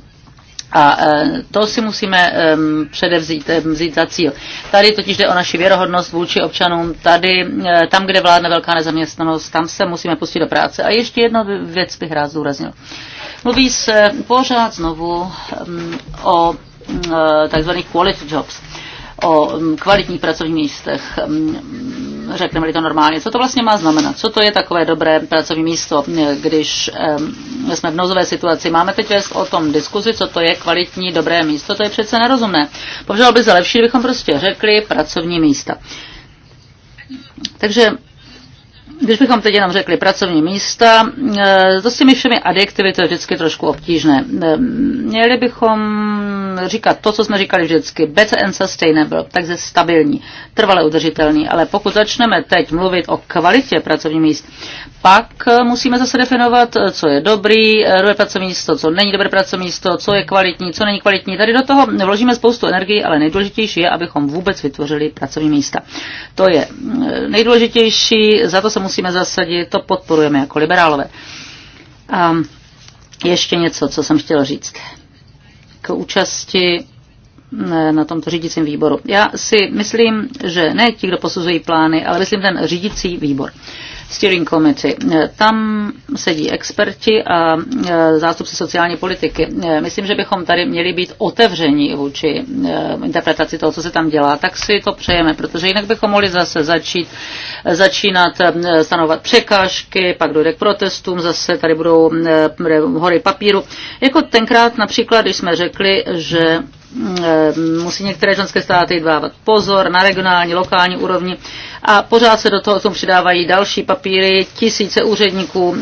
Speaker 2: A e, to si musíme e, předevzít e, vzít za cíl. Tady totiž jde o naši věrohodnost vůči občanům. Tady, tam, kde vládne velká nezaměstnanost, tam se musíme pustit do práce. A ještě jedna věc bych rád zúraznil. Mluví se pořád znovu o takzvaných quality jobs o mm, kvalitních pracovních místech, mm, mm, řekneme-li to normálně, co to vlastně má znamenat? Co to je takové dobré pracovní místo, když jsme v nouzové situaci? Máme teď vést o tom diskuzi, co to je kvalitní dobré místo, to je přece nerozumné. Považoval by za lepší, kdybychom prostě řekli pracovní místa. Takže když bychom teď jenom řekli pracovní místa, e, to s těmi všemi adjektivy to je vždycky trošku obtížné. E, měli bychom říkat to, co jsme říkali vždycky, better and sustainable, takže stabilní, trvale udržitelný. Ale pokud začneme teď mluvit o kvalitě pracovních míst, pak eh, musíme zase definovat, eh, co je dobrý, eh, dobré pracovní místo, co není dobré pracovní místo, co je kvalitní, co není kvalitní. Tady do toho vložíme spoustu energii, ale nejdůležitější je, abychom vůbec vytvořili pracovní místa. To je nejdůležitější, za to se musíme zasadit, to podporujeme jako liberálové. A ještě něco, co jsem chtěla říct k účasti Eh, na tomto řídícím výboru. Já si myslím, že ne ti, kdo posuzují plány, ale myslím ten řídící výbor. Steering Committee. Eh, tam sedí experti a eh, zástupci sociální politiky. Myslím, že bychom tady měli být otevření vůči interpretaci toho, co se tam dělá. Tak si to přejeme, protože jinak bychom mohli zase začít, začínat stanovat překážky, pak dojde k protestům, zase tady budou hory papíru. Jako tenkrát například, když jsme řekli, že Mm, eh, musí některé členské státy dávat pozor na regionální, lokální úrovni a pořád se do toho tom přidávají další papíry, tisíce úředníků,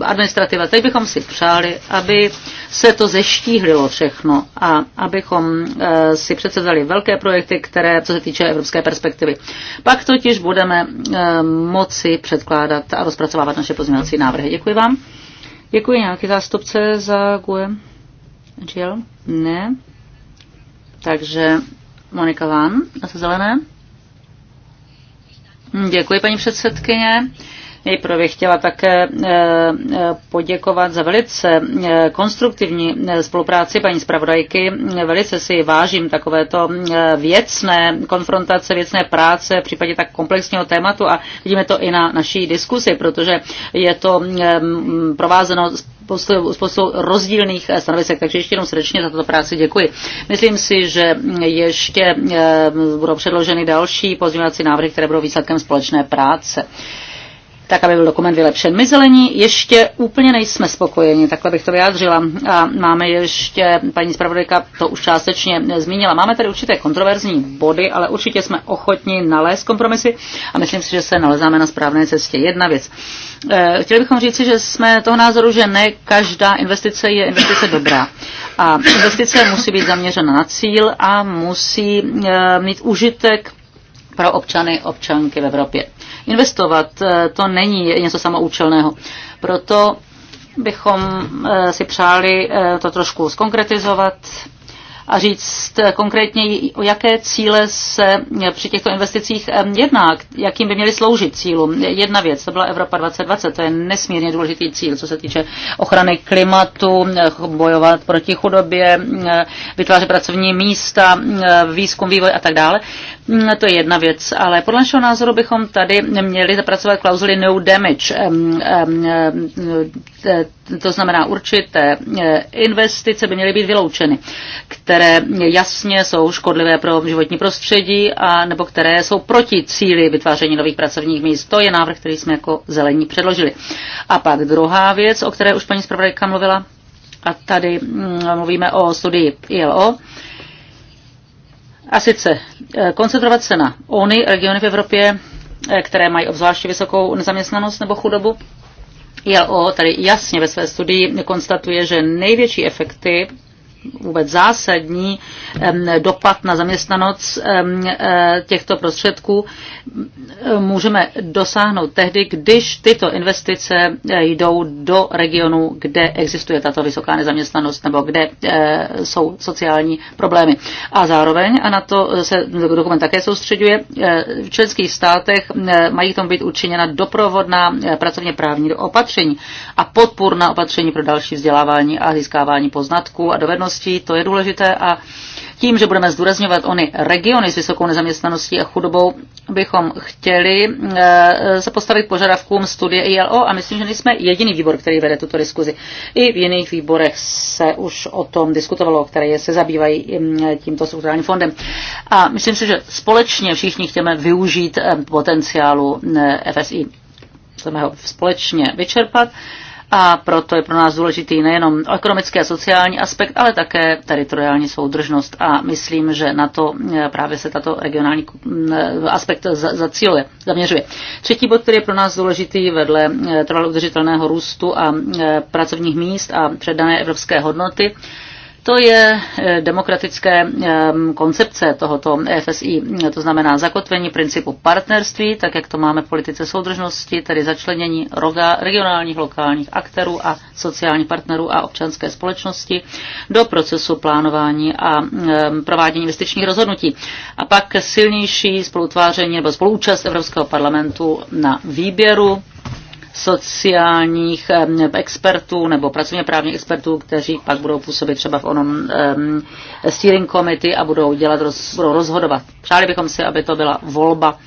Speaker 2: administrativa. Teď bychom si přáli, aby se to zeštíhlilo všechno a abychom eh, si přece vzali velké projekty, které, co se týče evropské perspektivy. Pak totiž budeme eh, moci předkládat a rozpracovávat naše pozměňovací návrhy. Děkuji vám. Děkuji nějaký zástupce za GUE. GL. Ne. Takže Monika Van, zase zelené. Hm, děkuji, paní předsedkyně. Nejprve bych chtěla také eh, eh, poděkovat za velice eh, konstruktivní spolupráci paní zpravodajky. Velice si vážím takovéto věcné konfrontace, věcné práce v případě tak komplexního tématu a vidíme to i na naší diskusi, protože je to provázeno spoustu rozdílných eh, stanovisek, takže ještě jednou srdečně za tuto práci děkuji. Myslím si, že ještě eh, budou předloženy další pozměňovací návrhy, které budou výsledkem společné práce tak aby byl dokument vylepšen. My zelení ještě úplně nejsme spokojeni, takhle bych to vyjádřila. A máme ještě, paní zpravodajka to už částečně zmínila, máme tady určité kontroverzní body, ale určitě jsme ochotni nalézt kompromisy a myslím si, že se nalezáme na správné cestě. Jedna věc. Eh, chtěli bychom říci, že jsme toho názoru, že ne každá investice je investice dobrá. A investice musí být zaměřena na cíl a musí eh, mít užitek pro občany, občanky v Evropě investovat. Eh, to není něco samoučelného. Proto bychom eh, si přáli eh, to trošku zkonkretizovat a říct konkrétně, o jaké cíle se při těchto investicích jedná, jakým by měly sloužit cílům. Jedna věc, to byla Evropa 2020, to je nesmírně důležitý cíl, co se týče ochrany klimatu, bojovat proti chudobě, vytvářet pracovní místa, výzkum, vývoj a tak dále. Mm, to je jedna věc, ale podle našeho názoru bychom tady měli zapracovat klauzuly no damage. E, to znamená, určité e, investice by měly být vyloučeny, které jasně jsou škodlivé pro životní prostředí a nebo které jsou proti cíli vytváření nových pracovních míst. To je návrh, který jsme jako zelení předložili. A pak druhá věc, o které už paní zpravodajka mluvila, a tady mm, mluvíme o studii ILO, a sice eh, koncentrovat se na ony regiony v Evropě, eh, které mají obzvláště vysokou nezaměstnanost nebo chudobu. ILO tady jasně ve své studii konstatuje, že největší efekty vůbec zásadní dopad na zaměstnanost e, těchto prostředků můžeme dosáhnout tehdy, když tyto investice e, jdou do regionu, kde existuje tato vysoká nezaměstnanost nebo kde e, jsou sociální problémy. A zároveň, a na to se dokument také soustředuje, v členských státech mají k tomu být učiněna doprovodná pracovně právní opatření a podpůrná opatření pro další vzdělávání a získávání poznatků a dovedností nezaměstnaností, to je důležité a tím, že budeme zdůrazňovat ony regiony s vysokou nezaměstnaností a chudobou, bychom chtěli eh, se postavit požadavkům studie ILO a myslím, že nejsme jediný výbor, který vede tuto diskuzi. I v jiných výborech se už o tom diskutovalo, které se zabývají mm, tímto strukturálním fondem. A myslím si, že společně všichni chceme využít eh, potenciálu eh, FSI. Chceme ho společně vyčerpat a proto je pro nás důležitý nejenom ekonomický a sociální aspekt, ale také teritoriální soudržnost a myslím, že na to eh, právě se tato regionální eh, aspekt zacíluje, zaměřuje. Třetí bod, který je pro nás důležitý vedle eh, trvalo udržitelného růstu a pracovních míst a předané evropské hodnoty, to je eh, demokratické ehm, koncepce tohoto FSI, to znamená zakotvení principu partnerství, tak jak to máme v politice soudržnosti, tedy začlenění regionálních, lokálních aktérů a sociálních partnerů a občanské společnosti do procesu plánování a ehm, provádění investičních rozhodnutí. A pak silnější spolutváření nebo spolúčast Evropského parlamentu na výběru sociálních expertů nebo pracovně právních expertů, kteří pak budou působit třeba v onom um, steering committee a budou, dělat, roz, budou rozhodovat. Přáli bychom si, aby to byla volba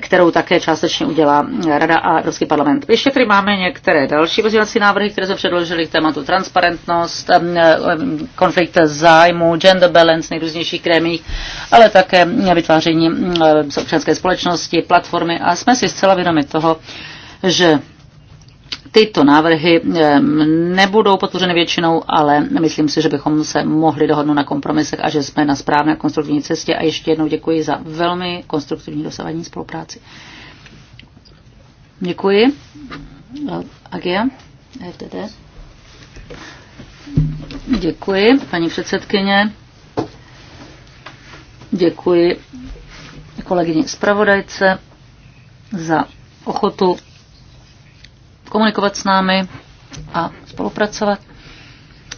Speaker 2: kterou také částečně udělá Rada a Evropský parlament. Ještě tady máme některé další pozměňovací návrhy, které se předložily k tématu transparentnost, konflikt zájmu, gender balance, nejrůznějších krémích, ale také vytváření občanské společnosti, platformy a jsme si zcela vědomi toho, že tyto návrhy nebudou podpořeny většinou, ale myslím si, že bychom se mohli dohodnout na kompromisech a že jsme na správné konstruktivní cestě. A ještě jednou děkuji za velmi konstruktivní dosavadní spolupráci. Děkuji. Agia, FDD. Děkuji, paní předsedkyně. Děkuji kolegyni zpravodajce za ochotu komunikovat s námi a spolupracovat.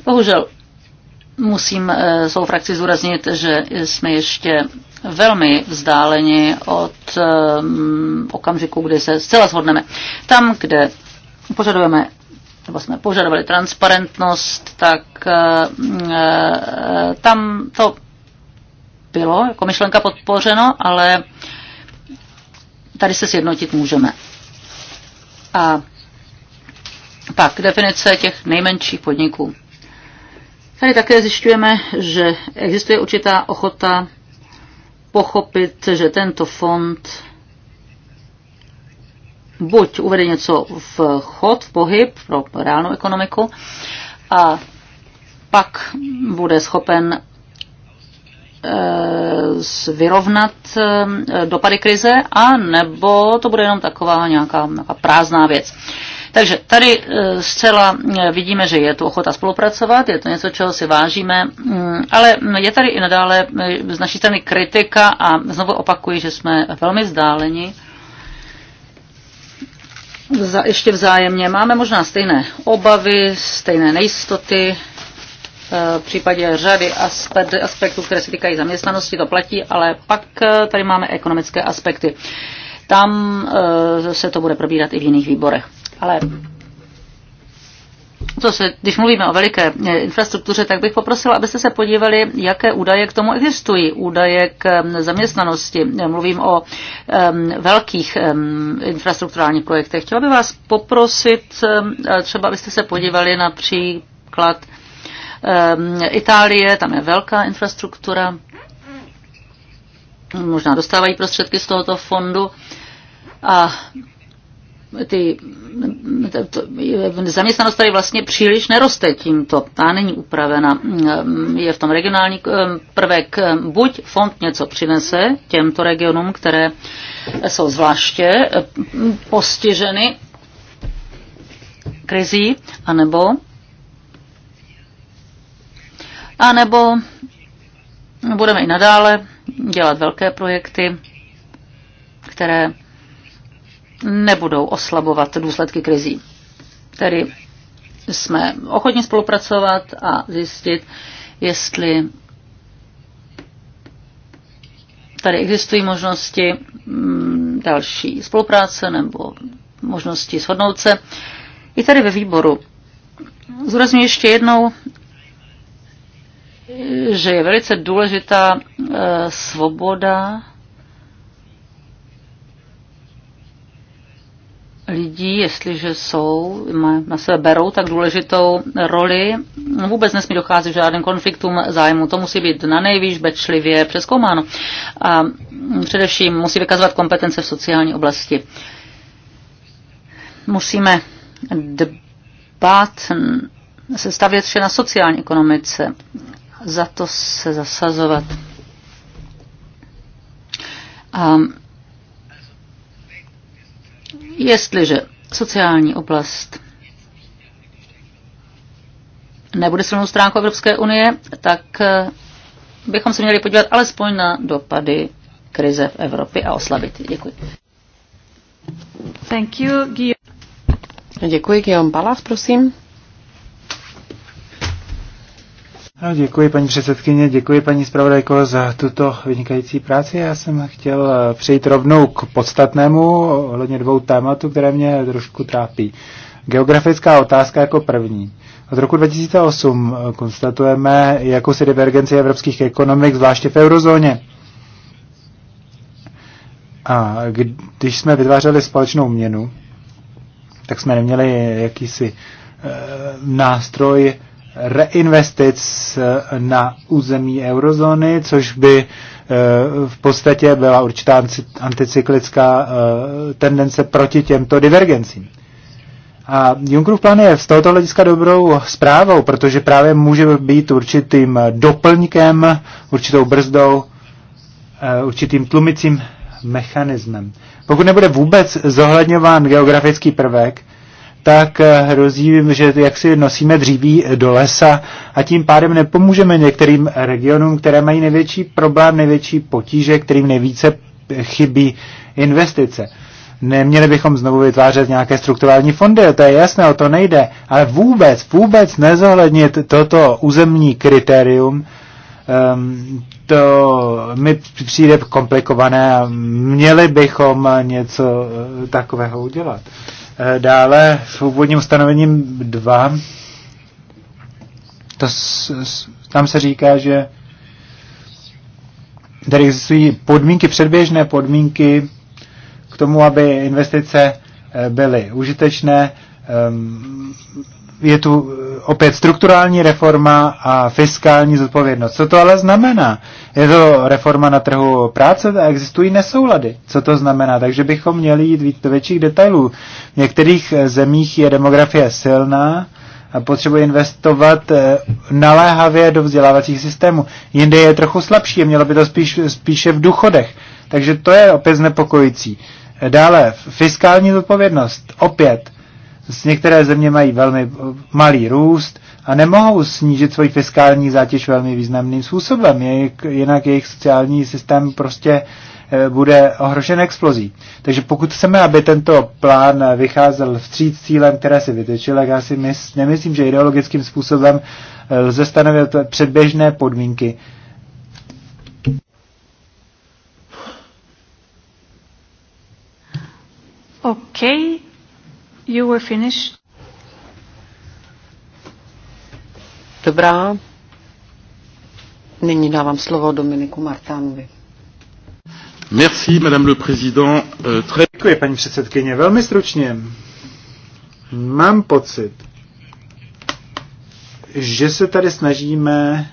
Speaker 2: Bohužel musím eh, svou frakci zúraznit, že jsme ještě velmi vzdáleni od eh, okamžiku, kdy se zcela shodneme. Tam, kde požadujeme nebo jsme požadovali transparentnost, tak eh, tam to bylo jako myšlenka podpořeno, ale tady se sjednotit můžeme. A pak definice těch nejmenších podniků. Tady také zjišťujeme, že existuje určitá ochota pochopit, že tento fond buď uvede něco v chod, v pohyb pro reálnou ekonomiku a pak bude schopen eh, vyrovnat eh, dopady krize, a nebo to bude jenom taková nějaká, nějaká prázdná věc. Takže tady e, zcela e, vidíme, že je tu ochota spolupracovat, je to něco, čeho si vážíme, mm, ale je tady i nadále e, z naší strany kritika a znovu opakuji, že jsme velmi vzdáleni za, ještě vzájemně. Máme možná stejné obavy, stejné nejistoty, v případě řady aspektů, které se týkají zaměstnanosti, to platí, ale pak tady máme ekonomické aspekty. Tam se to bude probírat i v jiných výborech. Ale co se, když mluvíme o veliké eh, infrastruktuře, tak bych poprosila, abyste se podívali, jaké údaje k tomu existují. Údaje k eh, zaměstnanosti. Mluvím o um, velkých um, infrastrukturálních projektech. Chtěla bych vás poprosit, um, třeba abyste se podívali například um, Itálie, tam je velká infrastruktura. Možná dostávají prostředky z tohoto fondu. A ty, to, zaměstnanost tady vlastně příliš neroste tímto. Ta není upravena. Je v tom regionální eh, prvek. Buď fond něco přinese těmto regionům, které jsou zvláště eh, postiženy krizí, anebo anebo budeme i nadále dělat velké projekty, které nebudou oslabovat důsledky krizí. Tedy jsme ochotni spolupracovat a zjistit, jestli tady existují možnosti mm, další spolupráce nebo možnosti shodnout se. I tady ve výboru. Zúraznuju ještě jednou, že je velice důležitá eh, svoboda lidí, jestliže jsou, na sebe berou tak důležitou roli, vůbec nesmí docházet žádným konfliktům zájmu. To musí být na nejvýš bečlivě přeskoumáno. A především musí vykazovat kompetence v sociální oblasti. Musíme dbát, se stavět vše na sociální ekonomice, za to se zasazovat. A Jestliže sociální oblast nebude silnou stránkou Evropské unie, tak eh, bychom se měli podívat alespoň na dopady krize v Evropě a oslabit. Děkuji. Thank you, Guillaume.
Speaker 3: Děkuji, Guillaume Balas, prosím.
Speaker 1: No, děkuji paní předsedkyně, děkuji paní zpravodajko za tuto vynikající práci. Já jsem chtěl eh, přejít rovnou k podstatnému ohledně dvou tématů, které mě trošku trápí. Geografická otázka jako první. Od roku 2008 eh, konstatujeme jakousi divergenci evropských ekonomik, zvláště v eurozóně. A když jsme vytvářeli společnou měnu, tak jsme neměli jakýsi e, nástroj, reinvestic na území eurozóny, což by eh, v podstatě byla určitá anticyklická eh, tendence proti těmto divergencím. A Junckerův plán je z tohoto hlediska dobrou zprávou, protože právě může být určitým doplňkem, určitou brzdou, eh, určitým tlumicím mechanismem. Pokud nebude vůbec zohledňován geografický prvek, tak eh, hrozí, že jak si nosíme dříví do lesa a tím pádem nepomůžeme některým regionům, které mají největší problém, největší potíže, kterým nejvíce chybí investice. Neměli bychom znovu vytvářet nějaké strukturální fondy, to je jasné, o to nejde, ale vůbec, vůbec nezohlednit toto územní kritérium, um, to mi přijde komplikované a měli bychom něco eh, takového udělat. Eh, dále v úvodním stanovením 2 to s, s, tam se říká, že tady existují podmínky, předběžné podmínky k tomu, aby investice eh, byly užitečné. Ehm, je tu eh, opět strukturální reforma a fiskální zodpovědnost. Co to ale znamená? Je to reforma na trhu práce a existují nesoulady. Co to znamená? Takže bychom měli jít do větších detailů. V některých eh, zemích je demografie silná a potřebuje investovat eh, naléhavě do vzdělávacích systémů. Jinde je trochu slabší, mělo by to spíš, spíše v důchodech. Takže to je opět znepokojící. Dále, fiskální zodpovědnost. Opět, některé země mají velmi eh, malý růst a nemohou snížit svoji fiskální zátěž velmi významným způsobem, jinak jejich sociální systém prostě eh, bude ohrožen explozí. Takže pokud chceme, aby tento plán vycházel vstříc cílem, které si vytečil, tak já si mys- nemyslím, že ideologickým způsobem eh, lze stanovit předběžné podmínky.
Speaker 2: Okay. You were finished.
Speaker 3: Dobrá. Nyní dávám slovo Dominiku Martánovi.
Speaker 1: Merci, madame le président. Euh, très... Děkuji, paní předsedkyně. Velmi stručně. Mám pocit, že se tady snažíme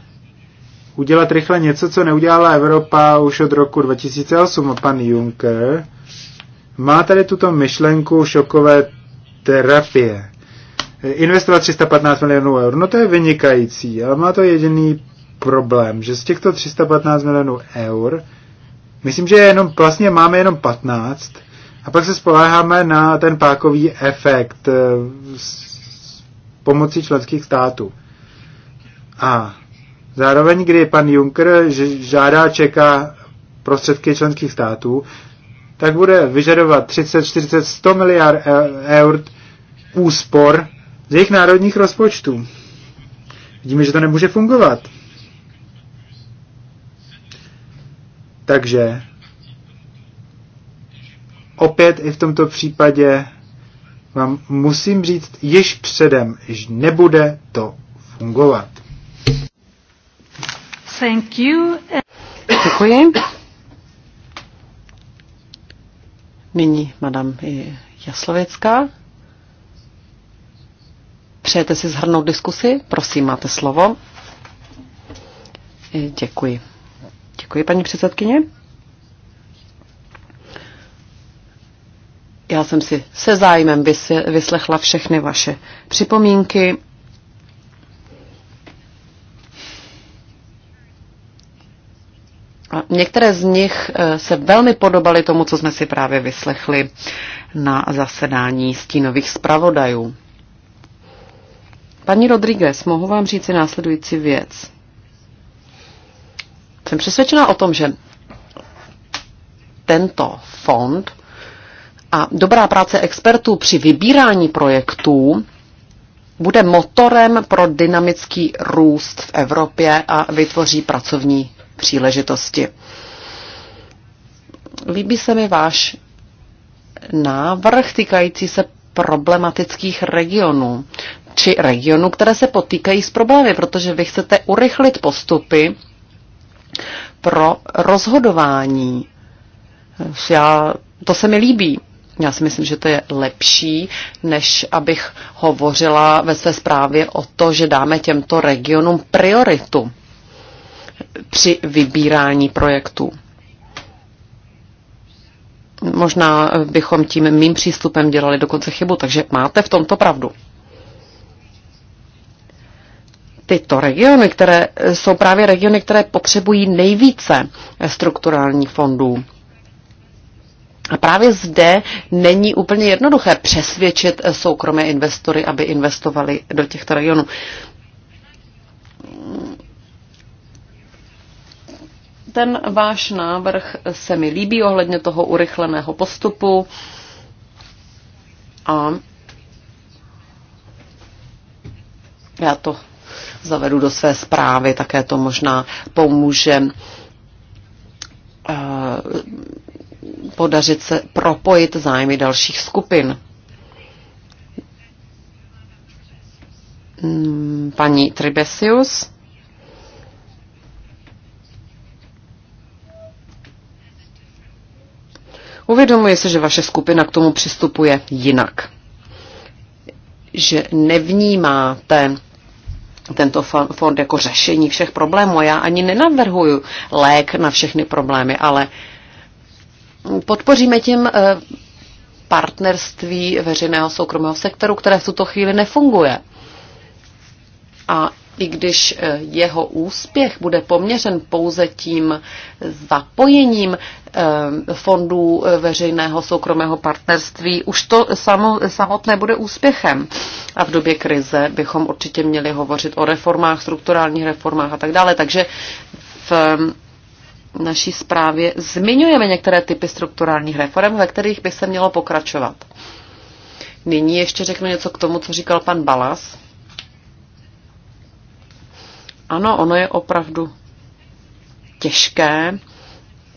Speaker 1: udělat rychle něco, co neudělala Evropa už od roku 2008. Pan Juncker má tady tuto myšlenku šokové terapie. Investovat 315 milionů eur, no to je vynikající, ale má to jediný problém, že z těchto 315 milionů eur, myslím, že jenom, vlastně máme jenom 15, a pak se spoléháme na ten pákový efekt eh, s pomocí členských států. A zároveň, kdy pan Juncker žádá, čeká prostředky členských států, tak bude vyžadovat 30, 40, 100 miliard e, eur úspor z jejich národních rozpočtů. Vidíme, že to nemůže fungovat. Takže opět i v tomto případě vám musím říct již předem, že nebude to fungovat.
Speaker 2: Thank you. Děkuji.
Speaker 3: Nyní madam Jaslovecká. Přejete si zhrnout diskusi? Prosím, máte slovo. Děkuji. Děkuji, paní předsedkyně. Já jsem si se zájmem vyslechla všechny vaše připomínky. A některé z nich eh, se velmi podobaly tomu, co jsme si právě vyslechli na zasedání stínových zpravodajů. Paní Rodriguez, mohu vám říct následující věc. Jsem přesvědčena o tom, že tento fond a dobrá práce expertů při vybírání projektů bude motorem pro dynamický růst v Evropě a vytvoří pracovní příležitosti. Líbí se mi váš návrh týkající se problematických regionů či regionů, které se potýkají s problémy, protože vy chcete urychlit postupy pro rozhodování. Já, to se mi líbí. Já si myslím, že to je lepší, než abych hovořila ve své zprávě o to, že dáme těmto regionům prioritu při vybírání projektů. Možná bychom tím mým přístupem dělali dokonce chybu, takže máte v tomto pravdu tyto regiony, které jsou právě regiony, které potřebují nejvíce strukturálních fondů. A právě zde není úplně jednoduché přesvědčit soukromé investory, aby investovali do těchto regionů. Ten váš návrh se mi líbí ohledně toho urychleného postupu. A já to zavedu do své zprávy, také to možná pomůže eh, podařit se propojit zájmy dalších skupin. Hmm, paní Tribesius. Uvědomuji se, že vaše skupina k tomu přistupuje jinak. Že nevnímáte tento fond jako řešení všech problémů. Já ani nenavrhuju lék na všechny problémy, ale podpoříme tím eh, partnerství veřejného soukromého sektoru, které v tuto chvíli nefunguje. A i když eh, jeho úspěch bude poměřen pouze tím zapojením eh, fondů eh, veřejného soukromého partnerství, už to samotné bude úspěchem. A v době krize bychom určitě měli hovořit o reformách, strukturálních reformách a tak dále. Takže v naší zprávě zmiňujeme některé typy strukturálních reform, ve kterých by se mělo pokračovat. Nyní ještě řeknu něco k tomu, co říkal pan Balas. Ano, ono je opravdu těžké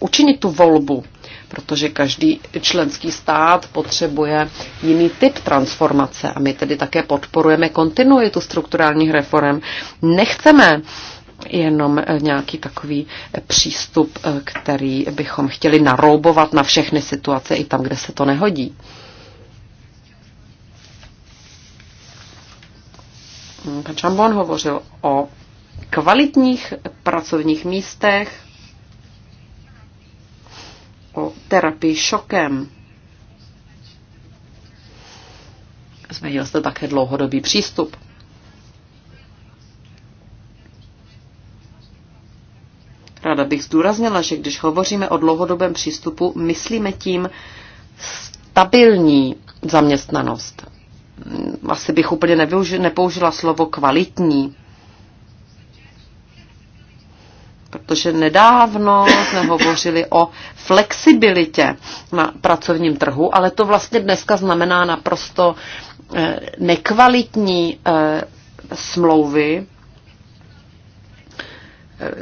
Speaker 3: učinit tu volbu, protože každý členský stát potřebuje jiný typ transformace a my tedy také podporujeme kontinuitu strukturálních reform. Nechceme jenom eh, nějaký takový eh, přístup, eh, který bychom chtěli naroubovat na všechny situace i tam, kde se to nehodí. Pan Čambon hovořil o kvalitních pracovních místech, o terapii šokem. Změnil jste také dlouhodobý přístup. Ráda bych zdůraznila, že když hovoříme o dlouhodobém přístupu, myslíme tím stabilní zaměstnanost. Asi bych úplně nepoužila slovo kvalitní. protože nedávno jsme hovořili o flexibilitě na pracovním trhu, ale to vlastně dneska znamená naprosto eh, nekvalitní eh, smlouvy, eh,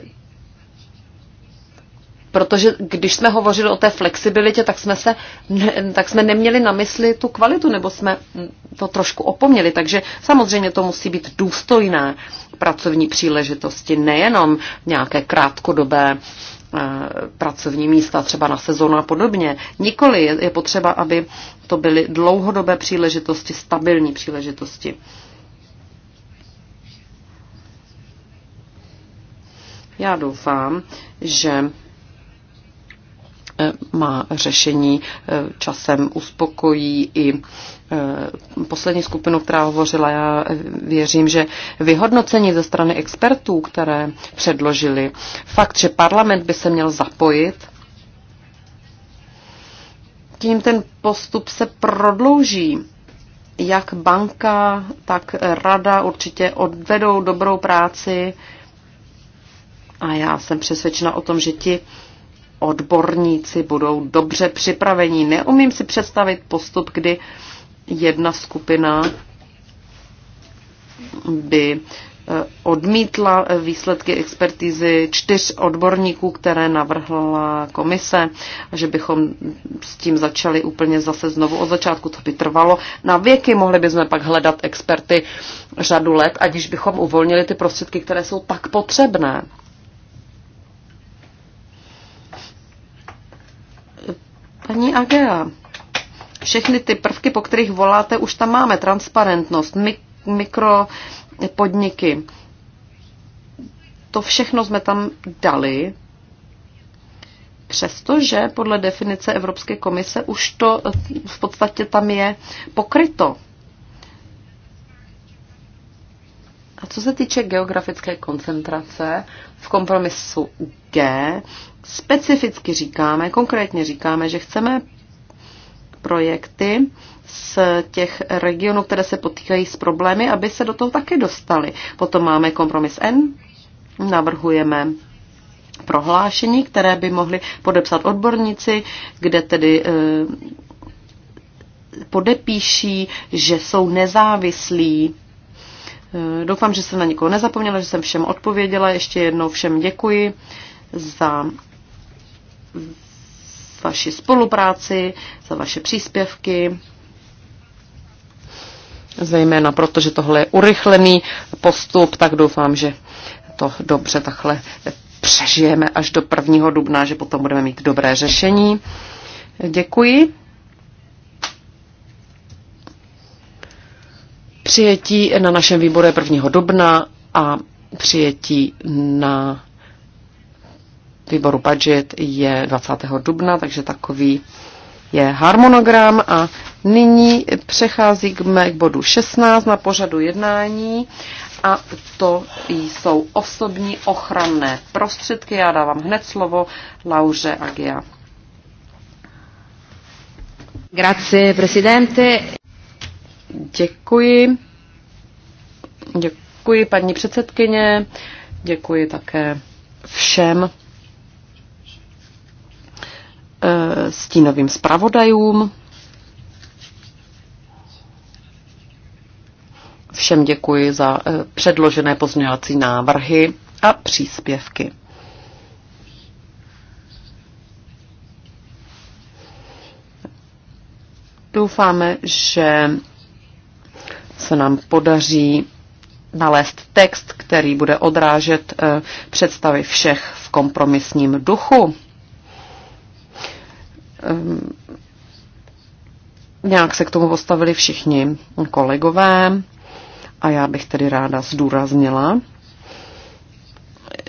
Speaker 3: protože když jsme hovořili o té flexibilitě, tak jsme, se, tak jsme neměli na mysli tu kvalitu, nebo jsme to trošku opomněli. Takže samozřejmě to musí být důstojné pracovní příležitosti, nejenom nějaké krátkodobé eh, pracovní místa, třeba na sezónu a podobně. Nikoli je potřeba, aby to byly dlouhodobé příležitosti, stabilní příležitosti. Já doufám, že má řešení eh, časem uspokojí i eh, poslední skupinu, která hovořila. Já eh, věřím, že vyhodnocení ze strany expertů, které předložili, fakt, že parlament by se měl zapojit, tím ten postup se prodlouží jak banka, tak rada určitě odvedou dobrou práci a já jsem přesvědčena o tom, že ti odborníci budou dobře připraveni. Neumím si představit postup, kdy jedna skupina by eh, odmítla eh, výsledky expertízy čtyř odborníků, které navrhla komise, a že bychom s tím začali úplně zase znovu od začátku, to by trvalo. Na věky mohli bychom pak hledat experty řadu let, aniž bychom uvolnili ty prostředky, které jsou tak potřebné. Paní Agea, všechny ty prvky, po kterých voláte, už tam máme. Transparentnost, mik- mikropodniky. To všechno jsme tam dali, přestože podle definice Evropské komise už to v podstatě tam je pokryto. A co se týče geografické koncentrace, v kompromisu G specificky říkáme, konkrétně říkáme, že chceme projekty z těch regionů, které se potýkají s problémy, aby se do toho také dostali. Potom máme kompromis N, navrhujeme prohlášení, které by mohli podepsat odborníci, kde tedy eh, podepíší, že jsou nezávislí Eh, doufám, že jsem na nikoho nezapomněla, že jsem všem odpověděla. Ještě jednou všem děkuji za vaši spolupráci, za vaše příspěvky, zejména proto, že tohle je urychlený postup, tak doufám, že to dobře takhle přežijeme až do 1. dubna, že potom budeme mít dobré řešení. Děkuji. Přijetí na našem výboru je 1. dubna a přijetí na výboru budget je 20. dubna, takže takový je harmonogram a nyní přecházíme k bodu 16 na pořadu jednání a to jsou osobní ochranné prostředky. Já dávám hned slovo Lauře Agia. Grazie, presidente. Děkuji. Děkuji paní předsedkyně, děkuji také všem eh, stínovým zpravodajům. Všem děkuji za eh, předložené pozměňovací návrhy a příspěvky. Doufáme, že se nám podaří nalézt text, který bude odrážet eh, představy všech v kompromisním duchu. Ehm, nějak se k tomu postavili všichni kolegové a já bych tedy ráda zdůraznila,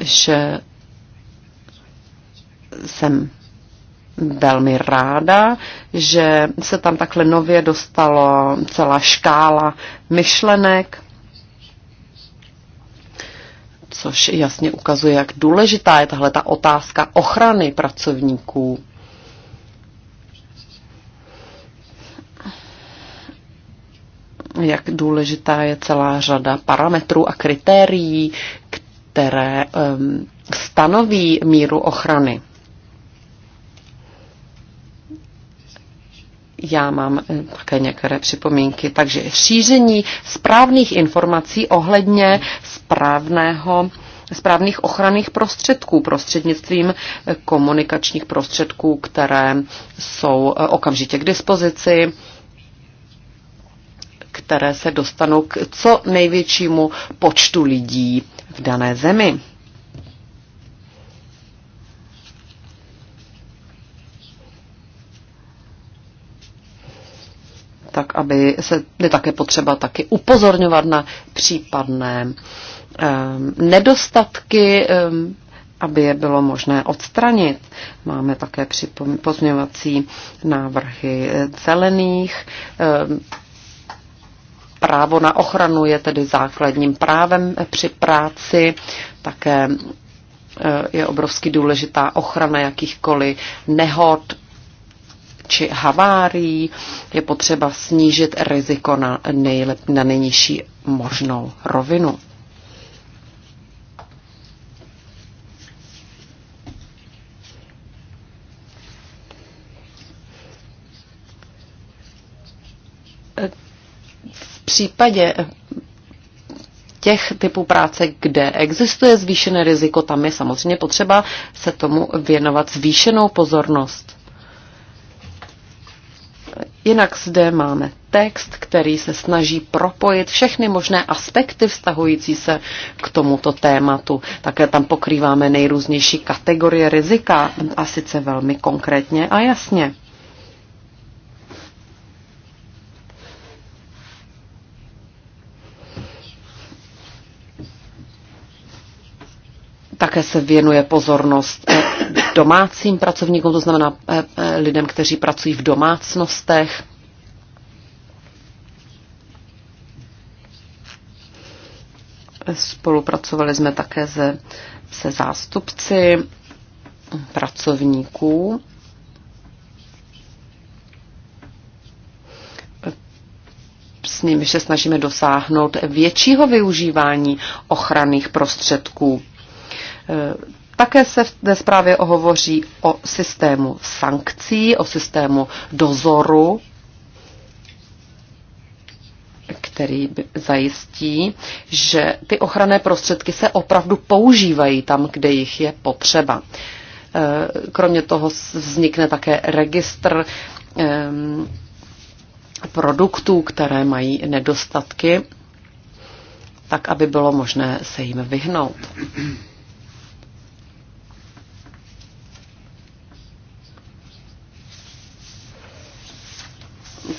Speaker 3: že jsem velmi ráda, že se tam takhle nově dostalo celá škála myšlenek, což jasně ukazuje, jak důležitá je tahle ta otázka ochrany pracovníků. Jak důležitá je celá řada parametrů a kritérií, které um, stanoví míru ochrany. já mám eh, také některé připomínky. Takže šíření správných informací ohledně správného správných ochranných prostředků prostřednictvím eh, komunikačních prostředků, které jsou eh, okamžitě k dispozici, které se dostanou k co největšímu počtu lidí v dané zemi. tak aby se je také potřeba taky upozorňovat na případné nedostatky, aby je bylo možné odstranit. Máme také pozměňovací návrhy eh, zelených. Právo na ochranu je tedy základním právem eh, při práci, také eh, je obrovsky důležitá ochrana jakýchkoliv nehod, či havárií. Je potřeba snížit riziko na, nejlep, na nejnižší možnou rovinu. V případě těch typů práce, kde existuje zvýšené riziko, tam je samozřejmě potřeba se tomu věnovat zvýšenou pozornost. Jinak zde máme text, který se snaží propojit všechny možné aspekty vztahující se k tomuto tématu. Také tam pokrýváme nejrůznější kategorie rizika a sice velmi konkrétně a jasně. Také se věnuje pozornost domácím pracovníkům, to znamená eh, eh, lidem, kteří pracují v domácnostech. Spolupracovali jsme také se, se zástupci pracovníků. S nimi se snažíme dosáhnout většího využívání ochranných prostředků eh, také se ve zprávě hovoří o systému sankcí, o systému dozoru, který zajistí, že ty ochranné prostředky se opravdu používají tam, kde jich je potřeba. Eh, kromě toho vznikne také registr eh, produktů, které mají nedostatky, tak aby bylo možné se jim vyhnout.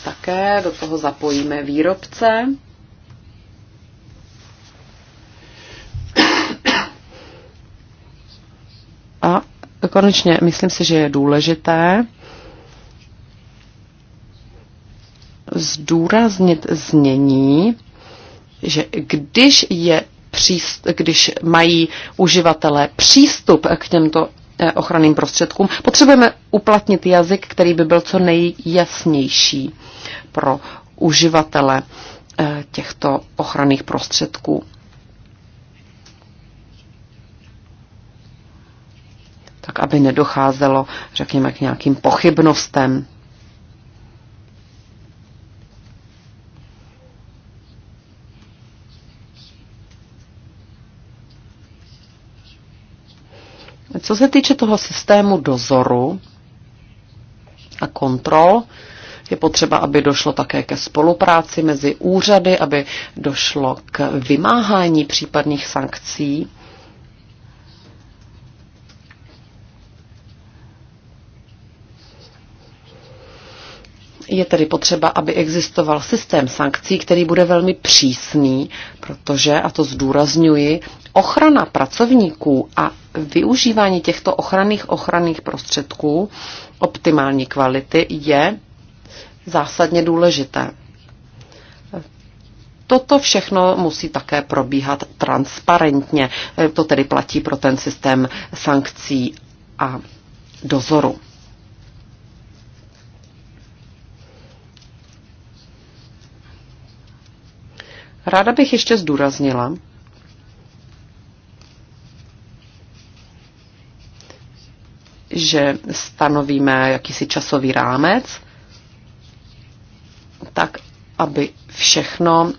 Speaker 3: také do toho zapojíme výrobce. A konečně myslím si, že je důležité zdůraznit znění, že když je když mají uživatelé přístup k těmto Eh, ochranným prostředkům, potřebujeme uplatnit jazyk, který by byl co nejjasnější pro uživatele eh, těchto ochranných prostředků. Tak, aby nedocházelo, řekněme, k nějakým pochybnostem. Co se týče toho systému dozoru a kontrol, je potřeba, aby došlo také ke spolupráci mezi úřady, aby došlo k vymáhání případných sankcí Je tedy potřeba, aby existoval systém sankcí, který bude velmi přísný, protože, a to zdůrazňuji, ochrana pracovníků a využívání těchto ochranných ochranných prostředků optimální kvality je zásadně důležité. Toto všechno musí také probíhat transparentně. To tedy platí pro ten systém sankcí a dozoru. Ráda bych ještě zdůraznila, že stanovíme jakýsi časový rámec, tak aby všechno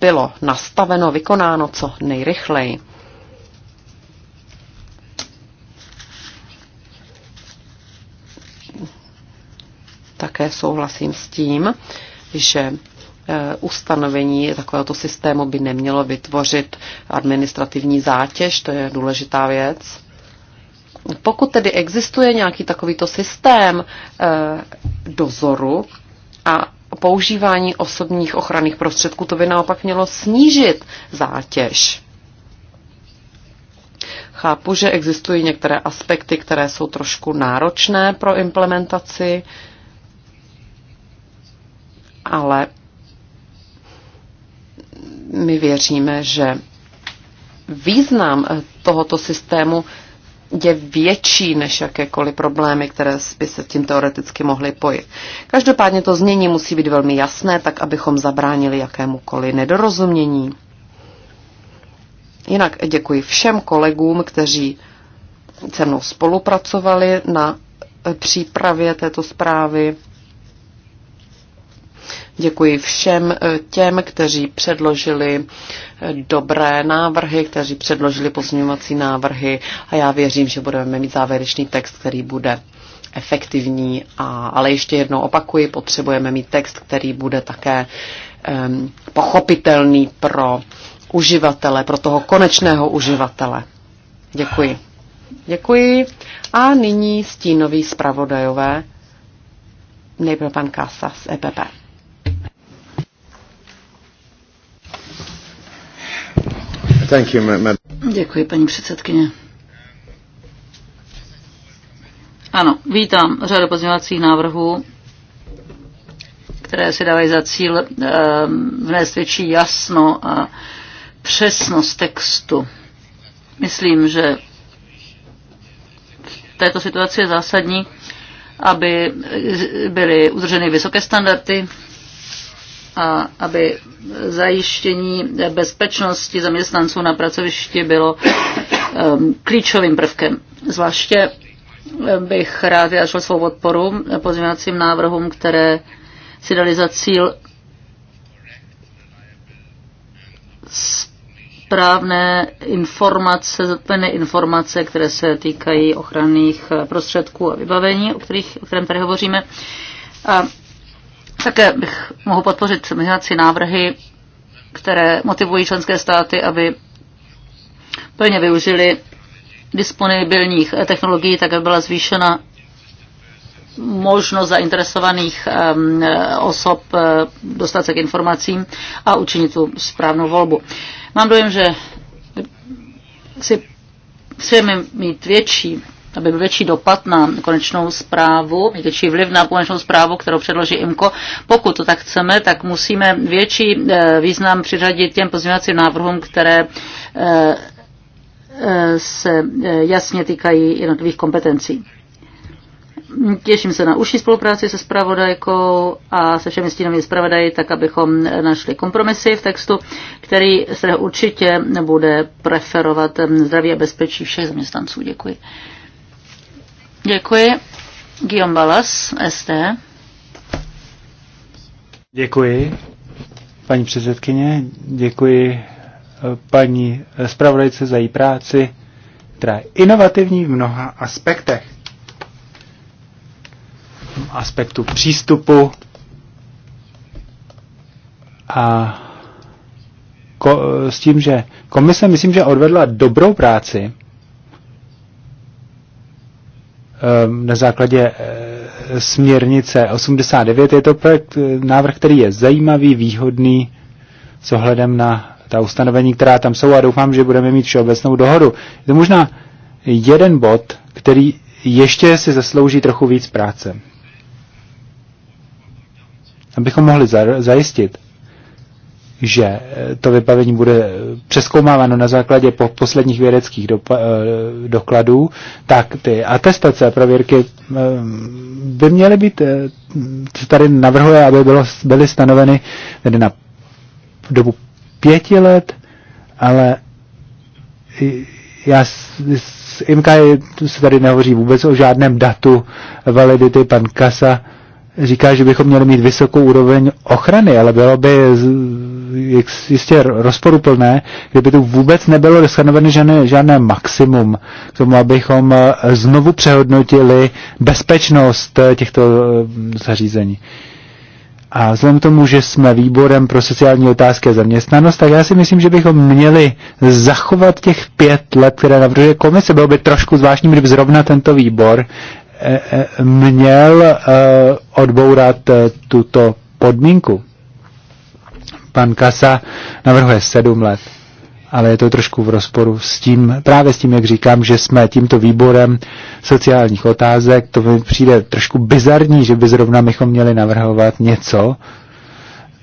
Speaker 3: bylo nastaveno, vykonáno co nejrychleji. Také souhlasím s tím, že Eh, ustanovení takovéhoto systému by nemělo vytvořit administrativní zátěž, to je důležitá věc. Pokud tedy existuje nějaký takovýto systém eh, dozoru a používání osobních ochranných prostředků, to by naopak mělo snížit zátěž. Chápu, že existují některé aspekty, které jsou trošku náročné pro implementaci, ale my věříme, že význam eh, tohoto systému je větší než jakékoliv problémy, které by se s tím teoreticky mohly pojit. Každopádně to znění musí být velmi jasné, tak abychom zabránili jakémukoliv nedorozumění. Jinak děkuji všem kolegům, kteří se mnou spolupracovali na eh, přípravě této zprávy. Děkuji všem eh, těm, kteří předložili eh, dobré návrhy, kteří předložili pozměňovací návrhy a já věřím, že budeme mít závěrečný text, který bude efektivní, a, ale ještě jednou opakuji, potřebujeme mít text, který bude také um, pochopitelný pro uživatele, pro toho konečného uživatele. Děkuji. Děkuji. A nyní stínový zpravodajové. Nejprve pan Kasa z EPP. Thank you,
Speaker 2: Děkuji, paní předsedkyně. Ano, vítám řadu pozměňovacích návrhů, které si dávají za cíl eh, vnést větší jasno a přesnost textu. Myslím, že v této situaci je zásadní, aby byly udrženy vysoké standardy a aby zajištění bezpečnosti zaměstnanců na pracovišti bylo ehm, klíčovým prvkem. Zvláště ehm, bych rád vyjádřil svou podporu pozměňovacím návrhům, které si dali za cíl správné informace, zodpovědné informace, které se týkají ochranných prostředků a vybavení, o, kterých, o kterém tady hovoříme. A také bych mohl podpořit migraci návrhy, které motivují členské státy, aby plně využili disponibilních eh, technologií, tak aby byla zvýšena možnost zainteresovaných eh, osob eh, dostat se k informacím a učinit tu správnou volbu. Mám dojem, že si přejeme mít větší aby byl větší dopad na konečnou zprávu, větší vliv na konečnou zprávu, kterou předloží IMKO. Pokud to tak chceme, tak musíme větší eh, význam přiřadit těm pozměňovacím návrhům, které eh, eh, se jasně týkají jednotlivých kompetencí. Těším se na užší spolupráci se zpravodajkou a se všemi stínovými zpravodaji, tak abychom našli kompromisy v textu, který se určitě nebude preferovat zdraví a bezpečí všech zaměstnanců. Děkuji. Děkuji. Guillaume Balas, ST.
Speaker 1: Děkuji, paní předsedkyně. Děkuji eh, paní zpravodajce za její práci, která je inovativní v mnoha aspektech. Aspektu přístupu a ko, s tím, že komise myslím, že odvedla dobrou práci Ehm, na základě eh, směrnice 89. Je to projekt, eh, návrh, který je zajímavý, výhodný s ohledem na ta ustanovení, která tam jsou a doufám, že budeme mít všeobecnou dohodu. Je to možná jeden bod, který ještě si zaslouží trochu víc práce. Abychom mohli zajistit, že eh, to vybavení bude eh, přeskoumáváno na základě po posledních vědeckých do, eh, dokladů, tak ty atestace a prověrky by měly být, co tady navrhuje, aby bylo, byly stanoveny tedy na dobu pěti let, ale já s IMKA se tady nehovoří vůbec o žádném datu validity, pan Kasa říká, že bychom měli mít vysokou úroveň ochrany, ale bylo by jistě rozporuplné, kdyby tu vůbec nebylo stanoveno žádné, žádné maximum k tomu, abychom e, znovu přehodnotili bezpečnost e, těchto e, zařízení. A vzhledem k tomu, že jsme výborem pro sociální otázky a zaměstnanost, tak já si myslím, že bychom měli zachovat těch pět let, které navrhuje komise. Bylo by trošku zvláštní, kdyby zrovna tento výbor E, e, měl e, odbourat tuto podmínku. Pan Kasa navrhuje sedm let, ale je to trošku v rozporu s tím, právě s tím, jak říkám, že jsme tímto výborem sociálních otázek, to mi přijde trošku bizarní, že by zrovna bychom měli navrhovat něco,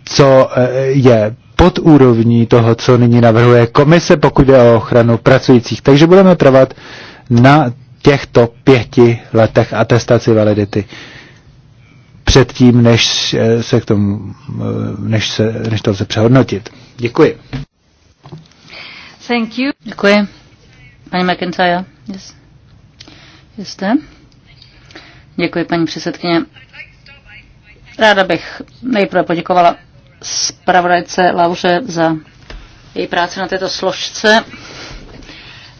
Speaker 1: co je pod úrovní toho, co nyní navrhuje komise, pokud je o ochranu pracujících. Takže budeme trvat na těchto pěti letech atestaci validity předtím, než se k tomu, eh, než, se, než to lze přehodnotit. Děkuji.
Speaker 2: Thank you. Děkuji. Paní McIntyre, yes. jste? Děkuji, paní předsedkyně. Ráda bych nejprve poděkovala zpravodajce Lauře za její práci na této složce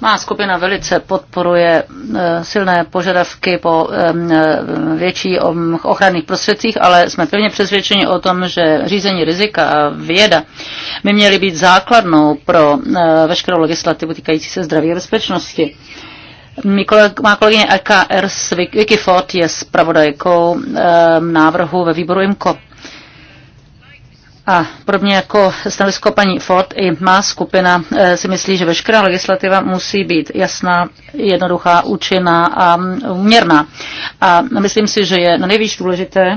Speaker 2: má skupina velice podporuje eh, silné požadavky po eh, větší ochranných prostředcích, ale jsme pevně přesvědčeni o tom, že řízení rizika a věda by měly být základnou pro eh, veškerou legislativu týkající se zdraví a bezpečnosti. Má kolegyně EKR Vicky Ford je zpravodajkou návrhu ve výboru IMCO. A podobně jako stanovisko paní Ford, i má skupina eh, si myslí, že veškerá legislativa musí být jasná, jednoduchá, účinná a uměrná. Mm, a myslím si, že je na nejvíc důležité,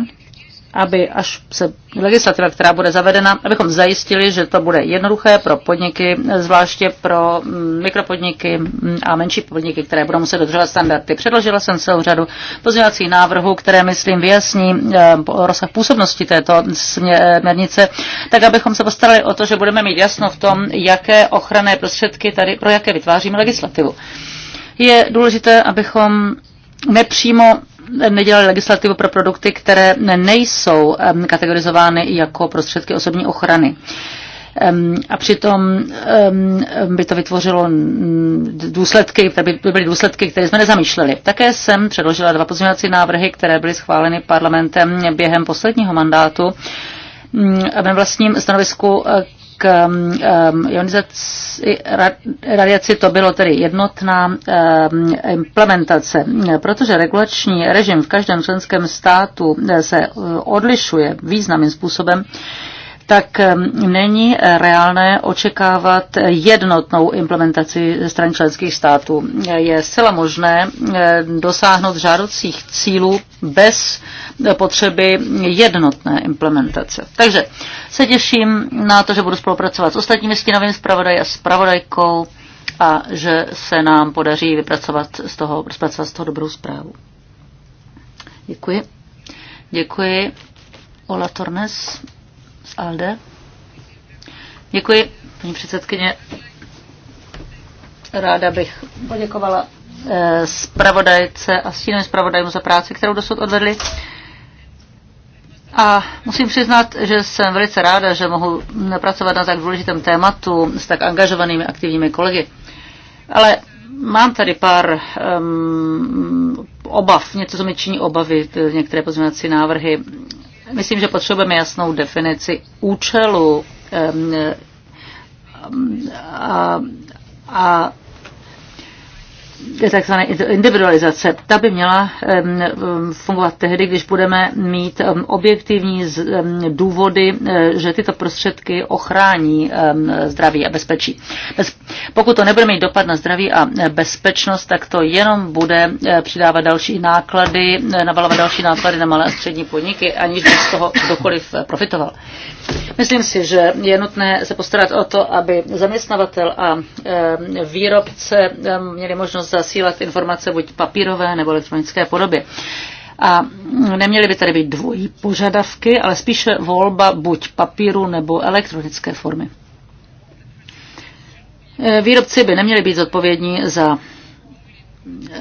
Speaker 2: aby až se legislativa, která bude zavedena, abychom zajistili, že to bude jednoduché pro podniky, zvláště pro mm, mikropodniky mm, a menší podniky, které budou muset dodržovat standardy. Předložila jsem celou řadu pozměňovacích návrhů, které, myslím, vyjasní eh, rozsah působnosti této eh, směrnice, tak abychom se postarali o to, že budeme mít jasno v tom, jaké ochranné prostředky tady, pro jaké vytváříme legislativu. Je důležité, abychom nepřímo nedělali legislativu pro produkty, které nejsou kategorizovány jako prostředky osobní ochrany. A přitom by to vytvořilo důsledky, které by byly důsledky, které jsme nezamýšleli. Také jsem předložila dva pozměňovací návrhy, které byly schváleny parlamentem během posledního mandátu mém vlastním stanovisku k um, um, ionizaci, radiaci to bylo tedy jednotná um, implementace, protože regulační režim v každém členském státu se uh, odlišuje významným způsobem tak není reálné očekávat jednotnou implementaci ze strany členských států. Je zcela možné dosáhnout žádoucích cílů bez potřeby jednotné implementace. Takže se těším na to, že budu spolupracovat s ostatními stínovými zpravodaj a zpravodajkou a že se nám podaří vypracovat z toho, vypracovat z toho dobrou zprávu. Děkuji. Děkuji. Ola Tornes z ALDE. Děkuji, paní předsedkyně. Ráda bych poděkovala eh, zpravodajce a stínovým zpravodajům za práci, kterou dosud odvedli. A musím přiznat, že jsem velice ráda, že mohu pracovat na tak důležitém tématu s tak angažovanými aktivními kolegy. Ale mám tady pár um, obav, něco, co mi činí obavy, některé pozměňovací návrhy. Myslím, že potřebujeme jasnou definici účelu a, a takzvané individualizace, ta by měla fungovat tehdy, když budeme mít objektivní důvody, e, že tyto prostředky ochrání zdraví a bezpečí. Pokud to nebude mít dopad na zdraví a bezpečnost, tak to jenom bude e, přidávat další náklady, e, navalovat další náklady na malé a střední podniky, aniž by z toho kdokoliv profitoval. Myslím si, že je nutné se postarat o to, aby zaměstnavatel a výrobce měli možnost zasílat informace buď papírové nebo elektronické podobě. A neměly by tady být dvojí požadavky, ale spíše volba buď papíru nebo elektronické formy. E, výrobci by neměli být zodpovědní za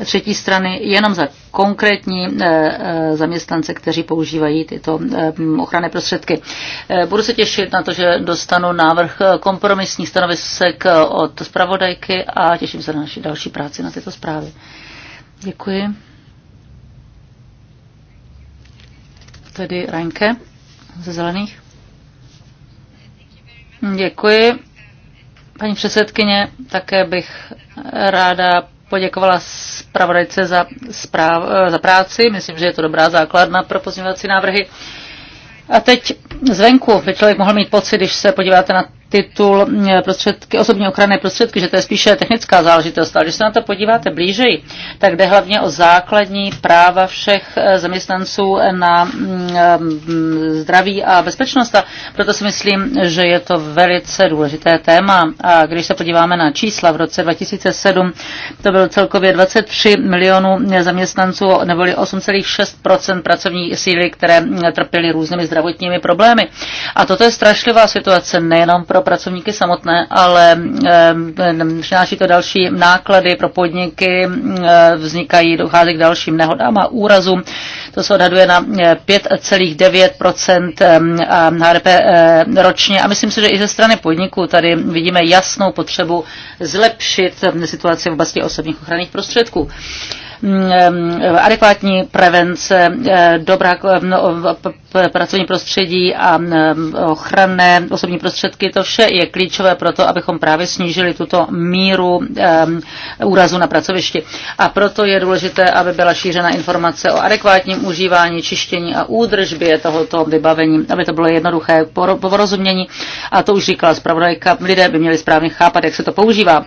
Speaker 2: třetí strany jenom za konkrétní eh, eh, zaměstnance, kteří používají tyto eh, ochranné prostředky. Budu se těšit na to, že dostanu návrh kompromisních stanovisek od zpravodajky a těším se na naši další práci na tyto zprávy. Děkuji. Tedy Rajnke ze Zelených. Děkuji. Paní předsedkyně, také bych ráda poděkovala zpravodajce za, zpráv, za práci. Myslím, že je to dobrá základna pro pozměňovací návrhy. A teď zvenku by člověk mohl mít pocit, když se podíváte na titul mm, prostředky, osobní ochranné prostředky, že to je spíše technická záležitost. Ale když se na to podíváte blížej, tak jde hlavně o základní práva všech eh, zaměstnanců na mm, eh, zdraví a bezpečnost. A proto si myslím, že je to velice důležité téma. A když se podíváme na čísla, v roce 2007 to bylo celkově 23 milionů zaměstnanců, neboli 8,6 pracovní síly, které mm, trpěly různými zdravotními problémy. A toto je strašlivá situace nejenom pro pro pracovníky samotné, ale eh, přináší to další náklady pro podniky, eh, vznikají, dochází k dalším nehodám a úrazům. To se odhaduje na 5,9 eh, HDP ročně a myslím si, že i ze strany podniků tady vidíme jasnou potřebu zlepšit situaci v oblasti osobních ochranných prostředků. Mm, adekvátní prevence, eh, dobrá eh, no, pracovní prostředí a mm, ochranné osobní prostředky, to vše je klíčové pro to, abychom právě snížili tuto míru eh, úrazu na pracovišti. A proto je důležité, aby byla šířena informace o adekvátním užívání, čištění a údržbě tohoto vybavení, aby to bylo jednoduché porozumění. A to už říkala zpravodajka, lidé by měli správně chápat, jak se to používá.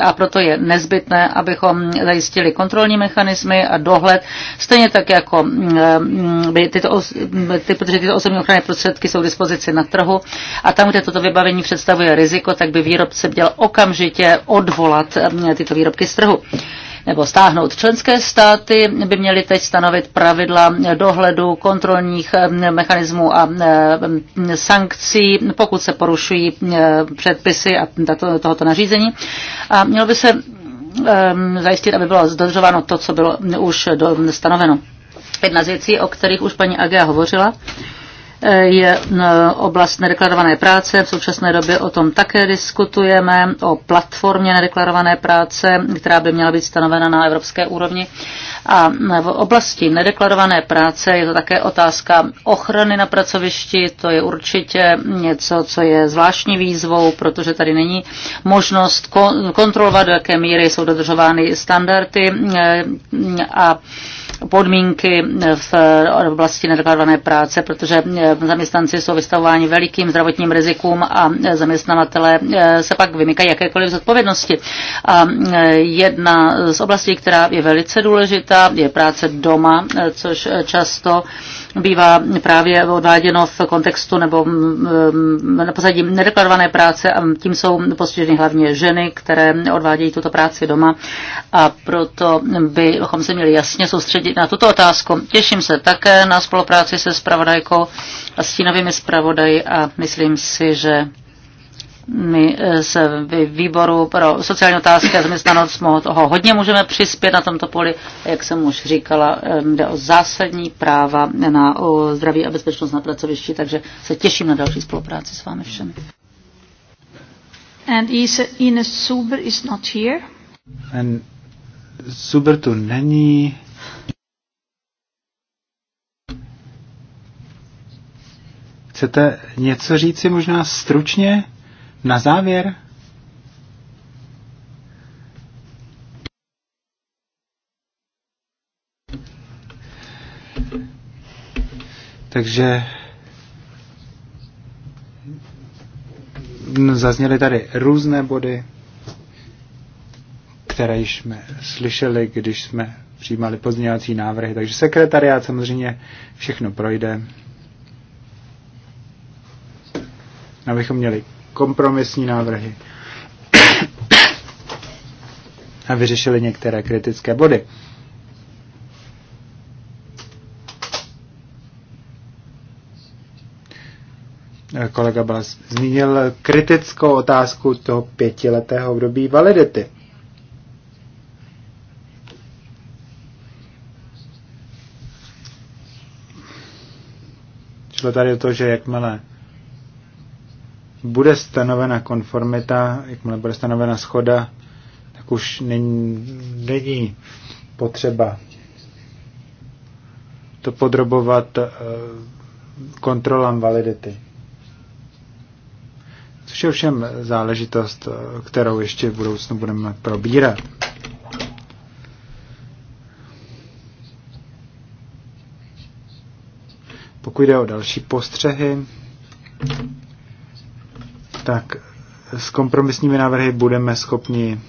Speaker 2: A proto je nezbytné, abychom zajistili kontrolní mechanismy a dohled, stejně tak jako mm, mm, by tyto, mm, ty, protože tyto osobní ochranné prostředky jsou k dispozici na trhu a tam, kde toto vybavení představuje riziko, tak by výrobce měl okamžitě odvolat tyto výrobky z trhu nebo stáhnout. Členské státy by měly teď stanovit pravidla dohledu, kontrolních mechanismů a sankcí, pokud se porušují předpisy a tohoto nařízení. A mělo by se Ehm, zajistit, aby bylo zdržováno to, co bylo už stanoveno. Jedna z věcí, o kterých už paní Agea hovořila, je oblast nedeklarované práce. V současné době o tom také diskutujeme, o platformě nedeklarované práce, která by měla být stanovena na evropské úrovni. A v oblasti nedeklarované práce je to také otázka ochrany na pracovišti. To je určitě něco, co je zvláštní výzvou, protože tady není možnost kontrolovat, do jaké míry jsou dodržovány standardy a podmínky v oblasti nedokladované práce, protože eh, zaměstnanci jsou vystavováni velikým zdravotním rizikům a eh, zaměstnavatele eh, se pak vymykají jakékoliv zodpovědnosti. A jedna z oblastí, která je velice důležitá, je práce doma, což často bývá právě odváděno v kontextu nebo mm, mm, na pozadí nedeklarované práce a tím jsou postiženy hlavně ženy, které odvádějí tuto práci doma a proto bychom se měli jasně soustředit, na tuto otázku. Těším se také na spolupráci se spravodajkou a stínovými spravodaji a myslím si, že my z eh, výboru pro sociální otázky a zaměstnanost toho hodně můžeme přispět na tomto poli. Jak jsem už říkala, eh, jde o zásadní práva na o zdraví a bezpečnost na pracovišti, takže se těším na další spolupráci s vámi všemi. And Ines Suber is not here.
Speaker 1: And Suber tu není, Chcete něco říci možná stručně na závěr? Takže zazněly tady různé body, které jsme slyšeli, když jsme přijímali pozměňovací návrhy. Takže sekretariát samozřejmě všechno projde. abychom měli kompromisní návrhy a vyřešili některé kritické body. Kolega Blas zmínil kritickou otázku toho pětiletého období validity. Šlo tady o to, že jakmile bude stanovena konformita, jakmile bude stanovena schoda, tak už není, není potřeba to podrobovat eh, kontrolám validity. Což je ovšem záležitost, eh, kterou ještě v budoucnu budeme probírat. Pokud jde o další postřehy, tak s kompromisními návrhy budeme schopni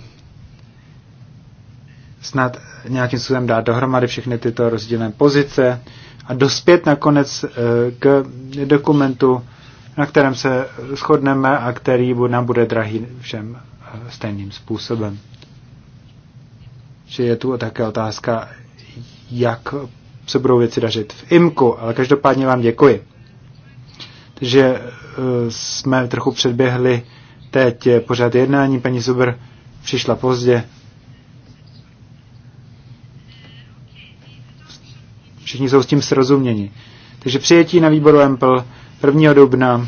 Speaker 1: snad nějakým způsobem dát dohromady všechny tyto rozdílné pozice a dospět nakonec eh, k dokumentu, na kterém se shodneme a který nám bude drahý všem eh, stejným způsobem. Že je tu také otázka, jak se budou věci dařit v IMKU, ale každopádně vám děkuji. Takže jsme trochu předběhli teď pořád jednání. Paní Zuber přišla pozdě. Všichni jsou s tím srozuměni. Takže přijetí na výboru EMPL 1. dubna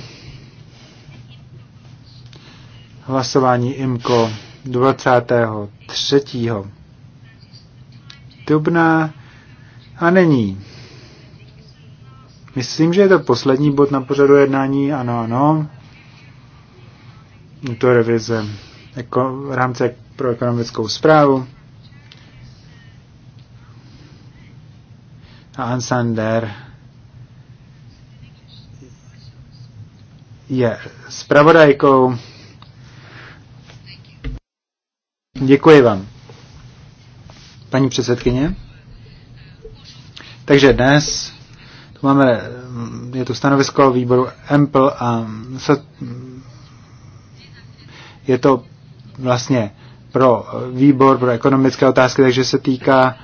Speaker 1: hlasování IMKO 23. dubna a není. Myslím, že je to poslední bod na pořadu jednání. Ano, ano. Je to revize jako rámci pro ekonomickou zprávu. A Ansander je zpravodajkou. Děkuji vám. Paní předsedkyně. Takže dnes tu máme, je to stanovisko výboru EMPL a se, je to vlastně pro výbor pro ekonomické otázky, takže se týká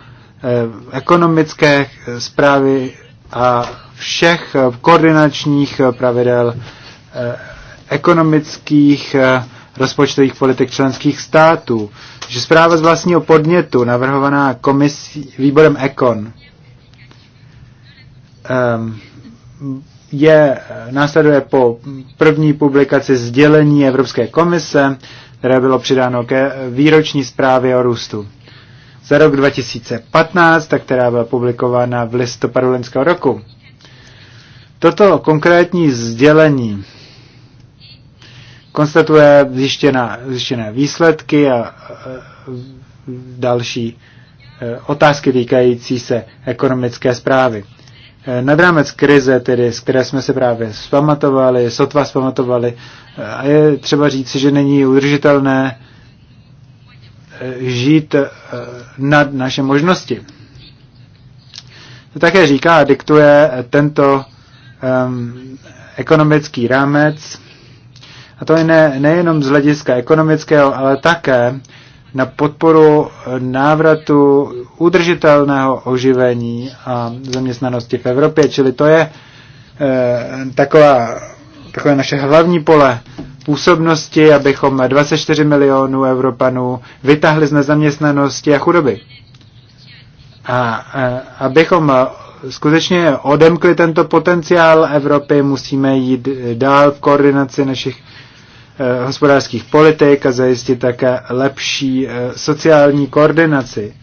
Speaker 1: eh, ekonomické eh, zprávy a všech eh, koordinačních pravidel ekonomických rozpočtových politik členských států, že zpráva z vlastního podnětu navrhovaná komisí, výborem ECON Ehm, je, následuje po první publikaci sdělení Evropské komise, které bylo přidáno ke výroční zprávě o růstu. Za rok 2015, tak která byla publikována v listopadu loňského roku. Toto konkrétní sdělení konstatuje zjištěné výsledky a e, další e, otázky týkající se ekonomické zprávy. Eh, nad rámec krize, tedy, z které jsme se právě zpamatovali, sotva zpamatovali. Eh, a je třeba říci, že není udržitelné eh, žít nad naše možnosti. To také říká a diktuje tento um, ekonomický rámec. A to je ne, nejenom z hlediska ekonomického, ale také na podporu eh, návratu udržitelného oživení a zaměstnanosti v Evropě. Čili to je eh, taková, takové naše hlavní pole působnosti, abychom 24 milionů Evropanů vytahli z nezaměstnanosti a chudoby. A eh, abychom skutečně odemkli tento potenciál Evropy, musíme jít dál v koordinaci našich Eh, hospodářských politik a zajistit také lepší eh, sociální koordinaci.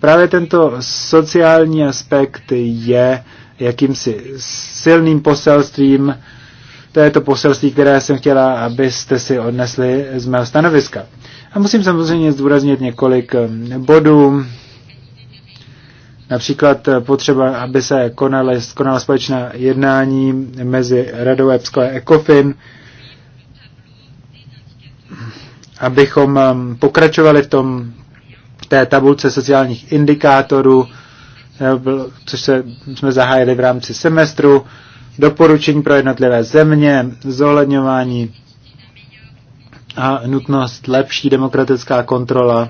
Speaker 1: Právě tento sociální aspekt je jakýmsi silným poselstvím, to je to poselství, které jsem chtěla, abyste si odnesli z mého stanoviska. A musím samozřejmě zdůraznit několik eh, bodů, například potřeba, aby se konala společná jednání mezi Radou EPSCO a ECOFIN, abychom um, pokračovali v tom v té tabulce sociálních indikátorů, eh, což se, jsme zahájili v rámci semestru, doporučení pro jednotlivé země, zohledňování a nutnost lepší demokratická kontrola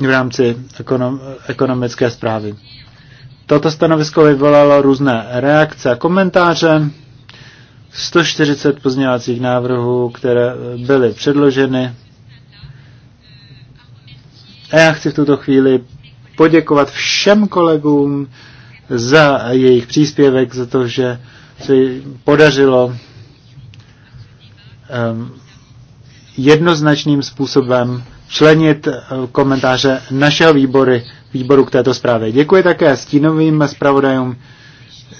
Speaker 1: v rámci ekonom, ekonomické zprávy. Toto stanovisko vyvolalo různé reakce a komentáře. 140 pozměňovacích návrhů, které eh, byly předloženy. A já chci v tuto chvíli poděkovat všem kolegům za jejich příspěvek, za to, že se podařilo um, jednoznačným způsobem členit eh, komentáře našeho výbory, výboru k této zprávě. Děkuji také stínovým zpravodajům,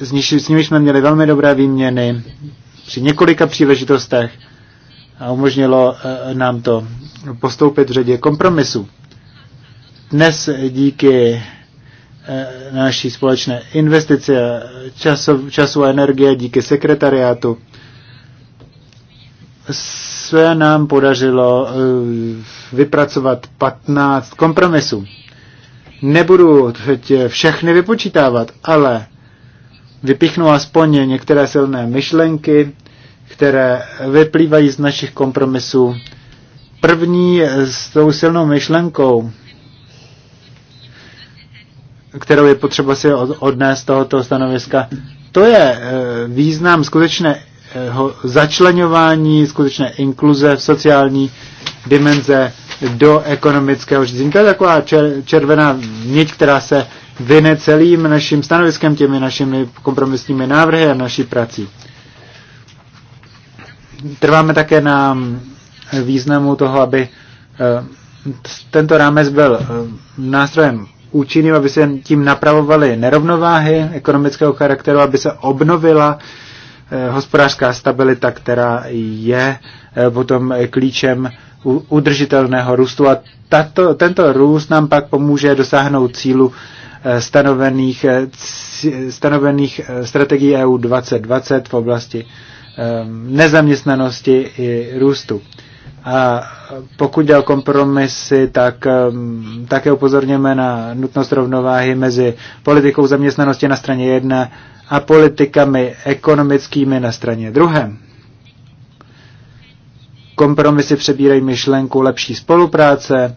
Speaker 1: s, nimi jsme měli velmi dobré výměny při několika příležitostech a umožnilo eh, nám to postoupit v řadě kompromisu. Dnes díky eh, naší společné investici času, času a energie díky sekretariátu se nám podařilo eh, vypracovat 15 kompromisů. Nebudu teď všechny vypočítávat, ale vypíchnu aspoň některé silné myšlenky, které vyplývají z našich kompromisů. První s tou silnou myšlenkou, kterou je potřeba si odnést z tohoto stanoviska, to je eh, význam skutečného eh, začlenování, skutečné inkluze v sociální dimenze do ekonomického řízení. To je taková červená niť, která se vyne celým naším stanoviskem, těmi našimi kompromisními návrhy a naší prací. Trváme také na významu toho, aby eh, tento rámec byl eh, nástrojem účinným, aby se tím napravovaly nerovnováhy ekonomického charakteru, aby se obnovila eh, hospodářská stabilita, která je potom klíčem udržitelného růstu. A tato, tento růst nám pak pomůže dosáhnout cílu stanovených, stanovených strategií EU 2020 v oblasti Ehm, nezaměstnanosti i růstu. A pokud jde o kompromisy, tak ehm, také upozorněme na nutnost rovnováhy mezi politikou zaměstnanosti na straně jedna a politikami ekonomickými na straně druhé. Kompromisy přebírají myšlenku lepší spolupráce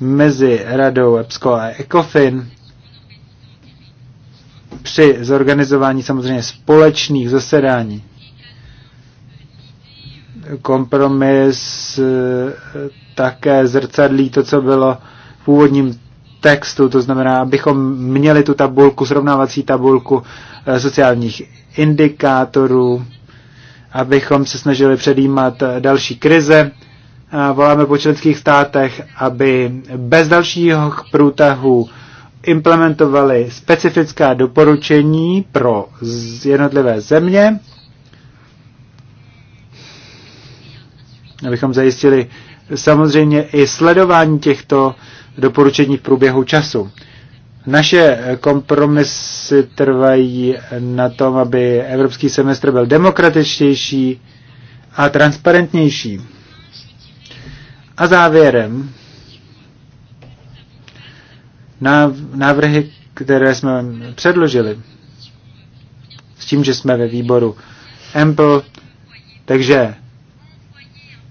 Speaker 1: mezi Radou EPSCO a ECOFIN při zorganizování samozřejmě společných zasedání kompromis eh, také zrcadlí to, co bylo v původním textu, to znamená, abychom měli tu tabulku, srovnávací tabulku eh, sociálních indikátorů, abychom se snažili předjímat eh, další krize. A voláme po členských státech, aby bez dalšího průtahu implementovali specifická doporučení pro jednotlivé země abychom zajistili samozřejmě i sledování těchto doporučení v průběhu času. Naše kompromisy trvají na tom, aby evropský semestr byl demokratičtější a transparentnější. A závěrem návrhy, které jsme předložili, s tím, že jsme ve výboru Ample, takže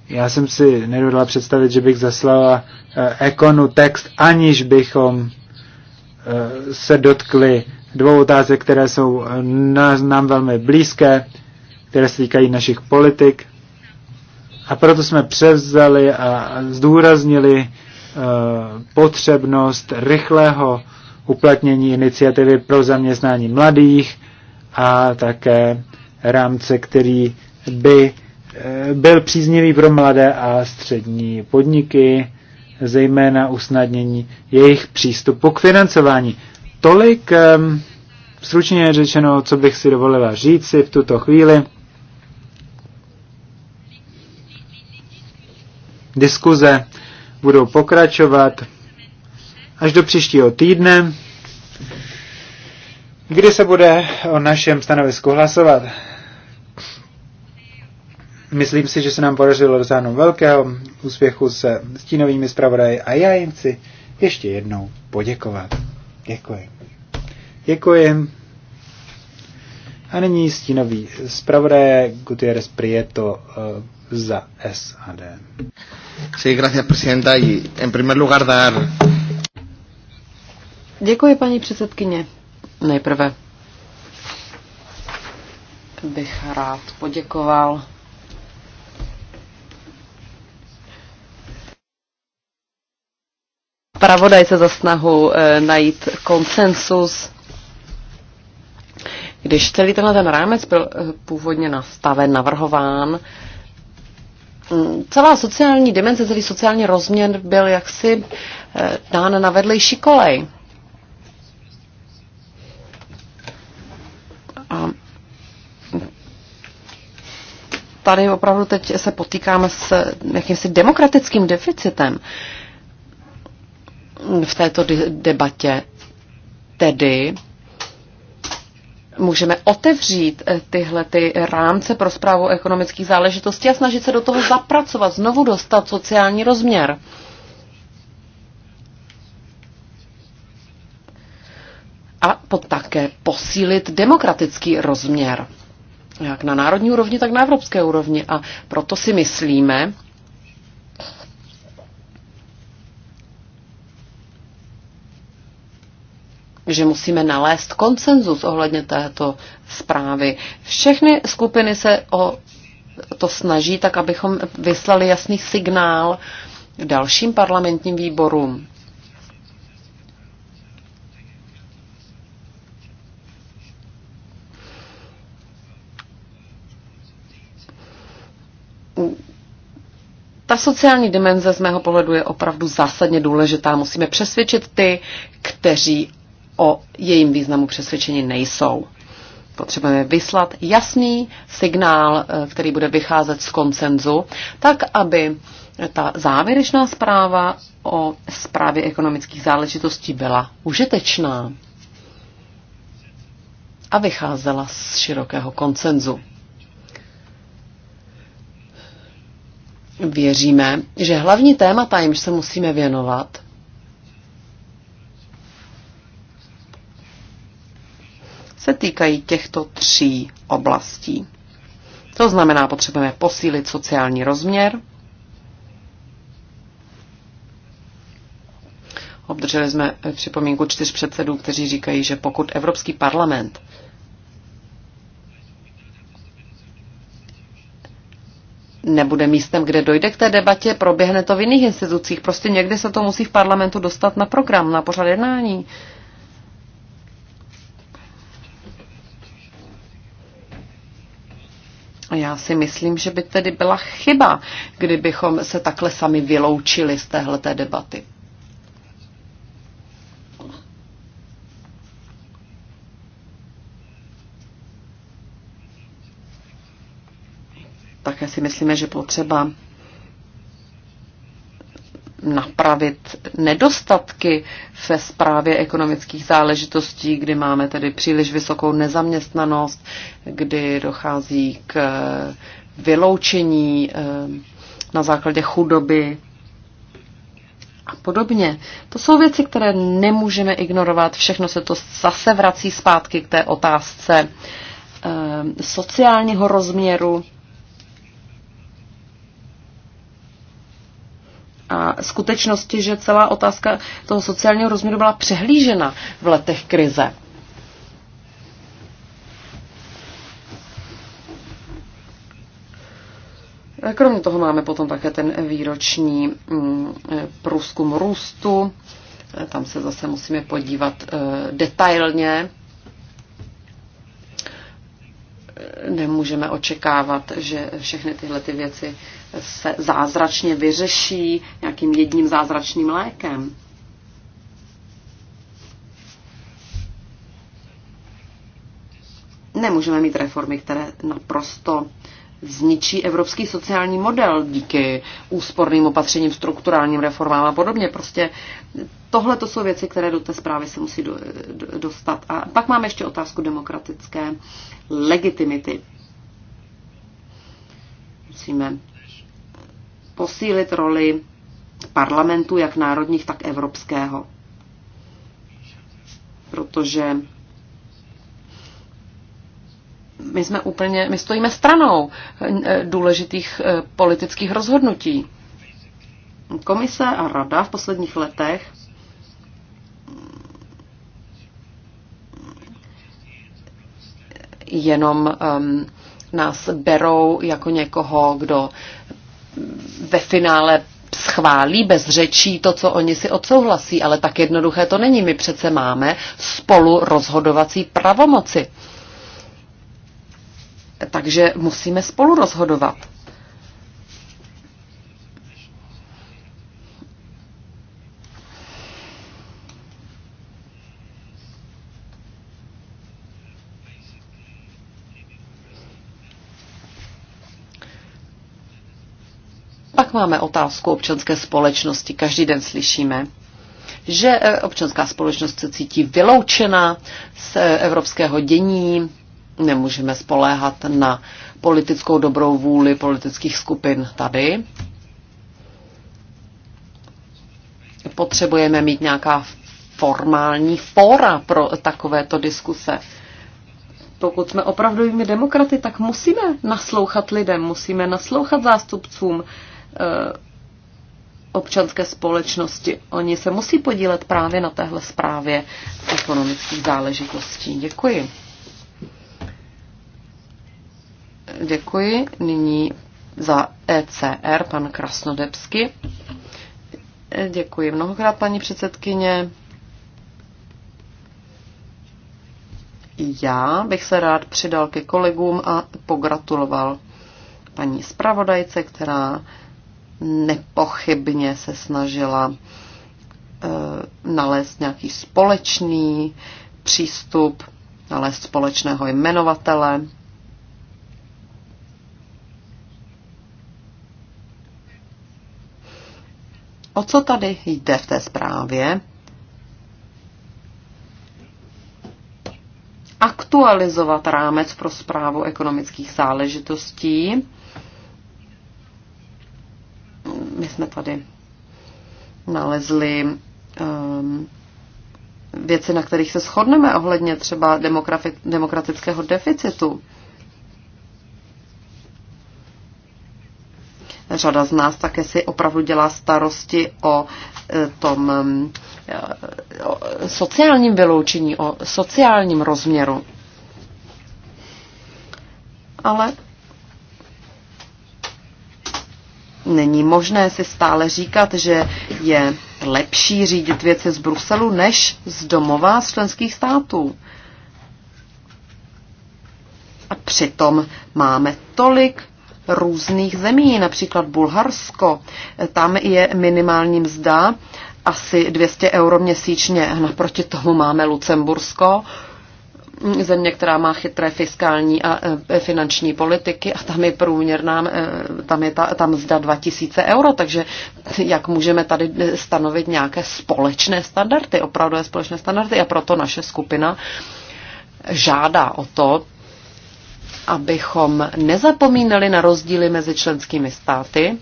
Speaker 1: já jsem si nedovedla představit, že bych zaslala eh, ekonu text, aniž bychom eh, se dotkli dvou otázek, které jsou eh, nám velmi blízké, které se týkají našich politik. A proto jsme převzali a zdůraznili potřebnost rychlého uplatnění iniciativy pro zaměstnání mladých a také rámce, který by Eh, byl příznivý pro mladé a střední podniky, zejména usnadnění jejich přístupu k financování. Tolik stručně řečeno, co bych si dovolila říct si v tuto chvíli. Diskuze budou pokračovat až do příštího týdne, kdy se bude o našem stanovisku hlasovat. Myslím si, že se nám podařilo dosáhnout velkého úspěchu se stínovými zpravodaji a já jim chci ještě jednou poděkovat. Děkuji. Děkuji. A nyní stínový zpravodaje Gutierrez Prieto eh, za SAD. Sí, gracias, presidenta. Y en primer lugar
Speaker 3: dar... Děkuji, paní předsedkyně. Nejprve bych rád poděkoval zpravodajce za snahu eh, najít konsensus. Když celý tenhle ten rámec byl eh, původně nastaven, navrhován, mm, celá sociální dimenze, celý sociální rozměr byl jaksi eh, dán na vedlejší kolej. A tady opravdu teď se potýkáme s jakýmsi demokratickým deficitem v této debatě. Tedy můžeme otevřít eh, tyhle ty rámce pro zprávu ekonomických záležitostí a snažit se do toho zapracovat, znovu dostat sociální rozměr. A pod také posílit demokratický rozměr, jak na národní úrovni, tak na evropské úrovni. A proto si myslíme, že musíme nalézt konsenzus ohledně této zprávy. Všechny skupiny se o to snaží, tak abychom vyslali jasný signál dalším parlamentním výborům. Ta sociální dimenze z mého pohledu je opravdu zásadně důležitá. Musíme přesvědčit ty, kteří o jejím významu přesvědčeni nejsou. Potřebujeme vyslat jasný signál, eh, který bude vycházet z koncenzu, tak aby ta závěrečná zpráva o zprávě ekonomických záležitostí byla užitečná a vycházela z širokého koncenzu. Věříme, že hlavní témata, jimž se musíme věnovat, se týkají těchto tří oblastí. To znamená, potřebujeme posílit sociální rozměr. Obdrželi jsme připomínku čtyř předsedů, kteří říkají, že pokud Evropský parlament nebude místem, kde dojde k té debatě, proběhne to v jiných institucích. Prostě někde se to musí v parlamentu dostat na program, na pořad jednání. Uh, Já si myslím, že by tedy byla chyba, kdybychom se takhle sami vyloučili z téhleté debaty. Také si myslíme, že potřeba napravit nedostatky ve zprávě ekonomických záležitostí, kdy máme tedy příliš vysokou nezaměstnanost, kdy dochází k eh, vyloučení eh, na základě chudoby a podobně. To jsou věci, které nemůžeme ignorovat. Všechno se to zase vrací zpátky k té otázce eh, sociálního rozměru a skutečnosti, že celá otázka toho sociálního rozměru byla přehlížena v letech krize. Kromě toho máme potom také ten výroční mm, průzkum růstu. Tam se zase musíme podívat eh, detailně. Nemůžeme očekávat, že všechny tyhle ty věci se zázračně vyřeší nějakým jedním zázračným lékem. Nemůžeme mít reformy, které naprosto zničí evropský sociální model díky úsporným opatřením, strukturálním reformám a podobně. Prostě tohle to jsou věci, které do té zprávy se musí do, do, dostat. A pak máme ještě otázku demokratické legitimity. Musíme posílit roli parlamentu, jak národních, tak evropského. Protože my jsme úplně, my stojíme stranou eh, důležitých eh, politických rozhodnutí. Komise a rada v posledních letech jenom um, nás berou jako někoho, kdo ve finále schválí bez řečí to, co oni si odsouhlasí, ale tak jednoduché to není. My přece máme spolu rozhodovací pravomoci. Takže musíme spolu rozhodovat. Pak máme otázku občanské společnosti. Každý den slyšíme, že eh, občanská společnost se cítí vyloučena z eh, evropského dění, nemůžeme spoléhat na politickou dobrou vůli politických skupin tady. Potřebujeme mít nějaká formální fóra pro takovéto diskuse. Pokud jsme opravdovými demokraty, tak musíme naslouchat lidem, musíme naslouchat zástupcům Eh, občanské společnosti. Oni se musí podílet právě na téhle zprávě ekonomických záležitostí. Děkuji. Děkuji. Nyní za ECR pan Krasnodebsky. Děkuji mnohokrát, paní předsedkyně. Já bych se rád přidal ke kolegům a pogratuloval paní zpravodajce, která nepochybně se snažila eh, nalézt nějaký společný přístup, nalézt společného jmenovatele. O co tady jde v té zprávě? Aktualizovat rámec pro zprávu ekonomických záležitostí my jsme tady nalezli um, věci, na kterých se shodneme ohledně třeba demokratického deficitu. Řada z nás také si opravdu dělá starosti o e, tom ehm, e, o sociálním vyloučení, o sociálním rozměru. Ale Není možné si stále říkat, že je lepší řídit věci z Bruselu než z domova z členských států. A přitom máme tolik různých zemí, například Bulharsko. Tam je minimální mzda asi 200 euro měsíčně. Naproti tomu máme Lucembursko, země, která má chytré fiskální a e, finanční politiky a tam je průměrná, e, tam je ta, tam zda 2000 euro, takže jak můžeme tady stanovit nějaké společné standardy, opravdu společné standardy a proto naše skupina žádá o to, abychom nezapomínali na rozdíly mezi členskými státy,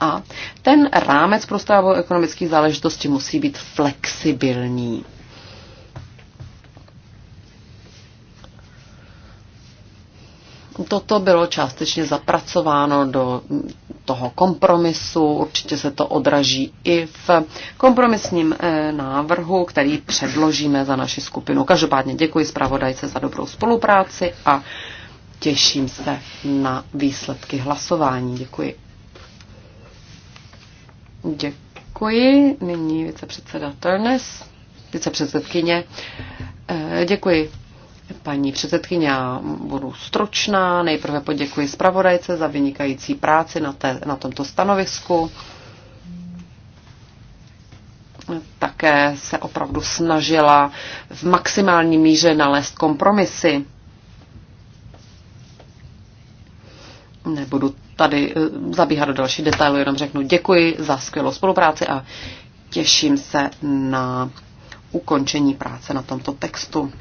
Speaker 3: a ten rámec pro ekonomické ekonomických záležitostí musí být flexibilní. Toto bylo částečně zapracováno do toho kompromisu, určitě se to odraží i v kompromisním eh, návrhu, který předložíme za naši skupinu. Každopádně děkuji zpravodajce za dobrou spolupráci a těším se na výsledky hlasování. Děkuji. Děkuji. Nyní vicepředseda Turnes, vicepředsedkyně. Eh, děkuji. Paní předsedkyně, já budu stručná. Nejprve poděkuji zpravodajce za vynikající práci na, té, na tomto stanovisku. Také se opravdu snažila v maximální míře nalézt kompromisy. Nebudu tady eh, zabíhat do další detailu, jenom řeknu děkuji za skvělou spolupráci a těším se na ukončení práce na tomto textu.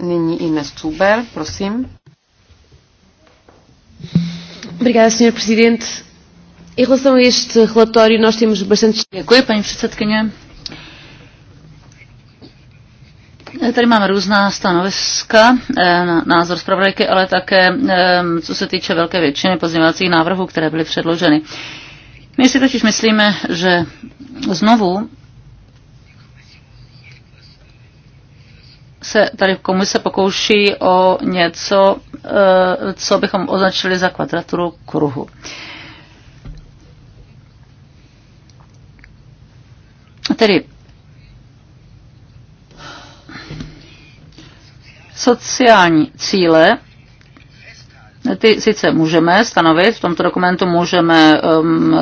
Speaker 3: Nyní Ines Zuber, prosím. Obrigada, Sr. Presidente. Em relação a este relatório,
Speaker 2: nós temos bastante... Děkuji, paní předsedkyně. Tady máme různá stanoviska, eh, názor zpravodajky, ale také eh, co se týče velké většiny pozměňovacích návrhů, které byly předloženy. My si totiž myslíme, že znovu se tady komise pokouší o něco, eh, co bychom označili za kvadraturu kruhu. Tedy sociální cíle ty sice můžeme stanovit, v tomto dokumentu můžeme um,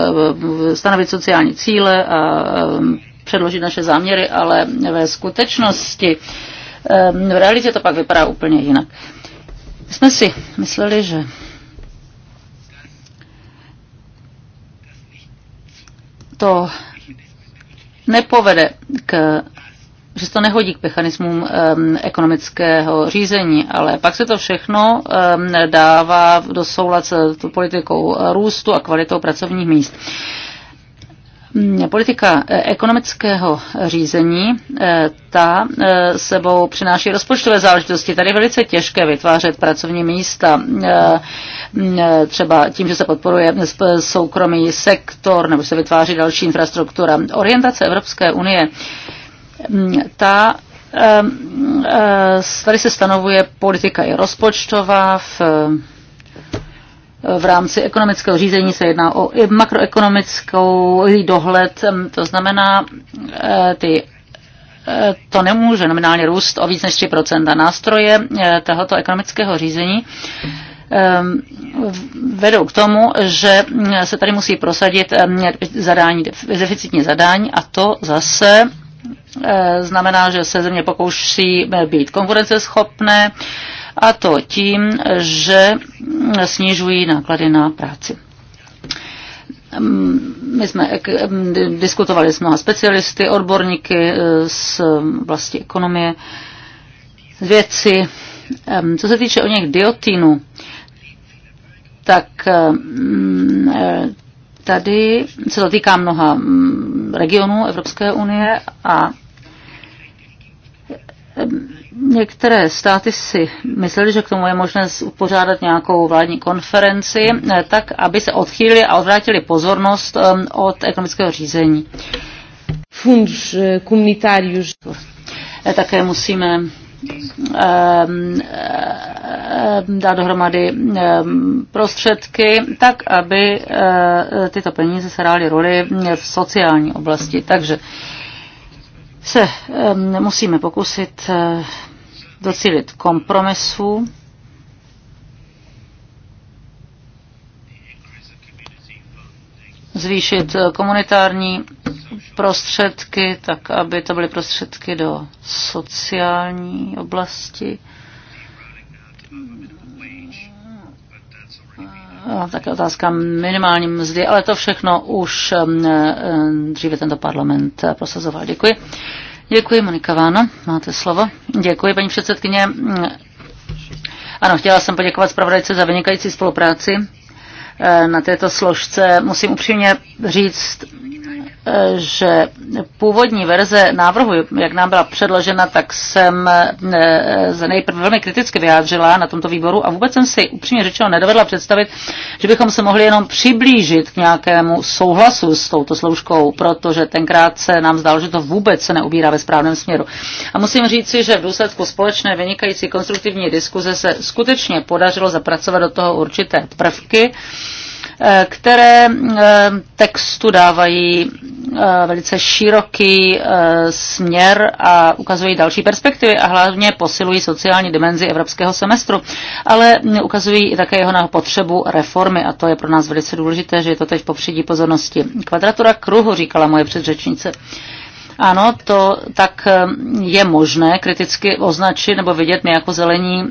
Speaker 2: stanovit sociální cíle a um, předložit naše záměry, ale ve skutečnosti uh, Ehm, v realitě to pak vypadá úplně jinak. My jsme si mysleli, že to nepovede k že se to nehodí k mechanismům um, ekonomického řízení, ale pak se to všechno um, dává do soulad s politikou růstu a kvalitou pracovních míst. Uh, Hmm, politika eh, ekonomického eh, řízení, eh, ta sebou přináší rozpočtové záležitosti. Tady je velice těžké vytvářet pracovní místa, mm, třeba tím, že se podporuje soukromý sektor nebo se vytváří další infrastruktura. Orientace Evropské unie, mm, ta mm, Tady se stanovuje politika i rozpočtová v v rámci ekonomického řízení se jedná o makroekonomickou dohled, to znamená e, ty e, to nemůže nominálně růst o víc než 3%. Nástroje e, tohoto ekonomického řízení vedou k tomu, že se tady musí prosadit zadání, deficitní zadání a to zase znamená, že se země pokouší být konkurenceschopné, a to tím, že snižují náklady na práci. Mm, my jsme mm, diskutovali s mnoha specialisty, odborníky eh, z vlasti ekonomie, z věci. Co se týče o něch diotinu, tak mm, eh, tady se to týká mnoha regionů Evropské unie a Některé státy si mysleli, že k tomu je možné pořádat nějakou vládní konferenci, eh, tak aby se odchýlili a odvrátili pozornost ehm, od ekonomického řízení. Fundus eh, comunitários. Eh, také musíme ehm, ehm, dát dohromady prostředky, tak aby tyto peníze se hrály roli v sociální oblasti. Takže se musíme pokusit docílit kompromisu. zvýšit eh, komunitární prostředky, tak aby to byly prostředky do sociální oblasti. také otázka minimální mzdy, ale to všechno už eh, eh, dříve tento parlament prosazoval. Děkuji. Děkuji, Monika Vána, máte slovo. Děkuji, paní předsedkyně. Ano, chtěla jsem poděkovat zpravodajce za vynikající spolupráci eh, na této složce. Musím upřímně říct, že původní verze návrhu, jak nám byla předložena, tak jsem eh, se nejprve velmi kriticky vyjádřila na tomto výboru a vůbec jsem si upřímně řečeno nedovedla představit, že bychom se mohli jenom přiblížit k nějakému souhlasu s touto složkou, protože tenkrát se nám zdálo, že to vůbec se neubírá ve správném směru. A musím říci, že v důsledku společné vynikající konstruktivní diskuze se skutečně podařilo zapracovat do toho určité prvky, Eh, které eh, textu dávají eh, velice široký směr a ukazují další perspektivy a hlavně posilují sociální dimenzi evropského semestru, ale ukazují i také jeho na potřebu reformy a to je pro nás velice důležité, že je to teď v popředí pozornosti. Kvadratura kruhu, říkala moje předřečnice. Ano, to tak je možné kriticky označit nebo vidět my jako zelení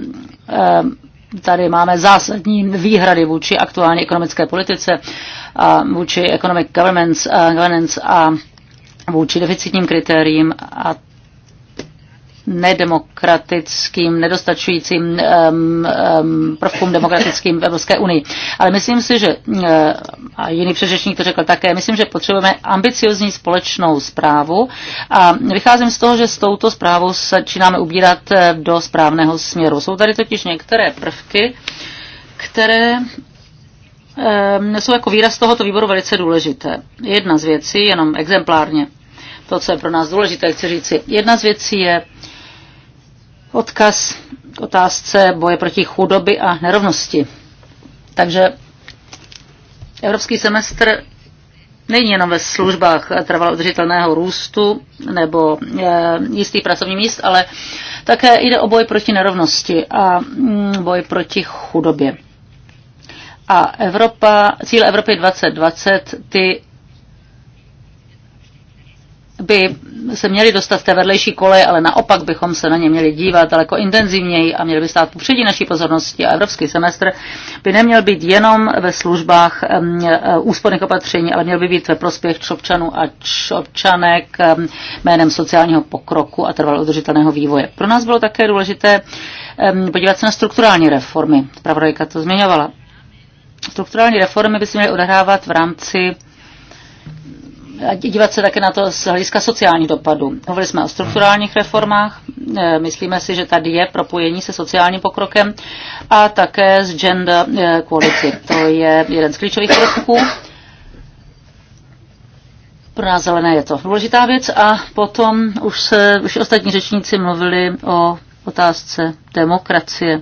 Speaker 2: tady máme zásadní výhrady vůči aktuální ekonomické politice, a vůči economic governance, eh, governance a vůči deficitním kritériím a nedemokratickým, nedostačujícím um, um, prvkům demokratickým v Evropské unii. Ale myslím si, že, eh, a jiný přeřečník to řekl také, myslím, že potřebujeme ambiciozní společnou zprávu a vycházím z toho, že s touto zprávou začínáme ubírat eh, do správného směru. Jsou tady totiž některé prvky, které um, jsou jako výraz tohoto výboru velice důležité. Jedna z věcí, jenom exemplárně, to, co je pro nás důležité, chci říci. Jedna z věcí je odkaz k otázce boje proti chudoby a nerovnosti. Takže evropský semestr není jenom ve službách trvalo udržitelného růstu nebo e, jistých pracovních míst, ale také jde o boj proti nerovnosti a mm, boj proti chudobě. A Evropa, cíl Evropy 2020, ty by se měli dostat z té vedlejší koleje, ale naopak bychom se na ně měli dívat daleko intenzivněji a měli by stát popředí naší pozornosti a evropský semestr by neměl být jenom ve službách eh, úsporných opatření, ale měl by být ve prospěch občanů a občanek jménem sociálního pokroku a trvalo udržitelného vývoje. Pro nás bylo také důležité podívat se na strukturální reformy. Pravodajka to zmiňovala. Strukturální reformy by se měly odehrávat v rámci dívat se také na to z hlediska sociální dopadu. Mluvili jsme o strukturálních reformách, eh, myslíme si, že tady je propojení se sociálním pokrokem a také z gender eh, quality. To je jeden z klíčových prvků. Pro nás zelené je to důležitá věc a potom už, se, už ostatní řečníci mluvili o otázce demokracie.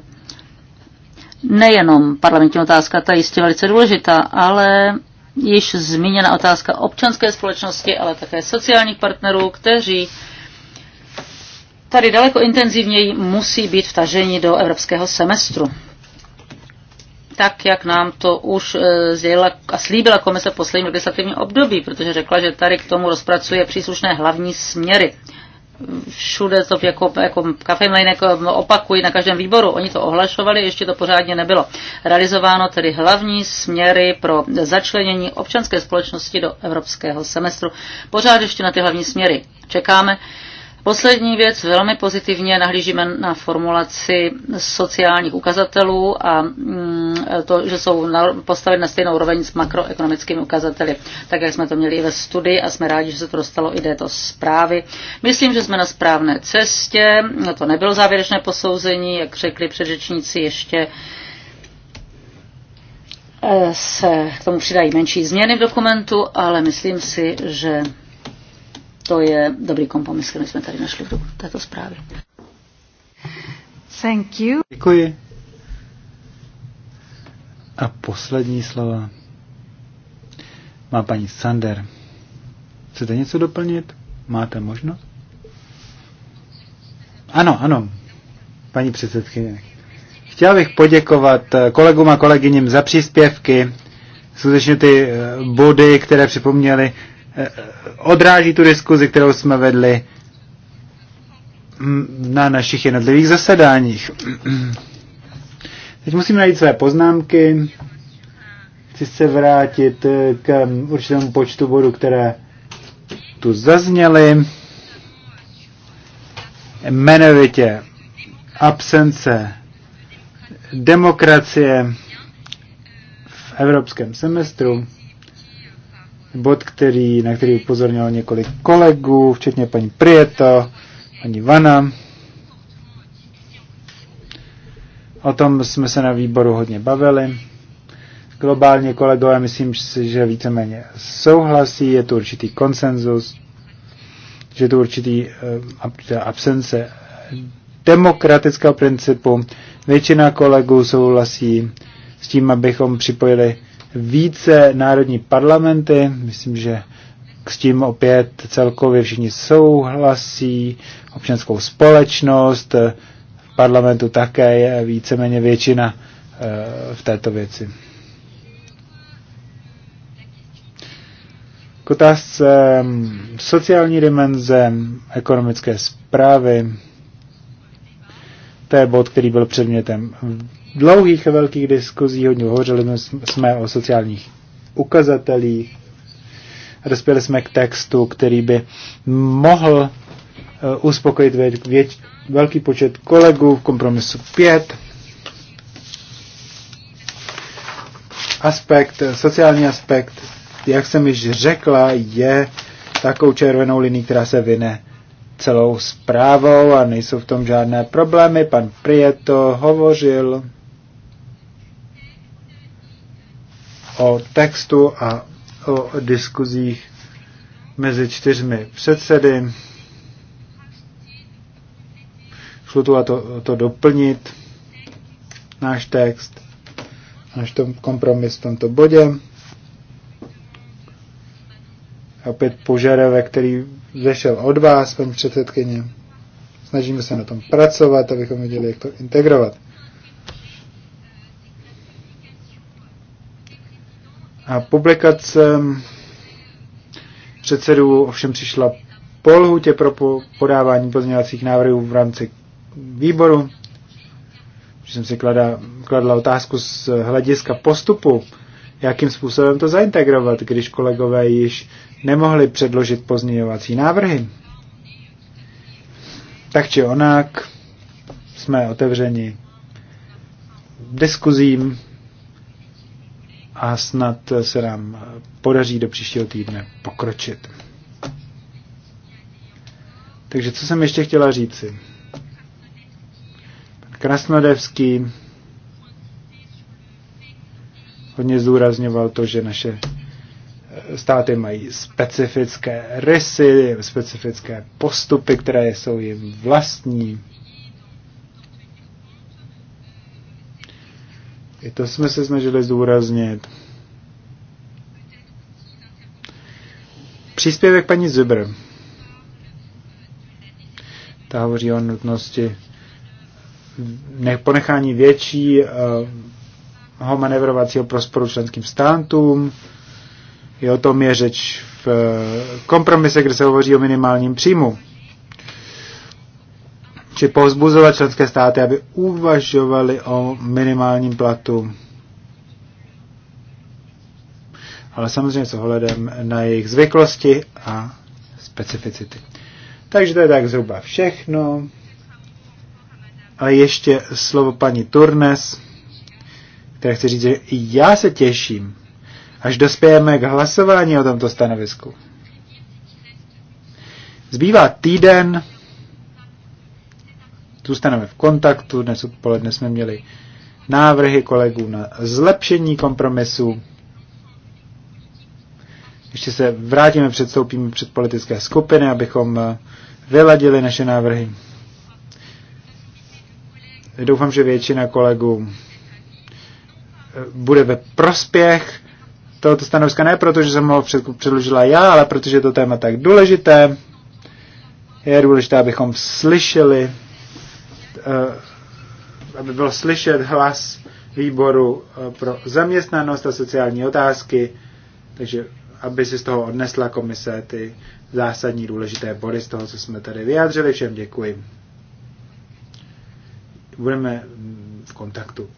Speaker 2: Nejenom parlamentní otázka, ta je jistě velice důležitá, ale již zmíněna otázka občanské společnosti, ale také sociálních partnerů, kteří tady daleko intenzivněji musí být vtaženi do evropského semestru. Tak, jak nám to už e, zjela a slíbila komise v posledním legislativním období, protože řekla, že tady k tomu rozpracuje příslušné hlavní směry všude to jako, jako kafejn jako opakují na každém výboru. Oni to ohlašovali, ještě to pořádně nebylo. Realizováno tedy hlavní směry pro začlenění občanské společnosti do evropského semestru. Pořád ještě na ty hlavní směry čekáme. Poslední věc, velmi pozitivně nahlížíme na formulaci sociálních ukazatelů a mm, to, že jsou postaveny na stejnou úroveň s makroekonomickými ukazateli, tak jak jsme to měli i ve studii a jsme rádi, že se to dostalo i této zprávy. Myslím, že jsme na správné cestě, to nebylo závěrečné posouzení, jak řekli předřečníci ještě eh, se k tomu přidají menší změny v dokumentu, ale myslím si, že to je dobrý kompromis, který jsme tady našli v této zprávě.
Speaker 1: Thank you. Děkuji. A poslední slova má paní Sander. Chcete něco doplnit? Máte možnost? Ano, ano, paní předsedkyně. Chtěl bych poděkovat eh, kolegům a kolegyním za příspěvky. Skutečně ty eh, body, které připomněly. Eh, odráží tu diskuzi, kterou jsme vedli hm, na našich jednotlivých zasedáních. Teď musím najít své poznámky. Chci se vrátit eh, k hm, určitému počtu bodů, které tu zazněly. Jmenovitě absence demokracie v evropském semestru bod, který, na který upozornilo několik kolegů, včetně paní Prieto, paní Vana. O tom jsme se na výboru hodně bavili. Globálně kolegové, myslím si, že víceméně souhlasí, je tu určitý konsenzus, že je tu určitý eh, absence demokratického principu. Většina kolegů souhlasí s tím, abychom připojili více národní parlamenty. Myslím, že s tím opět celkově všichni souhlasí, občanskou společnost, eh, v parlamentu také je víceméně většina eh, v této věci. K otázce mm, sociální dimenze ekonomické zprávy, to je bod, který byl předmětem dlouhých a velkých diskuzí, hodně hovořili jsme o sociálních ukazatelích, dospěli jsme k textu, který by mohl eh, uspokojit vět, vět, velký počet kolegů v kompromisu 5. Aspekt, sociální aspekt, jak jsem již řekla, je takovou červenou linií, která se vyne celou zprávou a nejsou v tom žádné problémy. Pan Prieto hovořil o textu a o diskuzích mezi čtyřmi předsedy. Šlo tu to, to doplnit náš text, náš tom kompromis v tomto bodě. Opět požadavek, který zešel od vás, paní předsedkyně. Snažíme se na tom pracovat, abychom viděli, jak to integrovat. publikace předsedů ovšem přišla po lhutě pro podávání pozměňovacích návrhů v rámci výboru, Když jsem si kladla, kladla otázku z hlediska postupu, jakým způsobem to zaintegrovat, když kolegové již nemohli předložit pozměňovací návrhy. Tak či onak, jsme otevřeni diskuzím, a snad se nám podaří do příštího týdne pokročit. Takže co jsem ještě chtěla říci? Krasnodevský hodně zdůrazňoval to, že naše eh, státy mají specifické rysy, specifické postupy, které jsou jim vlastní. I to jsme se snažili zdůraznit. Příspěvek paní Zubr. Ta hovoří o nutnosti ponechání většího eh, manevrovacího prosporu členským státům. Je o tom je řeč v eh, kompromise, kde se hovoří o minimálním příjmu či povzbuzovat členské státy, aby uvažovali o minimálním platu. Ale samozřejmě s ohledem na jejich zvyklosti a specificity. Takže to je tak zhruba všechno. Ale ještě slovo paní Turnes, která chci říct, že já se těším, až dospějeme k hlasování o tomto stanovisku. Zbývá týden zůstaneme v kontaktu. Dnes odpoledne jsme měli návrhy kolegů na zlepšení kompromisu. Ještě se vrátíme, předstoupíme před politické skupiny, abychom vyladili naše návrhy. Doufám, že většina kolegů bude ve prospěch tohoto stanoviska, ne proto, že jsem ho předložila já, ale protože je to téma tak důležité. Je důležité, abychom slyšeli Eh, aby byl slyšet hlas výboru eh, pro zaměstnanost a sociální otázky, takže aby si z toho odnesla komise ty zásadní důležité body z toho, co jsme tady vyjádřili. Všem děkuji. Budeme v kontaktu.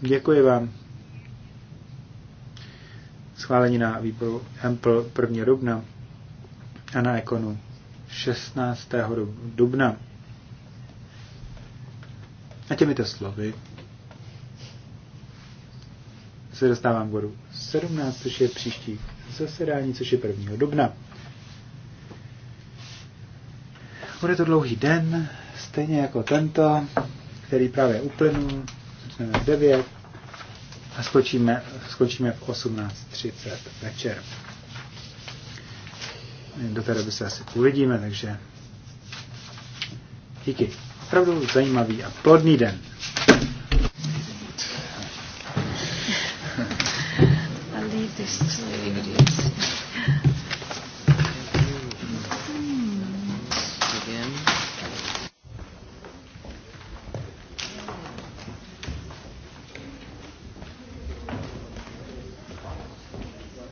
Speaker 1: Děkuji vám. Schválení na výboru Ample 1. dubna a na Ekonu 16. dubna. A těmito slovy se dostávám k bodu 17, což je příští zasedání, což je 1. dubna. Bude to dlouhý den, stejně jako tento, který právě uplynul, začneme v 9 a skočíme, skočíme v 18.30 večer. Do té doby se asi uvidíme, takže díky opravdu zajímavý a plodný den.